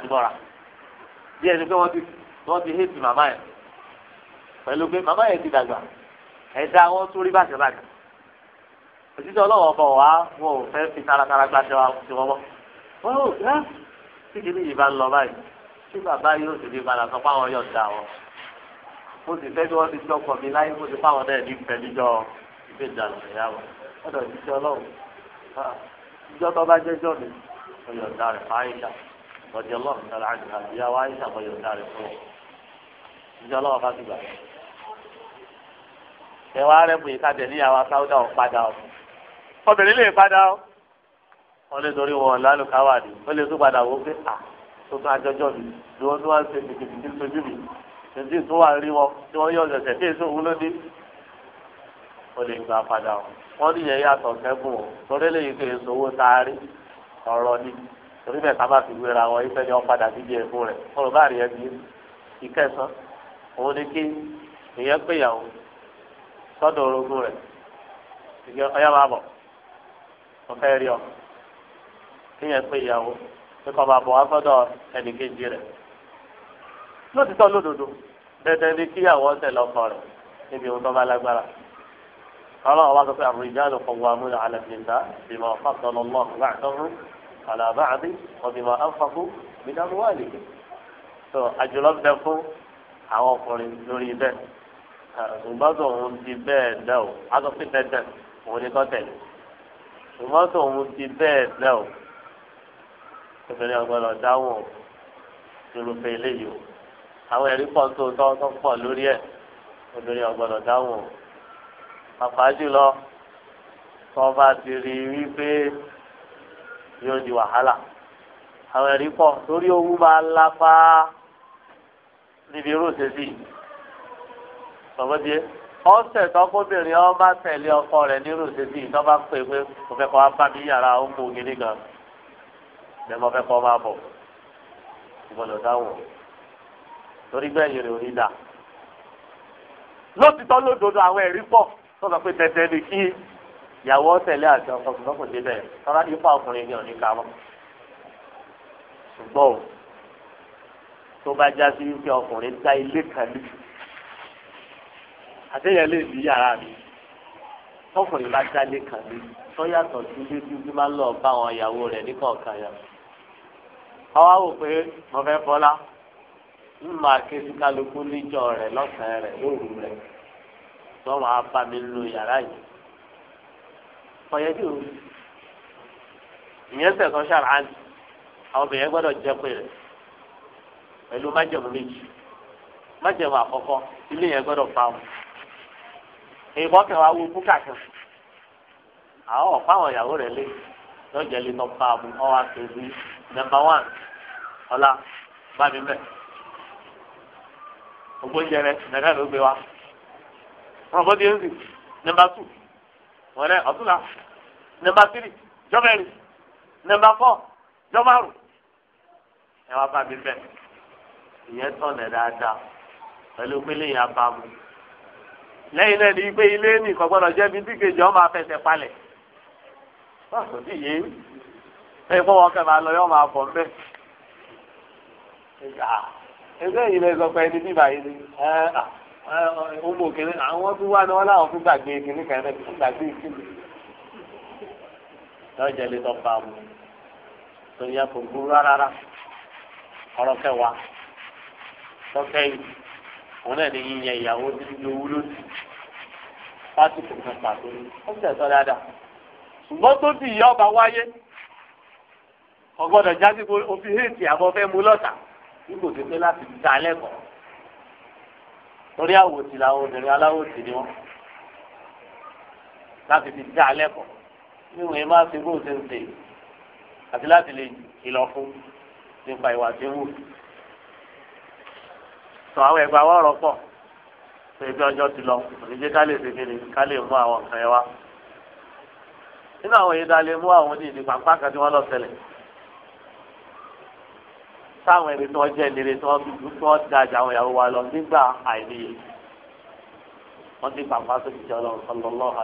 kèé wọ́n ti hẹ́ẹ̀tì màmá yẹn pẹ̀lú pé màmá yẹn ti dàgbà ẹ̀dá wọn tún rí bàjẹ́ bàjẹ́ òtítọ́ ọlọ́wọ́ bọ̀ wá wọn ò fẹ́ fi taratara gba ṣe wọ́n mọ́ wọn ò gbá tí kìíní yìí bá lọ báyìí tí bàbá yóò sì ní padà sọ fáwọn yóò da wọn mo sì fẹ́ kí wọ́n ti jọkọ̀ mi láyé mo sì fáwọn náà ní fẹ́ níjọ́ ìgbé ìdàlù ìyá wọn ọ̀dọ̀ òtítọ́ ọlọ́wọ́ ah, ìjọ tó bá jẹ́jọ́ mi mo yọ̀ǹda rẹ̀ fún àyíṣà ọ̀dẹ̀ ọlọ́run tẹ̀lé ìjọ lọ́wọ́ ká ti ẹ wá rẹ bùyí ká tẹ̀lé àwa sáúdà ò padà o obìnrin lè padà o wọn lè torí wọn lálùkáwà ni wọn lè tún padà wọ pé à tuntun àjọjọ mi ni wọn tún wá ṣe kìkìkì sojú mi tètè tó wà rí wọn tí wọn yọ ọ̀sẹ̀sẹ̀ tí èso òun ló dé wọn lè gbà padà o wọn níyẹn yàtọ̀ sẹ́gun o torí lè yíké èso owó sáárì ọ̀rọ̀ ni torí bẹ́ẹ̀ ká má fi wéra wọn ìfẹ́ ni wọn padà sí ibi ẹ̀fọ́ rẹ̀ ọ̀rọ̀ bá rí ẹbí òun ni kí ìyẹn péyàwó sọ́dọ̀ orogún rẹ̀ ìgbẹ́ ọyá máa bọ̀ ọ̀fẹ́ rí ọ kí ìyẹn péyàwó kí kọ́ máa bọ̀ wá sọ́dọ̀ ẹnìkejì rẹ̀ lótìtọ́ lódodo dandan ni kíyàwó ọ̀sẹ̀ lọ́kọ rẹ̀ níbi ohun tó bá lágbára ọlọ́run wá sọ pé ar-rijalu qawwamuna 'ala an-nisaa bima faddala Allahu ba'dahum 'ala ba'din wa bima anfaqu min àjùlọ bẹ fún àwọn ọkùnrin lórí bẹ́ẹ̀ ṣùgbọ́n tó òun ti bẹ́ẹ̀ dẹ́ o aṣọ pípẹ́ dẹ́ òun ni kọ́ tẹ̀lé ṣùgbọ́n tó òun ti bẹ́ẹ̀ dẹ́ o obìnrin ọgbọ́dọ̀ dáhùn irúfẹ́ eléyìí o àwọn ẹ̀rí pọ̀ tó tọ́ tó pọ̀ lórí ẹ̀ obìnrin ọgbọ́dọ̀ dáhùn o jùlọ tó ti rí wípé yóò di wàhálà àwọn ẹ̀rí pọ̀ lórí owó máa ń lápá níbi irú ṣèṣì sọ̀bọ́dé ọ̀sẹ̀ tọkọ́bìnrin ọba tẹ̀lé ọkọ rẹ̀ nírú ṣèṣì tọ́ba pè pé mo fẹ́ kọ́ bá mi yàrá ó mú gidi gan ni mo fẹ́ kọ́ máa bọ̀ ìgbọ́dọ̀ dáwọ̀ torí bẹ́ẹ̀ yẹrẹ orí dà lọ́títọ́ lódodo àwọn ẹ̀rí pọ̀ sọ̀rọ̀ pé tẹ̀tẹ̀ ni kí ìyàwó tẹ̀lé àti ọkọ̀ ọkùnrin náà kò dé bẹ́ẹ̀ ni ní fún ọkùnrin ní ọ̀nìkà wọn tó bá já sí wípé ọkùnrin dá ilé kan ní àtẹ̀yẹ lè di yàrá mi tọkùnrin bá dá ilé kan ní tó sí ilé tí wọ́n máa ń lọ bá àwọn ìyàwó rẹ̀ ní kọ̀ọ̀kan yẹn. àwa wò pé mo fẹ́ fọlá ń máa ké sí kálukú níjọ rẹ̀ lọ́sàn-án rẹ̀ lóru rẹ̀ tó máa bá mi lu yàrá yìí. ọ̀yẹ́ bí o ìyẹn sẹ̀kọ́ ṣàlàyé àwọn obìnrin gbọ́dọ̀ jẹ́ pé rẹ̀ pẹ̀lú májẹ̀mú méjì májẹ̀mú àkọ́kọ́ ilé yẹn gbọ́dọ̀ pa wọn. èèmọ́ kẹwàá wo búkà kan àwọn ọ̀pá ìyàwó rẹ̀ lé lọ́jà lè lọ pa àbùn ọwọ́ nọ́mbà wán ọ̀la bá mi mẹ́. ògbóúnjẹ rẹ nàdá ló gbé wa wọn bọ́ di nọ́mbà tù wọn rẹ nọ́mbà tírì jọ́mẹ́rin nọ́mbà fọ́ jọ́márùn ẹ wá bá mi mẹ́ ìyẹn tọ̀nà dáadáa pẹ̀lú pélé yà bá mu lẹ́yìn náà ni pé ilé nìkan gbọ́dọ̀ jẹ́ bí dígèjì ọmọ afẹsẹ̀ palẹ̀ báwo ni yéé ẹ fọwọ́ kẹ́ máa lọ yọ máa bọ̀ mbẹ́ ẹgbẹ́ yìí lè sọ pé ẹni bíbá yìí ni ọmọ òkèlè àwọn tó wà ní wọn láwọn fún gbàgbé kìnnì kan náà fún gbàgbé kìnnì lọ́jọ́ ilé tó bá mu tó yẹ kó burú rárá ọ̀rọ̀ kẹwàá sọ́kẹ́yìn òun náà ní yíyan ìyàwó tí ń lo wúlò sí pásítọ̀ kan pàtó ní ó sì tẹ̀sọ́ dáadáa ṣùgbọ́n tó ti ìyá ọba wáyé ọgbọ́dọ̀ jáde pé òfin hẹ́ẹ̀tì àbọ̀ fẹ́ mú lọ́tà bí kò sí pé láti ta lẹ́kọ̀ọ́ torí àwòtí làwọn obìnrin aláwòtí ni wọ́n láti fi dá alẹ́ pọ̀ níwọ̀n yẹn máa fi ṣe ń ṣe àti láti lè kìlọ̀ fún nípa ìwà tí ń wù. sọ àwọn ẹgbàá wọ́ọ̀rọ̀ pọ̀ ṣe bí ọjọ ti lọ òṣìṣẹ́ ká lè ṣe kéde ká lè mú àwọn nǹkan yẹn wá. nínú àwọn èyí dáa lè mú àwọn ní ìdí pàǹpá kan tí wọ́n lọ tẹ̀lẹ̀ táwọn ẹni tí wọ́n jẹ́ ìlérí tí wọ́n dúdú tí wọ́n da àjà àwọn ìyàwó wa lọ nígbà àìníye wọ́n ti pàǹpá sókè jẹ́ ọlọ́run sọlọ́lọ́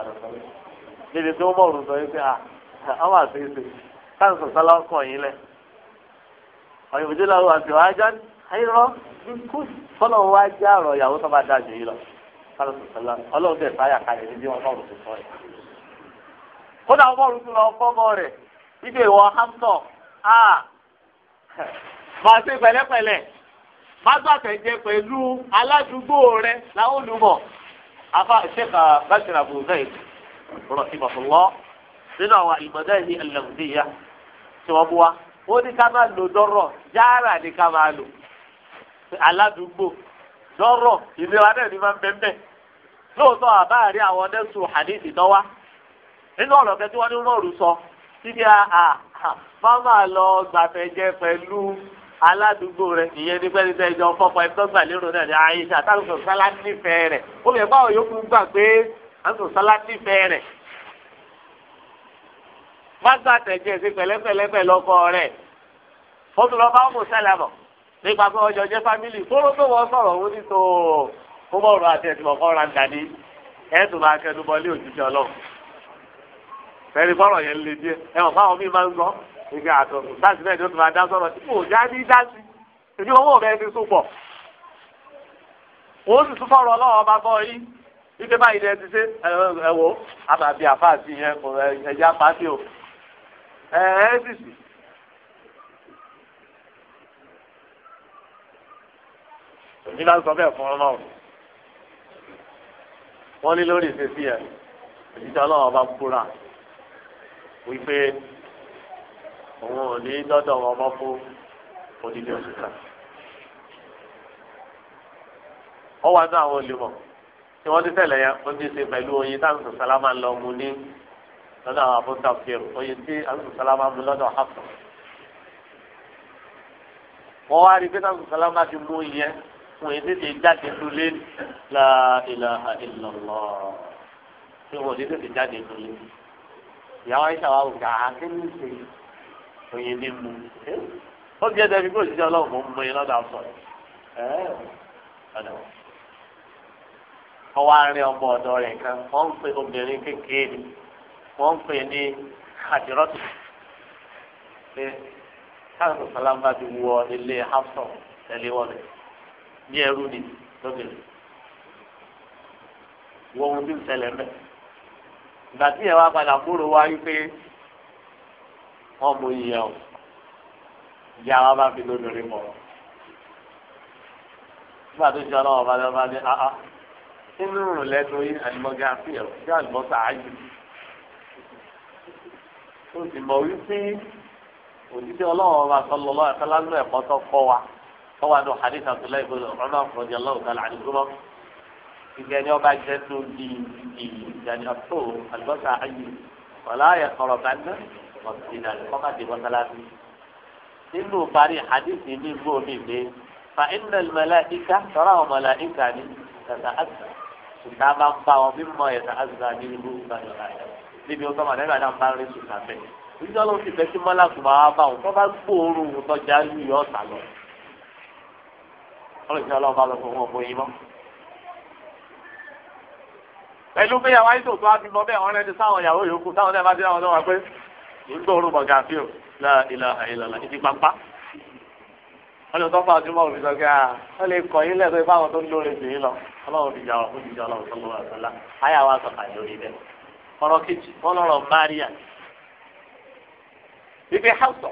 níbi tí àìrọ́ kú fọlọ́ wa já ọ̀rọ̀ ìyàwó tó bá dáa jù yìí lọ sálọ sọ̀tẹ́lá ọlọ́run tẹ̀ sáyà kalẹ̀ níbi wọn bọ́ọ̀rù tó sọ rẹ̀. kódà wọn bọ́ọ̀rù tó lọ fọ́mọ rẹ̀ ibi ìwọ hamtọ̀ a máa ṣe pẹ̀lẹ́pẹ̀lẹ́ má gbàtẹ̀jẹ pẹ̀lú aládùúgbò rẹ làwọn olùmọ̀ afa sheikh bashir abu zayd rahimahullah nínú àwọn ìmọ̀dá yìí alẹ́ tí wọ́n bú wa ó ní ká máa lò dọ́rọ̀ jáàrà ní ká máa lò aládùúgbò lọ́rọ̀ ìlera náà ní máa ń bẹ́ẹ̀ bẹ́ẹ̀ lóòótọ́ àbáàrí àwọn nẹ́sùn hadithi náà wá nínú ọ̀rọ̀ kẹ́tí wọ́n ní rọ́ọ̀rù sọ síbi àà máa máa lọ gbàfẹ́ jẹ pẹ̀lú aládùúgbò rẹ ìyẹn ní pẹ́ẹ́ni tẹ́ ìjọ fọ́pọ̀ ẹ̀ tọ́gbà lérò náà ní àyíṣà táwọn sọ́lá nífẹ̀ẹ́ rẹ̀ ó lè bá òyòkú gbà pé àwọn sọ́lá nífẹ̀ẹ́ rẹ̀ má gbà tẹ̀jẹ̀ sí pẹ̀lẹ́pẹ̀lẹ́pẹ̀ lọ́kọ rẹ̀ ó tún lọ bá ọmọ sálàmọ̀ nípa pé ọjọ́ jẹ́ fámìlì fóró tó wọ́n sọ̀rọ̀ owó ní tó kó bọ̀ ọ̀rọ̀ àti ẹ̀sìn ọ̀kọ́ randa ní ẹ̀sùn máa kẹnu bọ ilé òjijì ọlọ́run fẹ́ẹ́rì fọ́rọ̀ yẹn lè díẹ̀ ẹ̀wọ̀n fáwọn míì máa ń gbọ́ ìgbà àtọ̀tù láti bẹ́ẹ̀ tó ti máa dá sọ̀rọ̀ tí kò já ní dá sí ìdí owó rẹ̀ ti sún pọ̀ wọ́n sì tún fọ́rọ̀ ọlọ́run ọba bọ́ yìí ike báyìí ni ẹ ti ṣe ẹ̀wọ̀ àbàbí àfáàsì yẹn ẹ̀já pàṣẹ o ẹ̀ẹ́dìsì òní bá sọ bẹ́ẹ̀ fún ọmọ òní wọ́n ní lórí ìṣesí ẹ̀ ìṣiṣẹ́ ọlọ́run ọba búra wípé òun ò ní dọ́dọ̀ wọn ọmọ fún odidi oṣù kan. ó wá ní àwọn olùmọ̀ tí wọ́n ti tẹ̀lé yẹn ó ti ṣe pẹ̀lú oyin táwọn sọ̀sálámà ń lọ mu ní lọ́dọ̀ àwọn abúlé àfihàn oyin tí àwọn sọ̀sálámà mu lọ́dọ̀ àfọ̀. wọ́n wá rí pé táwọn sọ̀sálámà ti mú yẹn ọkùnrin tètè jáde lulẹ̀ la ilaha illallah tí wọn ò ní tètè jáde lulẹ̀ ìyàwó ayíṣà wa wùdà àdéhùn ṣe oyin ní mu ó bí ẹsẹ̀ fi kó òṣìṣẹ́ ọlọ́run mọ̀ ń mọ iná dà sọ ọwọ́ àárín ọmọ ọ̀dọ́ rẹ̀ kan wọ́n ń pe obìnrin kékeré wọ́n ń pè ní àdìrọ́tù pé káàkiri sọlá ń bá ti wọ ilé hafsọ tẹ̀lé wọlé bí ẹrú ni lóbìnrin wọ́n ohun tí ń ṣẹlẹ̀ mẹ́. ìgbà tí yẹn wá padà kúrò wá yí pé wọ́n mú ìyá o ìyá wa bá fi lóbìnrin mọ̀ ọ́. nígbà tó ṣe ọlọ́wọ́ balẹ̀ ọba ní áá ah, ah, inú rùn lẹ́nu yín àlùmọ́gá fìyà sí àlùmọ́sà ájú. ó sì mọ̀ wípé òjíṣẹ́ ọlọ́wọ́ ọba sọlọ́lọ́ ẹ̀fẹ́ lálẹ́ ẹ̀kọ́ tó kọ́ wa ọwọ́ àdó hadith abdullahi ibn umar radiyallahu ta'ala anhuma ìgbẹ́ ni ọba jẹ́ tó di ìyí ìyàní ọ̀tọ̀ àlùbọ́sà ayé wàlá ayẹ kọ̀rọ̀ bá ná ọ̀sìnà kọ́kà dé mọ́sálásí. nínú parí hadith mi gbó mi pé fa iná mẹlẹ́díkà tọ́ra àwọn mẹlẹ́díkà ni tata àgbà sùtà bá ń bá wọn bí mọ ẹ̀ta àgbà ní ìlú gbàdúrà níbi ọgbà màdàgbà náà bá rí ọlọ́ọ̀ṣẹ́ pẹ̀lú bí àwọn àìsàn tó wá bímọ bẹ́ẹ̀ wọ́n rẹ́ni sáwọn ìyàwó yòókù táwọn náà bá dé àwọn náà pé nígbà òru bọ̀gà fi ò la àìlàlà ìdí pampa. wọ́n lè tọ́pọ̀ àti mọ́ọ̀rù sọ pé wọ́n lè kọ̀ yín lẹ́sọ̀ ìbáwọn tó ń lóore sí yín lọ ọlọ́run ti jà ọ̀hún jíjà ọlọ́run tó lọ́wọ́ àtọ́lá ayé àwọn àtọ̀kà lórí bẹ́ẹ̀. ọ̀rọ̀ kejì wọ́n lọ́rọ̀ máríà. ibi hásọ̀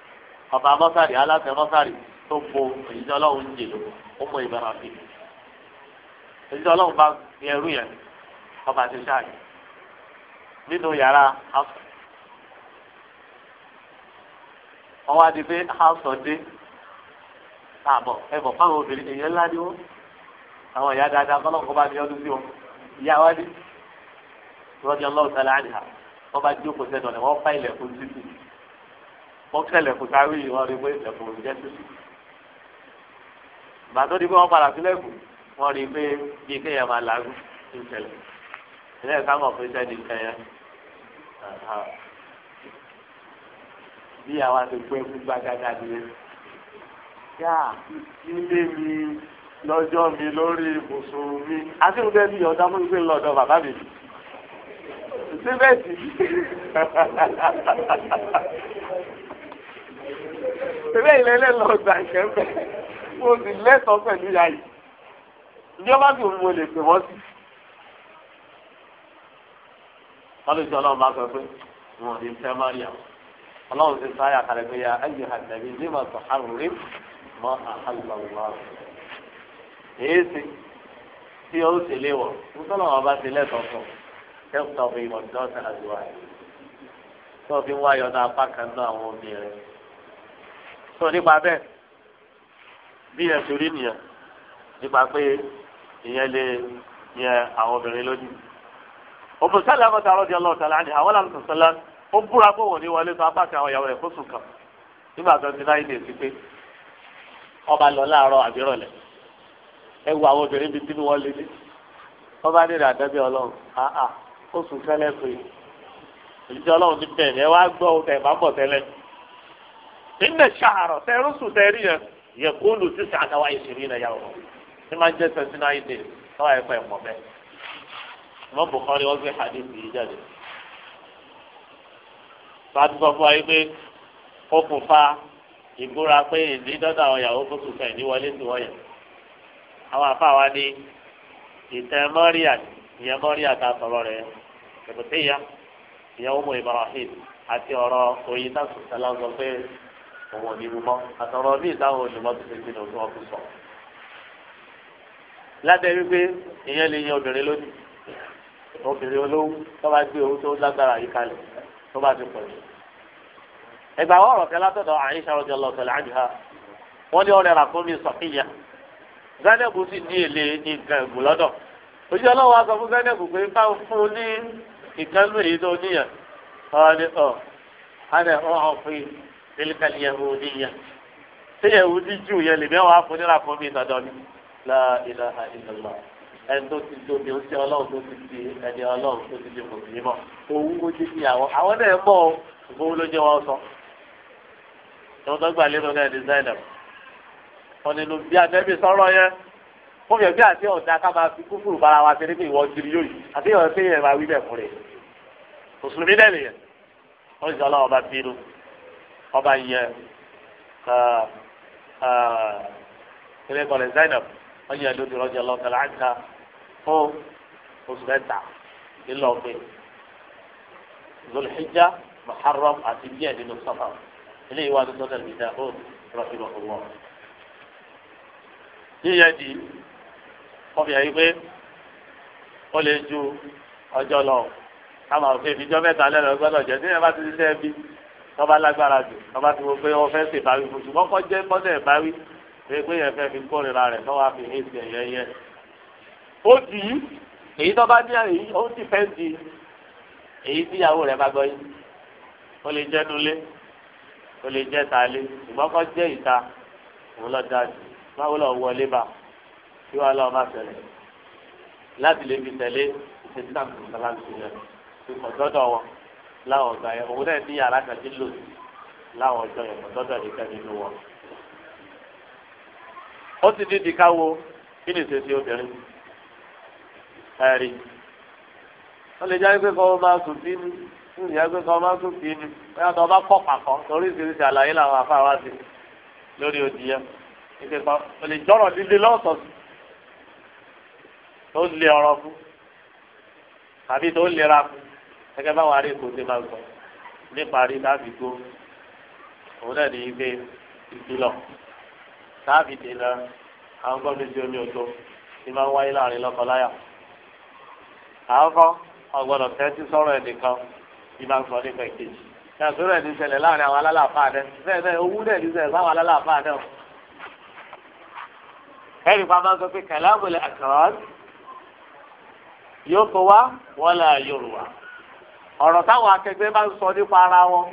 ọba mọ́sàrì aláṣẹ mọ́sàrì tó bo òṣìṣẹ́ ọlọ́run ń jèlò ó mọ ìbára fi òṣìṣẹ́ ọlọ́run bá fi ẹrú yẹn ọba ti ṣáàyè nínú yàrá hafsọ wọn wá di pé hafsọ dé àbọ̀ ẹ̀bọ̀ fáwọn obìnrin èèyàn ńlá ni wọ́n àwọn ìyá dáadáa kọ́lọ́kọ́ bá ní ọdún sí wọn ìyá wa ní rọ́jà ọlọ́run tẹ̀lé àdìhà wọ́n bá jókòó sẹ́dọ̀ ni wọ́n fáìlẹ̀ fún títì wọ́n kẹlẹ̀ kó sáré yìí wọ́n rí pé ìlẹ̀kùn ò jẹ́ sísì. ìgbà tó di pé wọ́n padà sílẹ̀kùn wọ́n rí pé bí kéèyàn máa làágùn ìṣẹ̀lẹ̀ ilé ẹ̀ka mọ̀ pé sẹ́ni nǹkan yẹn bí àwọn àti pé fún gbàgádà nìyẹn. yá ilé mi lọ́jọ́ mi lórí ibùsùn mi àti ìdílé mi ọ̀dọ́ fún mi pé lọ́dọ̀ bàbá mi síbẹ̀ sí. *laughs* ìwé ìlẹ́lẹ̀ lọ gbà ìkẹ́fẹ́ mo sì lẹ́tọ̀ọ́ pẹ̀lú ìyá yìí ìjọba bí mo lè pè wọ́n sí. wọ́n ti ọlọ́run bá sọ pé wọn ò ní fẹ́ Maria ọlọ́run ti sáyà kalẹ̀ pé ya ẹ̀jẹ̀ àgbẹ̀bí ní ma sọ àrùrí mọ́ àhàlùmọ́ èyí sì tí ó sì léwọ̀ nítorí àwọn bá ti lẹ́tọ̀ọ́ fún kẹ́kọ̀ọ́ bí ìmọ̀ ìdọ́ta àdúrà tó fi wáyọ̀ náà apá kan náà àwọn obìnrin tó nípa bẹ́ẹ̀ bí ẹ ṣe nìyẹn nípa pé ìyẹn lè yẹ àwọn obìnrin lójú. òbùsálà àwọn tààrọ̀ di ọlọ́ọ̀tà láàrin àwọn làǹtọ̀ sọ́lá ó búra pé wọ́n ní wọlé tó apá àti àwọn ìyàwó rẹ̀ fóṣù kan nígbà tó ti náírà èsì pé ọba lọ láàárọ̀ àbírọ̀lẹ̀ ẹ wo àwọn obìnrin bíi tínú wọn lé ní ọba nílẹ̀ àdẹ́bí ọlọ́run àà fóṣù kẹlẹ́ pé ìdíjọ́ ọlọ́run ti bẹ̀rẹ̀ ẹ wá gbọ́ ọ̀tẹ̀ ìbámọ̀ tẹ́lẹ̀ ìnà ṣàárọ̀ sẹ́rùsù sẹ́rí yẹn yẹ kó lù sí sàdáwá ìṣèlú náà yàwó ní máa ń jẹ́ sẹ́sìn náà ìdè náà ẹ̀fọ́ ẹ̀mọ́ bẹ́ẹ̀. ìmọ̀ Bukhari wọ́n gbé hadith yìí jáde. fàtí sọ fún wa yìí pé okùnfà ìgbóra pé ìdí dọ́dọ̀ àwọn yàwó tó sùn fẹ̀ níwọlé sí wọ́n yẹn. àwọn àfa wa ní ìtẹ̀ mọ́ríà ìyẹn mọ́ríà ta sọ̀rọ̀ rẹ̀ kẹ̀kẹ́ ìyàwó Ibrahim àti ọ̀rọ̀ oyin tá òun ò ní mú mọ́ àtọ̀rọ̀ míì táwọn olùmọ́ tó ṣe kí ni òun wọn kú sọ. lábẹ́ wípé ìyẹn lè yan obìnrin lónìí obìnrin olówó tó bá gbé owó tó lágbára yìí kalẹ̀ tó bá ti pọ̀ jù. ẹgbà wọn ọ̀rọ̀ kẹlá tọ̀dọ̀ Àìṣà radiyallahu ta'ala anha wọ́n ní ọ̀rẹ́ ràkúnmí sọ̀kìyà Zainab sì ní èlé nǹkan ẹ̀gùn lọ́dọ̀ ojú ọlọ́wọ́ aṣọ fún Zainab pé bá fún un ní ìkànnì èyí tó níyàn ọ̀ ni ọ̀ tilkal yahudiya ṣé yahudi jù yẹn lè mẹ́wàá fún nílà fún mi dandan ni la ilaha illallah ẹni tó ti tóbi ó ṣe ọlọ́run tó ti di ẹni ọlọ́run tó ti di mùsùlùmí mọ́ òun ó ti di àwọn àwọn náà mọ̀ ọ́ ìfowó ló jẹ́ wọn sọ. ìwọ́n tó gbà lérò náà designer wọn nínú bí àtẹ́bí sọ̀rọ̀ yẹn fún mi bí àti ọ̀dà ká máa fi kúfùrù bára wa ṣe nípa ìwọ kiri yóò yìí àti ìwọ ṣe yẹn máa wí bẹ̀ fún rẹ̀ mùsùlùmí náà nìyẹn wọ́n ti sọ ọlọ́run bá bínú ọba yẹ uh, uh, kílẹ̀ kọ́lẹ̀ Zainab ọyẹ lódì rọ́jà lọ́kàlá àjà fún oṣù mẹ́ta ńlọ́ọ̀gbẹ́ zulhijja muharram àti díẹ̀ nínú sáfà ilé ìwà tó tọ́jà nìjà ó rọ̀ṣìlọ̀ ọ̀wọ́. yíyẹ di ọbẹ̀ yìí pé ó lè ju ọjọ́ lọ káwọn òfin ìfijọ́ mẹ́ta lẹ́nu ọgbọ́dọ̀ jẹ́ sí ẹ bá ti ṣiṣẹ́ bíi tọ́ba lágbára jù tọ́ba ti wo pé wọ́n fẹ́ ṣe ìbáwí fún ṣùgbọ́n kọ́ jẹ́ mọ́tẹ́ ìbáwí pé pé yẹn fẹ́ fi kórìíra rẹ̀ tọ́wọ́ fi hé sí ẹ̀yẹ yẹn. ó dì í èyí tọ́ba ní àyè ó ti fẹ́ di èyí tíyàwó rẹ̀ bá gbọ́ yìí ó lè jẹ́ nulẹ̀ ó lè jẹ́ tàlé ṣùgbọ́n kọ́ jẹ́ ìta òun lọ da jù báwo lọ wọlé bá kí wàá lọ bá tẹ̀lé láti lè fi tẹ̀lé ìṣèjì láwọn ọgbà yẹn òun náà ní yàrá kan tí lò láwọn ọjọ́ yẹn lọ́dọ̀ nìkan nínú wọn. ó sì dídì ká wo kí ni ìṣesí obìnrin ẹ̀rí wọ́n lè jáde pé kọ́ máa sùn sí ni fún ìyá pé kọ́ máa sùn sí ni bóyá tó bá pọ̀ pàkọ́ torí ìṣiríṣi àlàyé làwọn afáwa sí lórí odi yẹn ìṣe kan ó lè jọ̀rọ̀ líle lọ́sọ̀ọ̀sì tó lè ọ̀rọ̀ fún tàbí tó lè ra fún gẹ́gẹ́ báwọn ará èkó ṣe máa ń sọ níparí láàbìgbó òun náà ní ife ìkìlọ̀ láàbì dènà àwọn gómìnà tí omi òjò ti máa ń wáyé láàrin lọ́kọláyà. àkọ́kọ́ ọ̀gbọ́dọ̀ tẹ́tí sọ̀rọ̀ ẹnìkan ti máa ń sọ nípa ìkejì. ìyàsọ́rọ̀ ẹ̀dí ṣẹlẹ̀ láàrin àwọn alálàáfáà náà bẹ́ẹ̀ bẹ́ẹ̀ owó náà ẹ̀dí ṣẹlẹ̀ láwọn alálàáfáà náà. ẹ̀rì pa máa ń sọ pé kàlámù yóò kó wá là yóò rù wá ọ̀rọ̀ táwọn akẹgbẹ́ bá ń sọ nípa ara wọn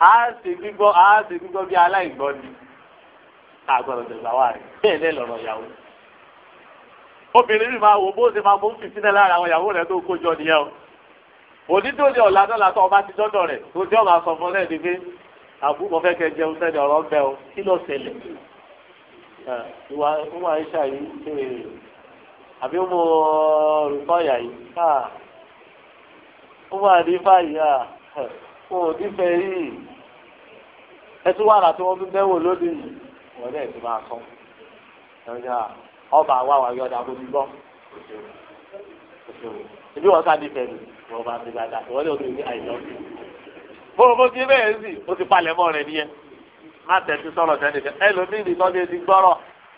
á sì gbígbọ́ á sì gbígbọ́ bí aláìgbọ́ ni ká gbọ́dọ̀ tẹ̀gbà wà rẹ̀ bẹ́ẹ̀ lẹ́ lọ́rọ̀ ìyàwó. obìnrin mi máa wò bó ṣe máa fún fìtínà lára àwọn ìyàwó rẹ̀ tó kójọ nìyẹn o. onídòdì ọ̀la dọ́là tó ọba ti dọ́dọ̀ rẹ̀ tó tí ọba sọ fún náà ni pé àbúkọ fẹ́ kẹ jẹun sẹ́ni ọ̀rọ̀ ń bẹ o kí ló ṣẹlẹ̀. ìwà ìṣàyí àbí mo rùkọ́ yà yìí ó wà ní fàyà ó yìí ẹ wàrà tí wọ́n fi bẹ́wò lónìí yìí wọ́n dẹ̀ ti máa sọ ọba àwa wà yọ̀dà bó ti gbọ́ ìbí wọn sáà nífẹ̀ẹ́ ni wọn bá ti gbàgbà wọn lè oṣù ní àìlọ́sí bó o bó ti sì o ti palẹ̀ mọ́ rẹ nìyẹn má tẹ̀sí sọ̀rọ̀ sẹ́ni fẹ́ ẹ lómi ìdí tọ́jú ti gbọ́rọ̀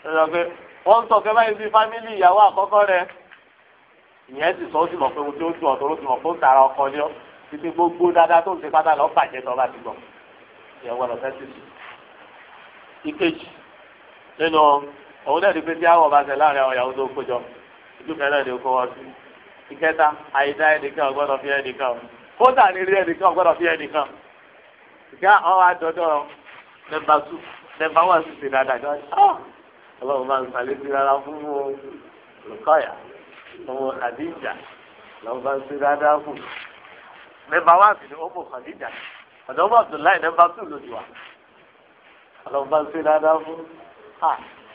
ẹ lọ pé wọ́n ń sọ báyìí sí fámìlì ìyàwó àkọ́kọ́ rẹ̀ ìyẹn sì sọ ó sì mọ̀ pé ohun tí ó dùn ọ̀tọ̀ ló ti mọ̀ fún tààrà ọkọ ni títí gbogbo dáadáa tó ń ṣe pátá lọ́ọ́ bàjẹ́ tó bá ti gbọ̀ ìyẹn wọ́n lọ fẹ́ sí ìkejì nínú òun náà ni pé tí àwọn ọba ṣe láàrin àwọn ìyàwó tó kójọ ìlú kan náà ni ó kó wọn sí. ìkẹta àìdá ẹnìkan ọgbọ́dọ̀ fi ẹnìkan kódà ní rí ẹnìkan ọgbọ́dọ̀ fi ẹnìkan. ìgbà àwọn àdọ́dọ́ nẹ́mbà ọmọ Khadija lọ́wọ́ bá ń ṣe dáadáa fún un. mẹ́mbà wá sí ni ọmọ Khadija ọ̀dọ́ ọmọ Abdullahi mẹ́mbà tù lòdì wá lọ́wọ́ bá ń ṣe dáadáa fún un. à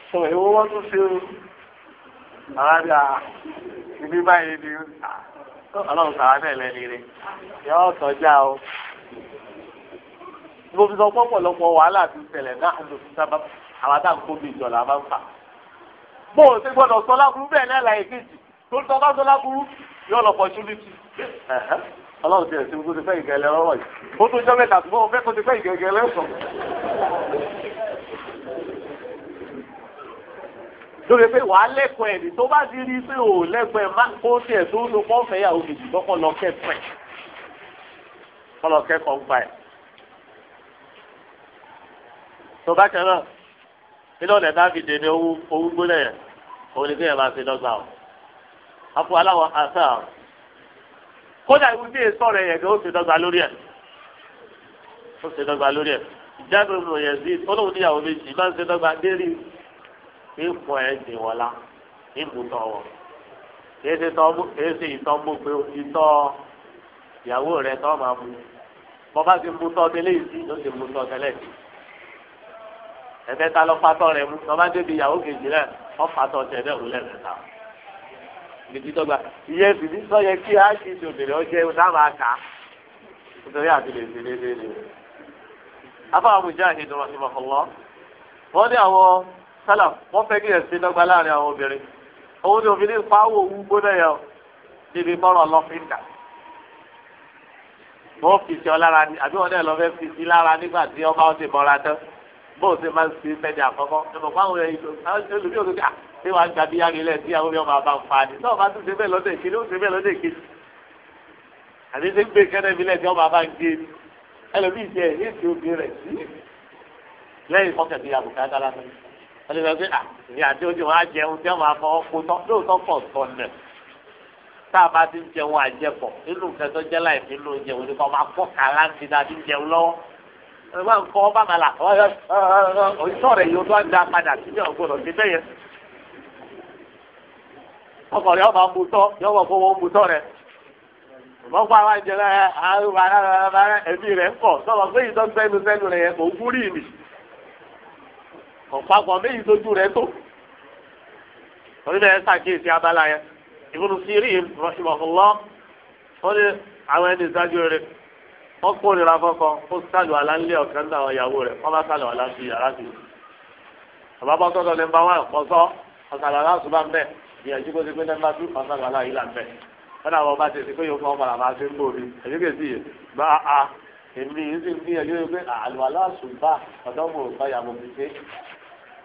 sọ èwo tún ṣe o àwọn àgbà ibi báyìí ni ọlọ́run sàrà náà lẹ́ni rẹ̀ yọ ọ̀tọ̀já o. mo fi sọ pọ́pọ̀lọpọ̀ wàhálà ti ṣẹlẹ̀ náà ló fi sábà àwọn àdàkùn kó bí ìjọ làwọn máa ń fà. bó o ṣe gbọ́dọ̀ sọ láburú bẹ́ẹ̀ náà láyé kejì tó ń tọ́ka tó lábúrú yóò lọ opportunity ọlọ́run ti ẹ̀sìn kó ti fẹ́ ìgẹ̀lẹ́ ọ̀rọ̀ yìí ó tó jọ́ mẹ́ta ṣùgbọ́n ọ̀fẹ́ kó ti fẹ́ ìgẹ̀gẹ̀lẹ́ sọ. lórí pé wàá lẹ́kọ̀ọ́ ẹ̀mí tó bá ti rí pé ò lẹ́kọ̀ọ́ ẹ̀ má kó tiẹ̀ tó ń lo pọ́ǹfẹ́ yà òkè jù lọ́kọ̀ lọ kẹ́kọ̀ọ́ ẹ̀ kọ́lọ kẹ́kọ̀ọ́ ń pa ẹ̀. tó bá kẹ́ náà nínú ọ̀nà ìbá fi dènà owó gbólẹ̀ yẹn òun ni kéèyàn máa fi dọ́gba ọ̀ afọ aláwọ àṣà kódà ìwé bí èso rẹ yẹ kí ó ṣe dọ́gba lórí ẹ ó ṣe dọ́gba lórí ẹ ìjábẹ ìlú yẹn sí olóhùn níyàwó méjì máa ń ṣe dọ́gba dérí ipò ẹ dè wọn la ibùtọ wọn kìí ṣe tọ kìí ṣe ìtọ gbogbo ìtọ ìyàwó rẹ tọ máa mú bọ́ bá ti mú tọ́ tẹ́lẹ̀ yìí ló ti mú tọ́ tẹ́lẹ̀ yìí ẹ̀fẹ́ ta lọ fatọ́ rẹ mú tọ́ bá débi ìyàwó kejì rẹ ọ fatọ́ tẹ̀ bẹ́ẹ̀ wúlẹ̀ rẹ ta níbi tọ́gbà ìyẹn sì ní sọ́yẹ kí á ṣe ti obìnrin ọjẹ́ sábà kà á nítorí àti lè ṣe déédéé ni. afáwọn amújá ìhìndùn wọn ti mọ̀ fún wọn. wọ́n ní àwọn sálà wọ́n fẹ́ kí ẹ̀ sí dọ́gba láàrin àwọn obìnrin. òun ni òfin ní ìpawó owó gbóná yẹn o níbi mọ́rọ̀ lọ́fíńdà. wọ́n fi ṣe ọ lára ni àbí wọ́n náà lọ fẹ́ fi sí lára nígbà tí ọba ọ̀sẹ̀ mọ́ra tán bóun ṣe máa ń ṣe fẹ́ni àkọ́kọ́ tí wàá gba bí yárilẹ̀ tí àwọn ọmọ bá ń fa ni tí ọba tún ṣe bẹ́ẹ̀ lọ́dẹ̀ kí ni ó ṣe bẹ́ẹ̀ lọ́dẹ̀ kí àti ṣe gbé kẹ́nẹ́bílẹ̀ tí ọba bá ń gé ni ẹlòmíì jẹ èsì òbí rẹ̀ sí lẹ́yìn fọ́kẹ̀tì àbùkátà lásán ẹni sọ pé à ní àti ojú wọn á jẹun tí wọn á fọwọ́ kó tán lóòótọ́ pọ̀ tọ̀ nẹ̀ tá a bá ti ń jẹun àjẹpọ̀ nínú nǹkan tó jẹ́ láì fi ló ń jẹun nípa rẹ̀ yóò tó ń padà sílẹ̀ ọgbọ́dọ̀ ti bẹ́yẹn ọkọ̀ rẹ̀ ọba mú yọ wọ̀ fọwọ́ mú tọ́ rẹ̀ àwọn ìjẹ́lẹ̀ àrùn ẹ̀mí rẹ̀ ń kọ̀ sọ̀rọ̀ pé ìdọ́gbẹ́nu sẹ́nu rẹ̀ yẹn kò ń gúrì nì ọ̀pápọ̀ méjì tójú rẹ̀ tó orílẹ̀ ṣàkíyèsí abala yẹn ìbùnú sí rí ìmọ̀fúnlọ́ ó ní àwọn ẹni ìdájọ́ rẹ̀ wọ́n kó nira fọ́kàn ó sálù aláǹlé ọ̀kan náà ìyàwó rẹ̀ wọ́n bá sálù aláǹlé yàrá sí ní bá wọn àpọ̀ sọ́ ọ̀sàlù aláṣùbà mẹ́ẹ̀ ìyànjú kó ti pé nẹ́ẹ̀má tún pàṣẹ àgbàlá yìí là ń bẹ̀ fẹ́ràn àwọn ọba tètè pé yóò fún ọmọ làwọn aṣẹ ń bò mí ẹ̀yìn kèsì yìí bá a èmi yìí sì ń gbìyànjú pé àlùwàlá ṣùgbà ọ̀dọ́ mò ń báyà mo fi ṣe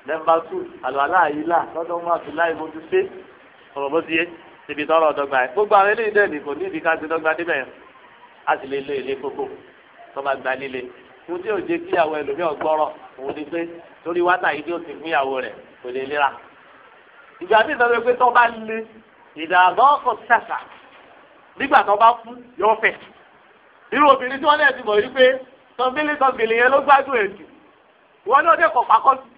nẹ́ẹ̀má tún àlùwàlá yìí là lọ́dọ́ mọ́ àtúláì mo fi ṣe ọ̀rọ̀ bó ti yé níbi tọ́rọ̀ dọ́gba yẹn gbogbo àwọn eléyìí dẹ́ni kò ní ìdí ká ti dọ́gba ìgbà tí ìtọ́jú pé tó bá le ìdàgbọ́ kò ṣàṣà nígbà tó bá kú yọ fẹ̀. irú obìnrin tí wọ́n lẹ̀ ti mọ̀ yí pé tọ́ńbélé tọ́ńbélé yẹn ló gbádùn èsì wọ́n ní ọdẹ kọ̀ọ̀pá kọ́ sí.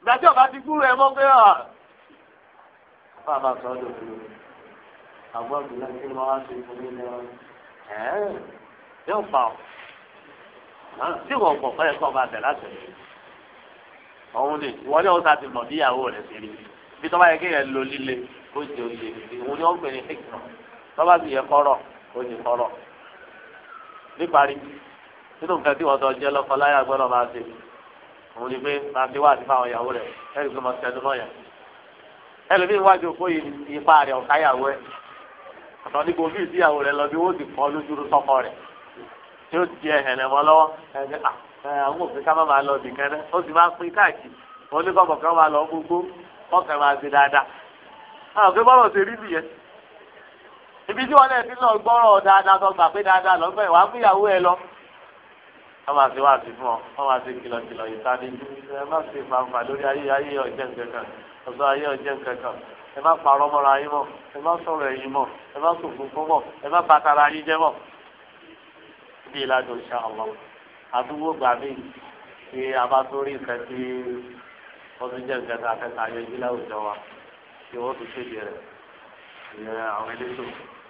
ìgbà tí ọba ti kúrò ẹ mọ́ pé ọ̀ fún àbá sọ ọ́ lòdì o àgbọ̀ gbìyànjú kí ni wọ́n á ṣe fún mi ní ọ ẹ̀ yóò fà ọ́ tí wọ́n kọ̀ ọ̀hún ni ìwọ ni ọ̀sán ti mọ̀ bí ìyàwó rẹ̀ ṣe rí bí tọ́ba yẹ kéèyàn lo líle ó ṣe òye ìwọ ni ó ń pè ní hekima tọ́ba sì yẹ kọ́rọ̀ ó ní kọ́rọ̀ níparí nínú nǹkan tí wọ́n sọ jẹ́ lọ́kọ láyà gbọ́dọ̀ máa ṣe òun ni pé máa ṣe wá àti fáwọn ìyàwó rẹ̀ ẹ̀rí pé mo ti ẹnu mọ́yà ẹlòmíín wájú òkú ipa rẹ̀ ọ̀káyàwó ẹ̀ ọ̀nà níbo bí ìdíyàwó rẹ̀ lọ bí wọ́n ti kọ́ lójú sọ́kọ rẹ̀ tí ó di ẹ̀hẹ̀nẹ̀ lọ́wọ́ ẹ̀ àwọn òfin ká má máa lọ nìkan náà ó sì máa pín káàkiri wọn ní kọ́kọ́ kan máa lọ gbogbo ọkàn máa ṣe dáadáa àwọn òfin bọ́lọ̀ ṣe rí nìyẹn ibi tí wọn náà ti lọ gbọ́rọ̀ dáadáa tó gbà pé dáadáa lọ́gbẹ́ wàá fún ẹ lọ wọ́n máa fi wá fún ọ wọ́n máa fi kìlọ̀kìlọ̀ yìí sáni ẹ má fi fanfa lórí ayé ọ̀jẹ̀ nkankan ọ̀sọ́ ayé ọ̀jẹ̀ nkankan ẹ má parọ́ mọ́ra yín mọ́ ẹ má sọ̀rọ̀ ẹ̀yìn mọ́ ẹ má sòfò mọ́ ẹ má bàtàrà yín jẹ́ mọ́ bí ìlànà ìṣá àdúgbò gbàmí tí a bá tó rí nǹkan tí wọ́n tún jẹ́ nǹkan tá a fẹ́ ta yọjú láwùjọ wa tí wọ́n tún ṣèjì rẹ̀ ìyẹn àwọn elétò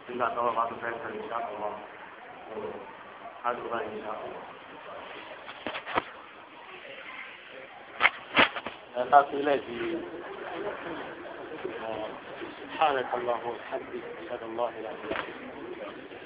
nígbà tó wọ́n bá tún fẹ́ tẹ̀lé ìṣàkóso wọn. Ẹ̀ka sílẹ̀ di سبحانك اللهم وبحمدك أشهد الله لا إله إلا أنت